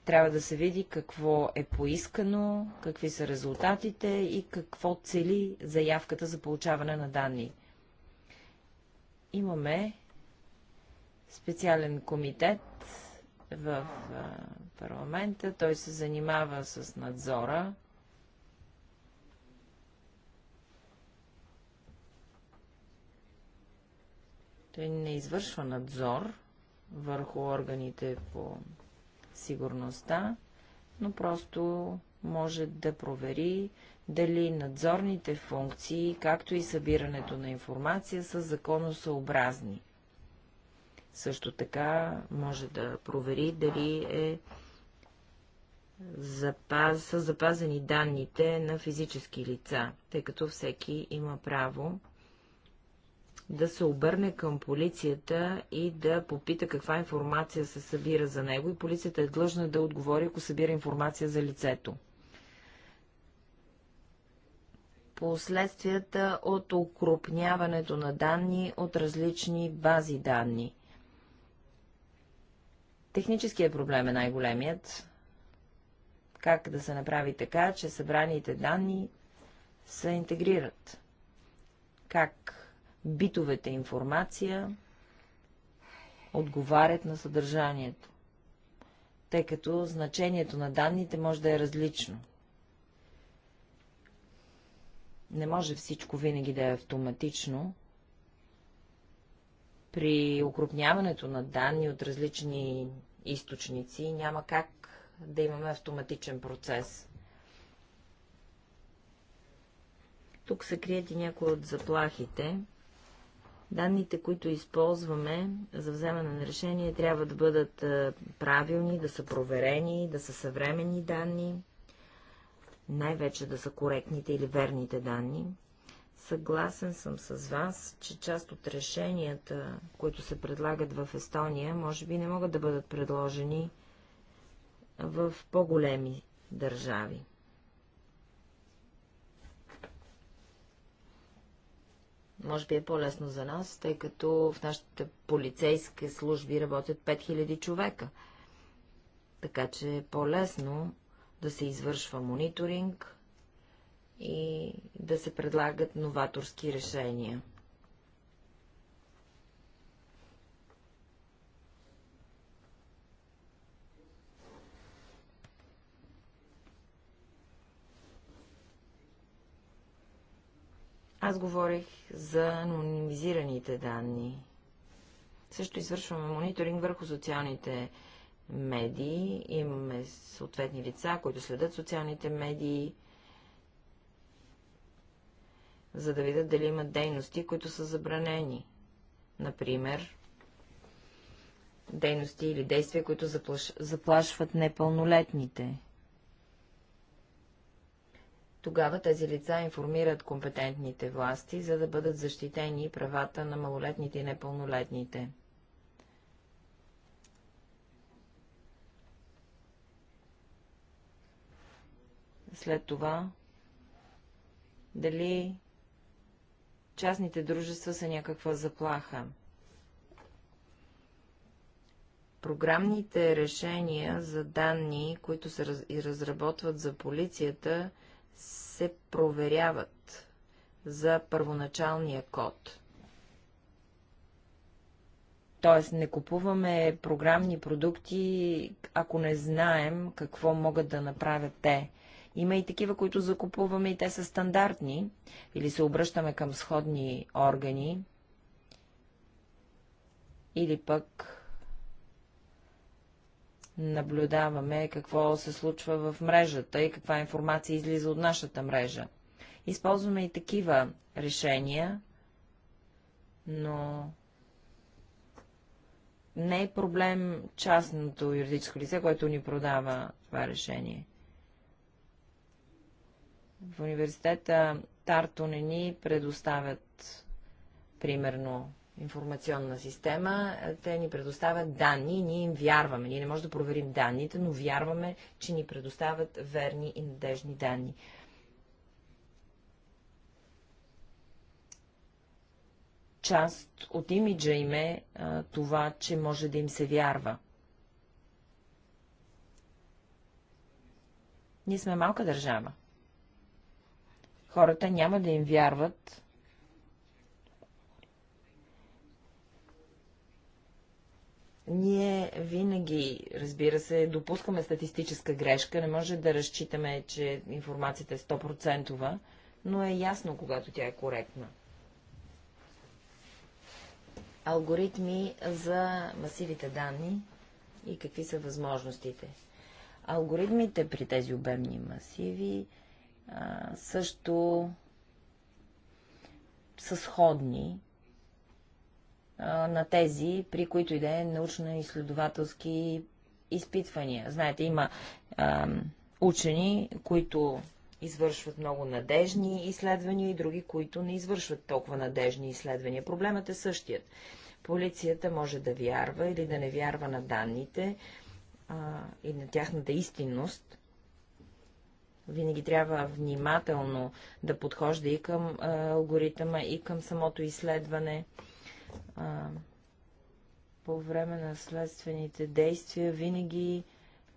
C: Трябва да се види какво е поискано, какви са резултатите и какво цели заявката за получаване на данни имаме специален комитет в парламента. Той се занимава с надзора. Той не извършва надзор върху органите по сигурността, но просто може да провери дали надзорните функции, както и събирането на информация са законосъобразни. Също така може да провери дали е запаз, са запазени данните на физически лица, тъй като всеки има право да се обърне към полицията и да попита каква информация се събира за него и полицията е длъжна да отговори, ако събира информация за лицето последствията от укрупняването на данни от различни бази данни. Техническият проблем е най-големият. Как да се направи така, че събраните данни се интегрират? Как битовете информация отговарят на съдържанието? Тъй като значението на данните може да е различно – не може всичко винаги да е автоматично. При укрупняването на данни от различни източници няма как да имаме автоматичен процес. Тук се крият и някои от заплахите. Данните, които използваме за вземане на решение, трябва да бъдат е, правилни, да са проверени, да са съвремени данни най-вече да са коректните или верните данни. Съгласен съм с вас, че част от решенията, които се предлагат в Естония, може би не могат да бъдат предложени в по-големи държави. Може би е по-лесно за нас, тъй като в нашите полицейски служби работят 5000 човека. Така че е по-лесно да се извършва мониторинг и да се предлагат новаторски решения. Аз говорих за анонимизираните данни. Също извършваме мониторинг върху социалните медии, имаме съответни лица, които следят социалните медии, за да видят дали имат дейности, които са забранени. Например, дейности или действия, които заплаш... заплашват непълнолетните. Тогава тези лица информират компетентните власти, за да бъдат защитени правата на малолетните и непълнолетните. След това, дали частните дружества са някаква заплаха. Програмните решения за данни, които се раз... и разработват за полицията, се проверяват за първоначалния код. Тоест, не купуваме програмни продукти, ако не знаем какво могат да направят те. Има и такива, които закупуваме и те са стандартни, или се обръщаме към сходни органи, или пък наблюдаваме какво се случва в мрежата и каква информация излиза от нашата мрежа. Използваме и такива решения, но не е проблем частното юридическо лице, което ни продава това решение. В университета Тарто не ни предоставят, примерно, информационна система, те ни предоставят данни, ние им вярваме. Ние не можем да проверим данните, но вярваме, че ни предоставят верни и надежни данни. Част от имиджа им е а, това, че може да им се вярва. Ние сме малка държава. Хората няма да им вярват. Ние винаги, разбира се, допускаме статистическа грешка. Не може да разчитаме, че информацията е 100%, но е ясно, когато тя е коректна алгоритми за масивите данни и какви са възможностите. Алгоритмите при тези обемни масиви а, също са сходни а, на тези, при които и да е научно-изследователски изпитвания. Знаете, има а, учени, които извършват много надежни изследвания и други, които не извършват толкова надежни изследвания. Проблемът е същият. Полицията може да вярва или да не вярва на данните а, и на тяхната истинност, винаги трябва внимателно да подхожда и към алгоритъма, и към самото изследване. По време на следствените действия винаги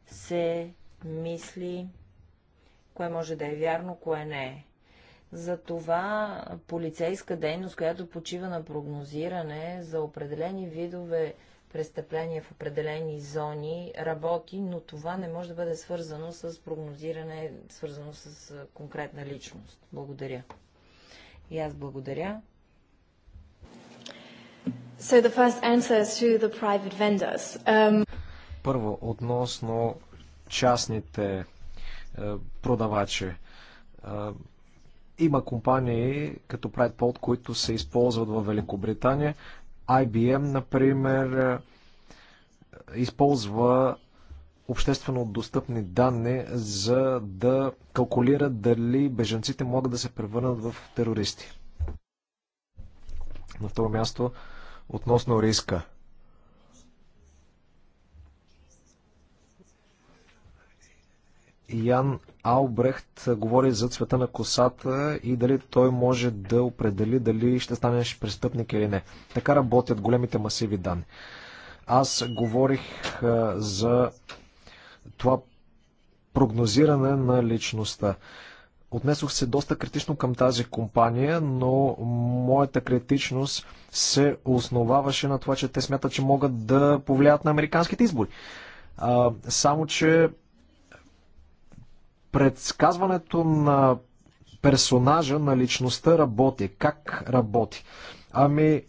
C: се мисли кое може да е вярно, кое не е. За това полицейска дейност, която почива на прогнозиране за определени видове престъпления в определени зони работи, но това не може да бъде свързано с прогнозиране, свързано с конкретна личност. Благодаря. И аз благодаря. So the first answer is to the private vendors.
A: Um... Първо, относно частните е, продавачи. Е, има компании като Pride Pod, които се използват в Великобритания. IBM, например, е, използва обществено достъпни данни, за да калкулира дали беженците могат да се превърнат в терористи. На второ място, относно риска. Ян Албрехт говори за цвета на косата и дали той може да определи дали ще станеш престъпник или не. Така работят големите масиви данни. Аз говорих за това прогнозиране на личността. Отнесох се доста критично към тази компания, но моята критичност се основаваше на това, че те смятат, че могат да повлияят на американските избори. А, само, че предсказването на персонажа, на личността работи. Как работи? Ами, е,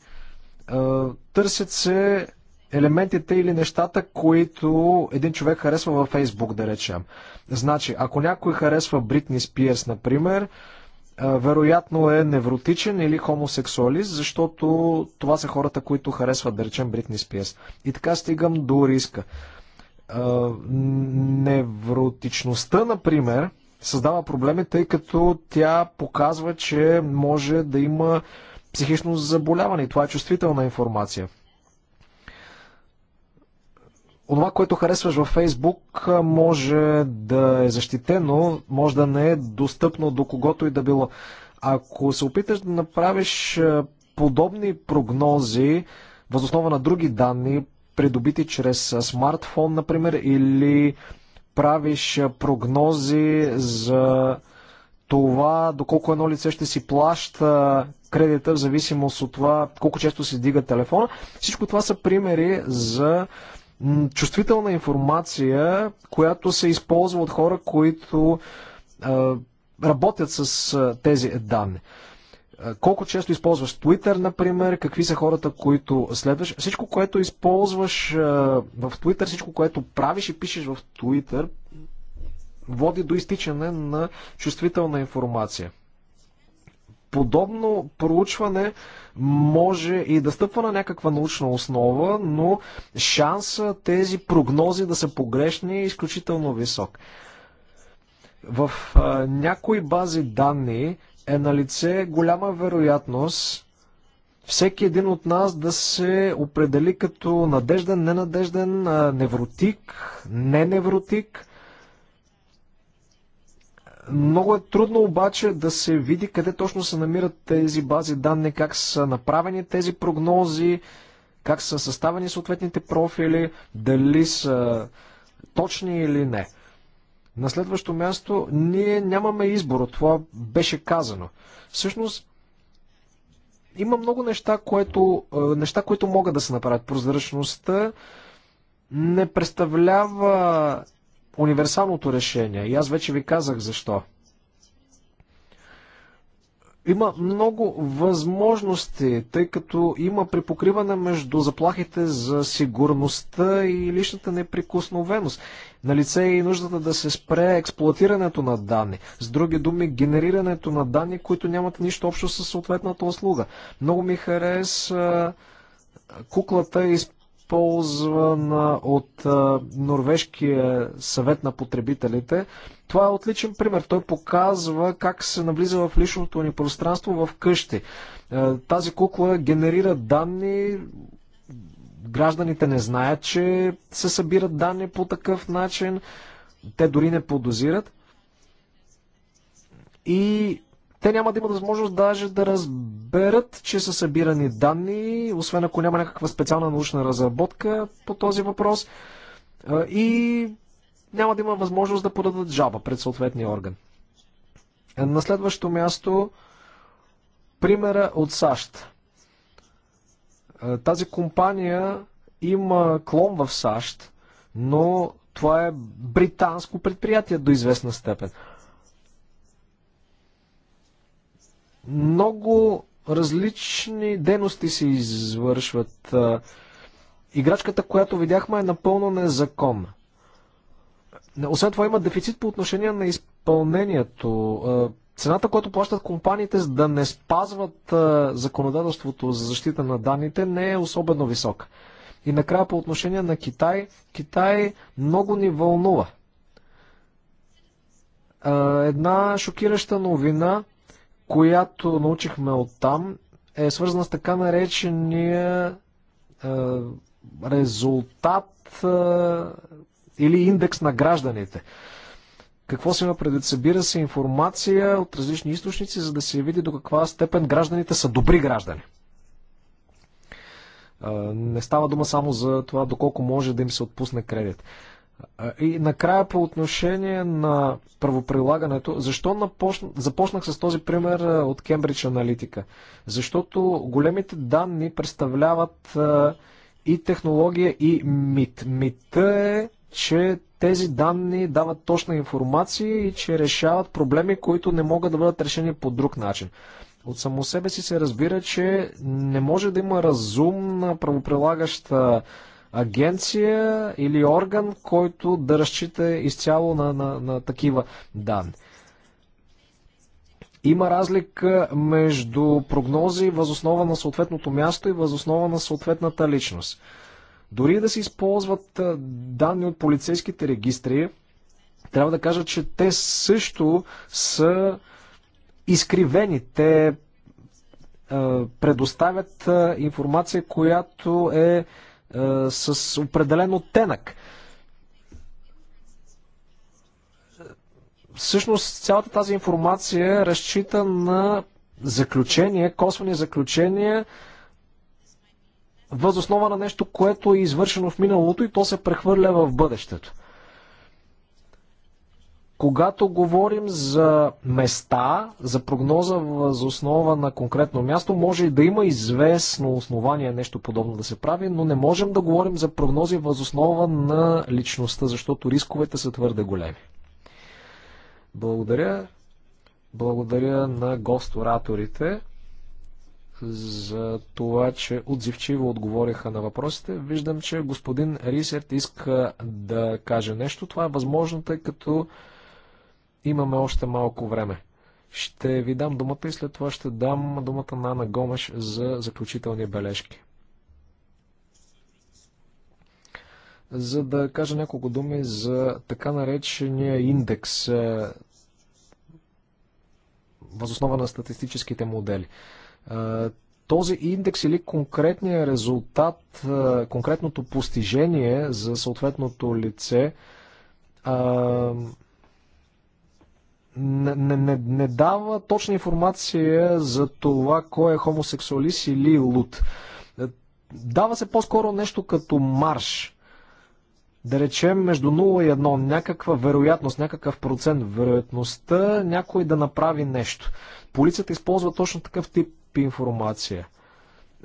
A: търсят се елементите или нещата, които един човек харесва във Фейсбук, да речем. Значи, ако някой харесва Бритни Спиерс, например, е, вероятно е невротичен или хомосексуалист, защото това са хората, които харесват, да речем, Бритни Спиерс. И така стигам до риска невротичността, например, създава проблеми, тъй като тя показва, че може да има психично заболяване. Това е чувствителна информация. Онова, което харесваш във Фейсбук, може да е защитено, може да не е достъпно до когото и да било. Ако се опиташ да направиш подобни прогнози, възоснова на други данни, придобити чрез смартфон, например, или правиш прогнози за това, доколко едно лице ще си плаща кредита, в зависимост от това колко често се дига телефона. Всичко това са примери за чувствителна информация, която се използва от хора, които работят с тези данни колко често използваш Twitter, например, какви са хората, които следваш. Всичко, което използваш в Twitter, всичко, което правиш и пишеш в Twitter, води до изтичане на чувствителна информация. Подобно проучване може и да стъпва на някаква научна основа, но шанса тези прогнози да са погрешни е изключително висок. В а, някои бази данни е на лице голяма вероятност всеки един от нас да се определи като надежден, ненадежден, невротик, неневротик. Много е трудно обаче да се види къде точно се намират тези бази данни, как са направени тези прогнози, как са съставени съответните профили, дали са точни или не. На следващо място, ние нямаме избор, това беше казано. Всъщност, има много неща, което, е, неща, които могат да се направят. Прозрачността не представлява универсалното решение. И аз вече ви казах защо. Има много възможности, тъй като има припокриване между заплахите за сигурността и личната неприкосновеност. На лице е и нуждата да се спре експлуатирането на данни. С други думи, генерирането на данни, които нямат нищо общо с съответната услуга. Много ми хареса куклата, изпълнена използвана от Норвежкия съвет на потребителите. Това е отличен пример. Той показва как се навлиза в личното ни пространство в къщи. Тази кукла генерира данни, гражданите не знаят, че се събират данни по такъв начин, те дори не подозират. И те няма да имат възможност даже да разберат, че са събирани данни, освен ако няма някаква специална научна разработка по този въпрос. И няма да има възможност да подадат жаба пред съответния орган. На следващо място, примера от САЩ. Тази компания има клон в САЩ, но това е британско предприятие до известна степен. Много различни дейности се извършват. Играчката, която видяхме, е напълно незаконна. Освен това има дефицит по отношение на изпълнението. Цената, която плащат компаниите за да не спазват законодателството за защита на данните, не е особено висока. И накрая по отношение на Китай, Китай много ни вълнува. Една шокираща новина която научихме от там, е свързана с така наречения е, резултат е, или индекс на гражданите. Какво се има предвид? Събира се информация от различни източници, за да се види до каква степен гражданите са добри граждани. Е, не става дума само за това доколко може да им се отпусне кредит. И накрая по отношение на правоприлагането, защо напочна, започнах с този пример от Кембридж Аналитика? Защото големите данни представляват и технология, и мит. Мита е, че тези данни дават точна информация и че решават проблеми, които не могат да бъдат решени по друг начин. От само себе си се разбира, че не може да има разумна правоприлагаща агенция или орган, който да разчита изцяло на, на, на такива данни. Има разлика между прогнози възоснова на съответното място и възоснова на съответната личност. Дори да се използват данни от полицейските регистри, трябва да кажа, че те също са изкривени. Те предоставят информация, която е е, с определен оттенък. Всъщност цялата тази информация разчита на заключения, косвени заключения, възоснова на нещо, което е извършено в миналото и то се прехвърля в бъдещето. Когато говорим за места, за прогноза за основа на конкретно място, може и да има известно основание нещо подобно да се прави, но не можем да говорим за прогнози въз основа на личността, защото рисковете са твърде големи. Благодаря. Благодаря на гост-ораторите за това, че отзивчиво отговориха на въпросите. Виждам, че господин Рисерт иска да каже нещо. Това е възможно, тъй като Имаме още малко време. Ще ви дам думата и след това ще дам думата на Ана Гомеш за заключителни бележки. За да кажа няколко думи за така наречения индекс, е, възоснова на статистическите модели. Е, този индекс или конкретният резултат, е, конкретното постижение за съответното лице, не, не, не, не дава точна информация за това кой е хомосексуалист или луд. Е, дава се по-скоро нещо като марш. Да речем между 0 и 1, някаква вероятност, някакъв процент вероятността някой да направи нещо. Полицията използва точно такъв тип информация.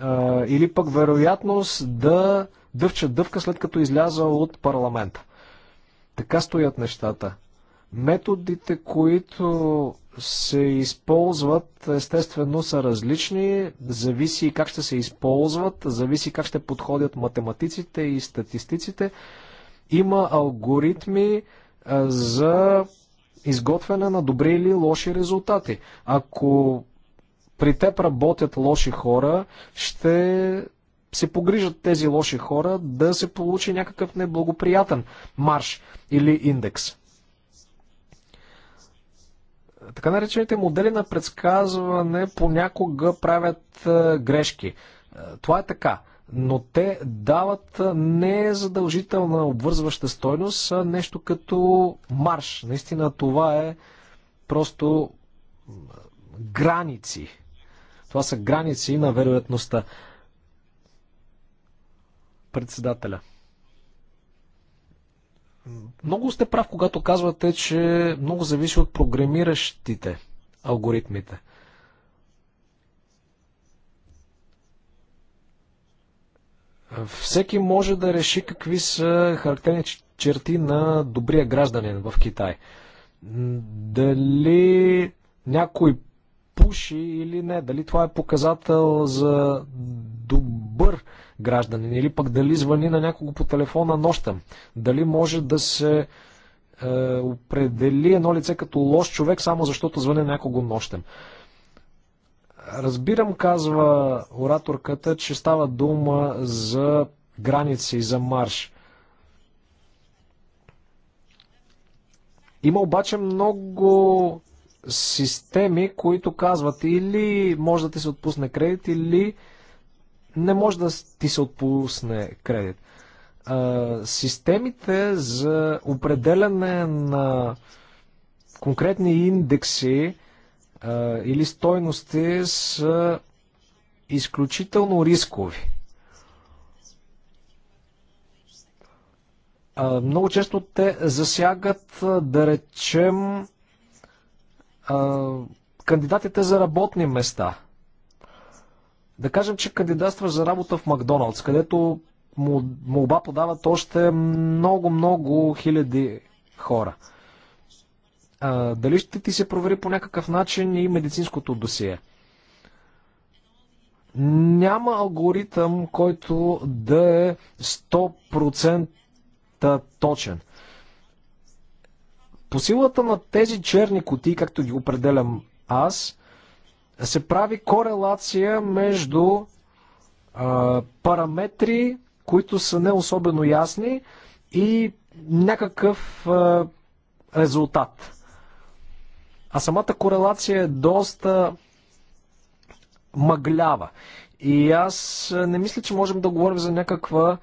A: Е, или пък вероятност да дъвча дъвка след като изляза от парламента. Така стоят нещата. Методите, които се използват, естествено са различни, зависи как ще се използват, зависи как ще подходят математиците и статистиците. Има алгоритми за изготвяне на добри или лоши резултати. Ако при теб работят лоши хора, ще се погрижат тези лоши хора да се получи някакъв неблагоприятен марш или индекс. Така наречените модели на предсказване понякога правят е, грешки. Е, това е така. Но те дават е, не задължителна обвързваща стойност, а нещо като марш. Наистина това е просто граници. Това са граници на вероятността. Председателя. Много сте прав, когато казвате, че много зависи от програмиращите алгоритмите. Всеки може да реши какви са характерни черти на добрия гражданин в Китай. Дали някой пуши или не, дали това е показател за добър гражданин или пък дали звъни на някого по телефона нощем, дали може да се е, определи едно лице като лош човек само защото звъни на някого нощем. Разбирам, казва ораторката, че става дума за граници, за марш. Има обаче много системи, които казват или може да ти се отпусне кредит, или не може да ти се отпусне кредит. Системите за определяне на конкретни индекси или стойности са изключително рискови. Много често те засягат, да речем, кандидатите за работни места. Да кажем, че кандидатства за работа в Макдоналдс, където молба подават още много-много хиляди хора. А, дали ще ти се провери по някакъв начин и медицинското досие? Няма алгоритъм, който да е 100% точен. По силата на тези черни коти, както ги определям аз, се прави корелация между а, параметри, които са не особено ясни и някакъв а, резултат. А самата корелация е доста мъглява. И аз не мисля, че можем да говорим за някаква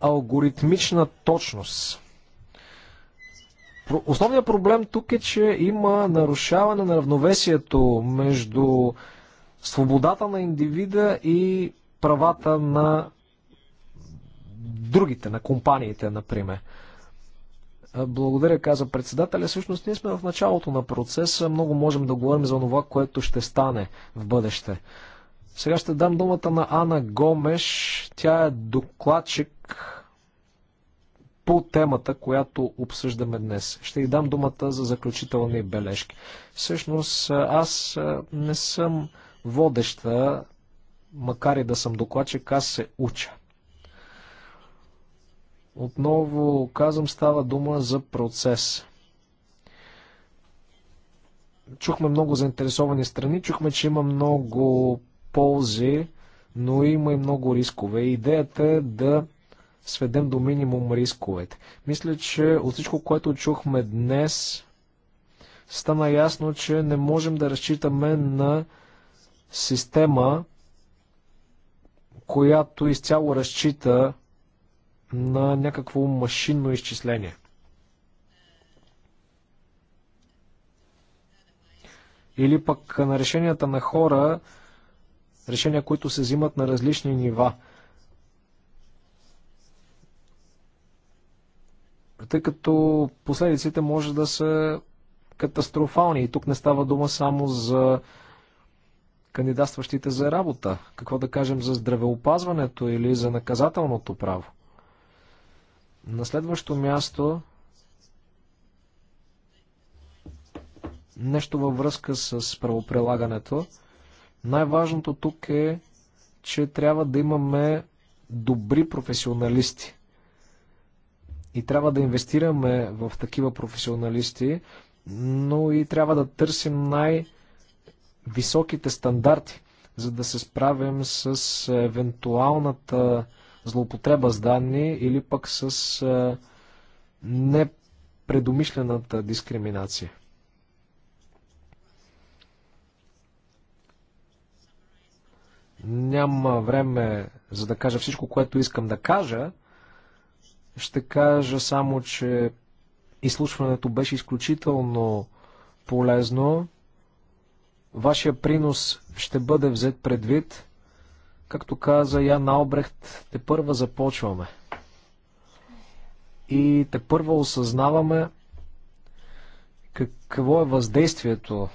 A: алгоритмична точност. Основният проблем тук е, че има нарушаване на равновесието между свободата на индивида и правата на другите, на компаниите, например. Благодаря, каза председателя. Всъщност ние сме в началото на процеса. Много можем да говорим за това, което ще стане в бъдеще. Сега ще дам думата на Ана Гомеш. Тя е докладчик по темата, която обсъждаме днес. Ще й дам думата за заключителни бележки. Всъщност, аз не съм водеща, макар и да съм докладчик, аз се уча. Отново казвам, става дума за процес. Чухме много заинтересовани страни, чухме, че има много ползи, но има и много рискове. Идеята е да сведем до минимум рисковете. Мисля, че от всичко, което чухме днес, стана ясно, че не можем да разчитаме на система, която изцяло разчита на някакво машинно изчисление. Или пък на решенията на хора, решения, които се взимат на различни нива – тъй като последиците може да са катастрофални. И тук не става дума само за кандидатстващите за работа. Какво да кажем за здравеопазването или за наказателното право? На следващо място нещо във връзка с правоприлагането. Най-важното тук е, че трябва да имаме добри професионалисти. И трябва да инвестираме в такива професионалисти, но и трябва да търсим най-високите стандарти, за да се справим с е, евентуалната злоупотреба с данни или пък с е, непредумишлената дискриминация. Няма време за да кажа всичко, което искам да кажа, ще кажа само, че изслушването беше изключително полезно. Вашия принос ще бъде взет предвид. Както каза Ян Албрехт, те първа започваме. И те първа осъзнаваме какво е въздействието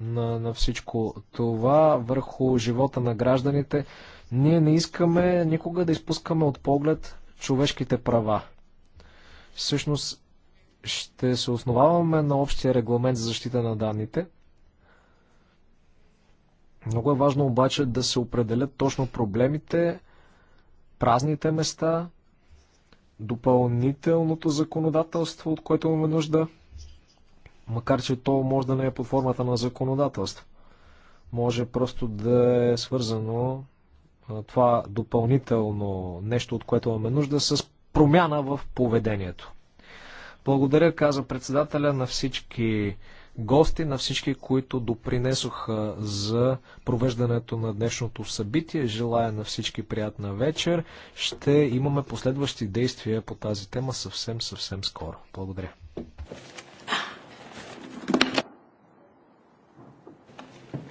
A: на, на всичко това върху живота на гражданите. Ние не искаме никога да изпускаме от поглед човешките права. Всъщност ще се основаваме на общия регламент за защита на данните. Много е важно обаче да се определят точно проблемите, празните места, допълнителното законодателство, от което имаме нужда, макар че то може да не е под формата на законодателство. Може просто да е свързано това допълнително нещо, от което имаме нужда, с промяна в поведението. Благодаря, каза председателя на всички гости, на всички, които допринесоха за провеждането на днешното събитие. Желая на всички приятна вечер. Ще имаме последващи действия по тази тема съвсем, съвсем скоро. Благодаря.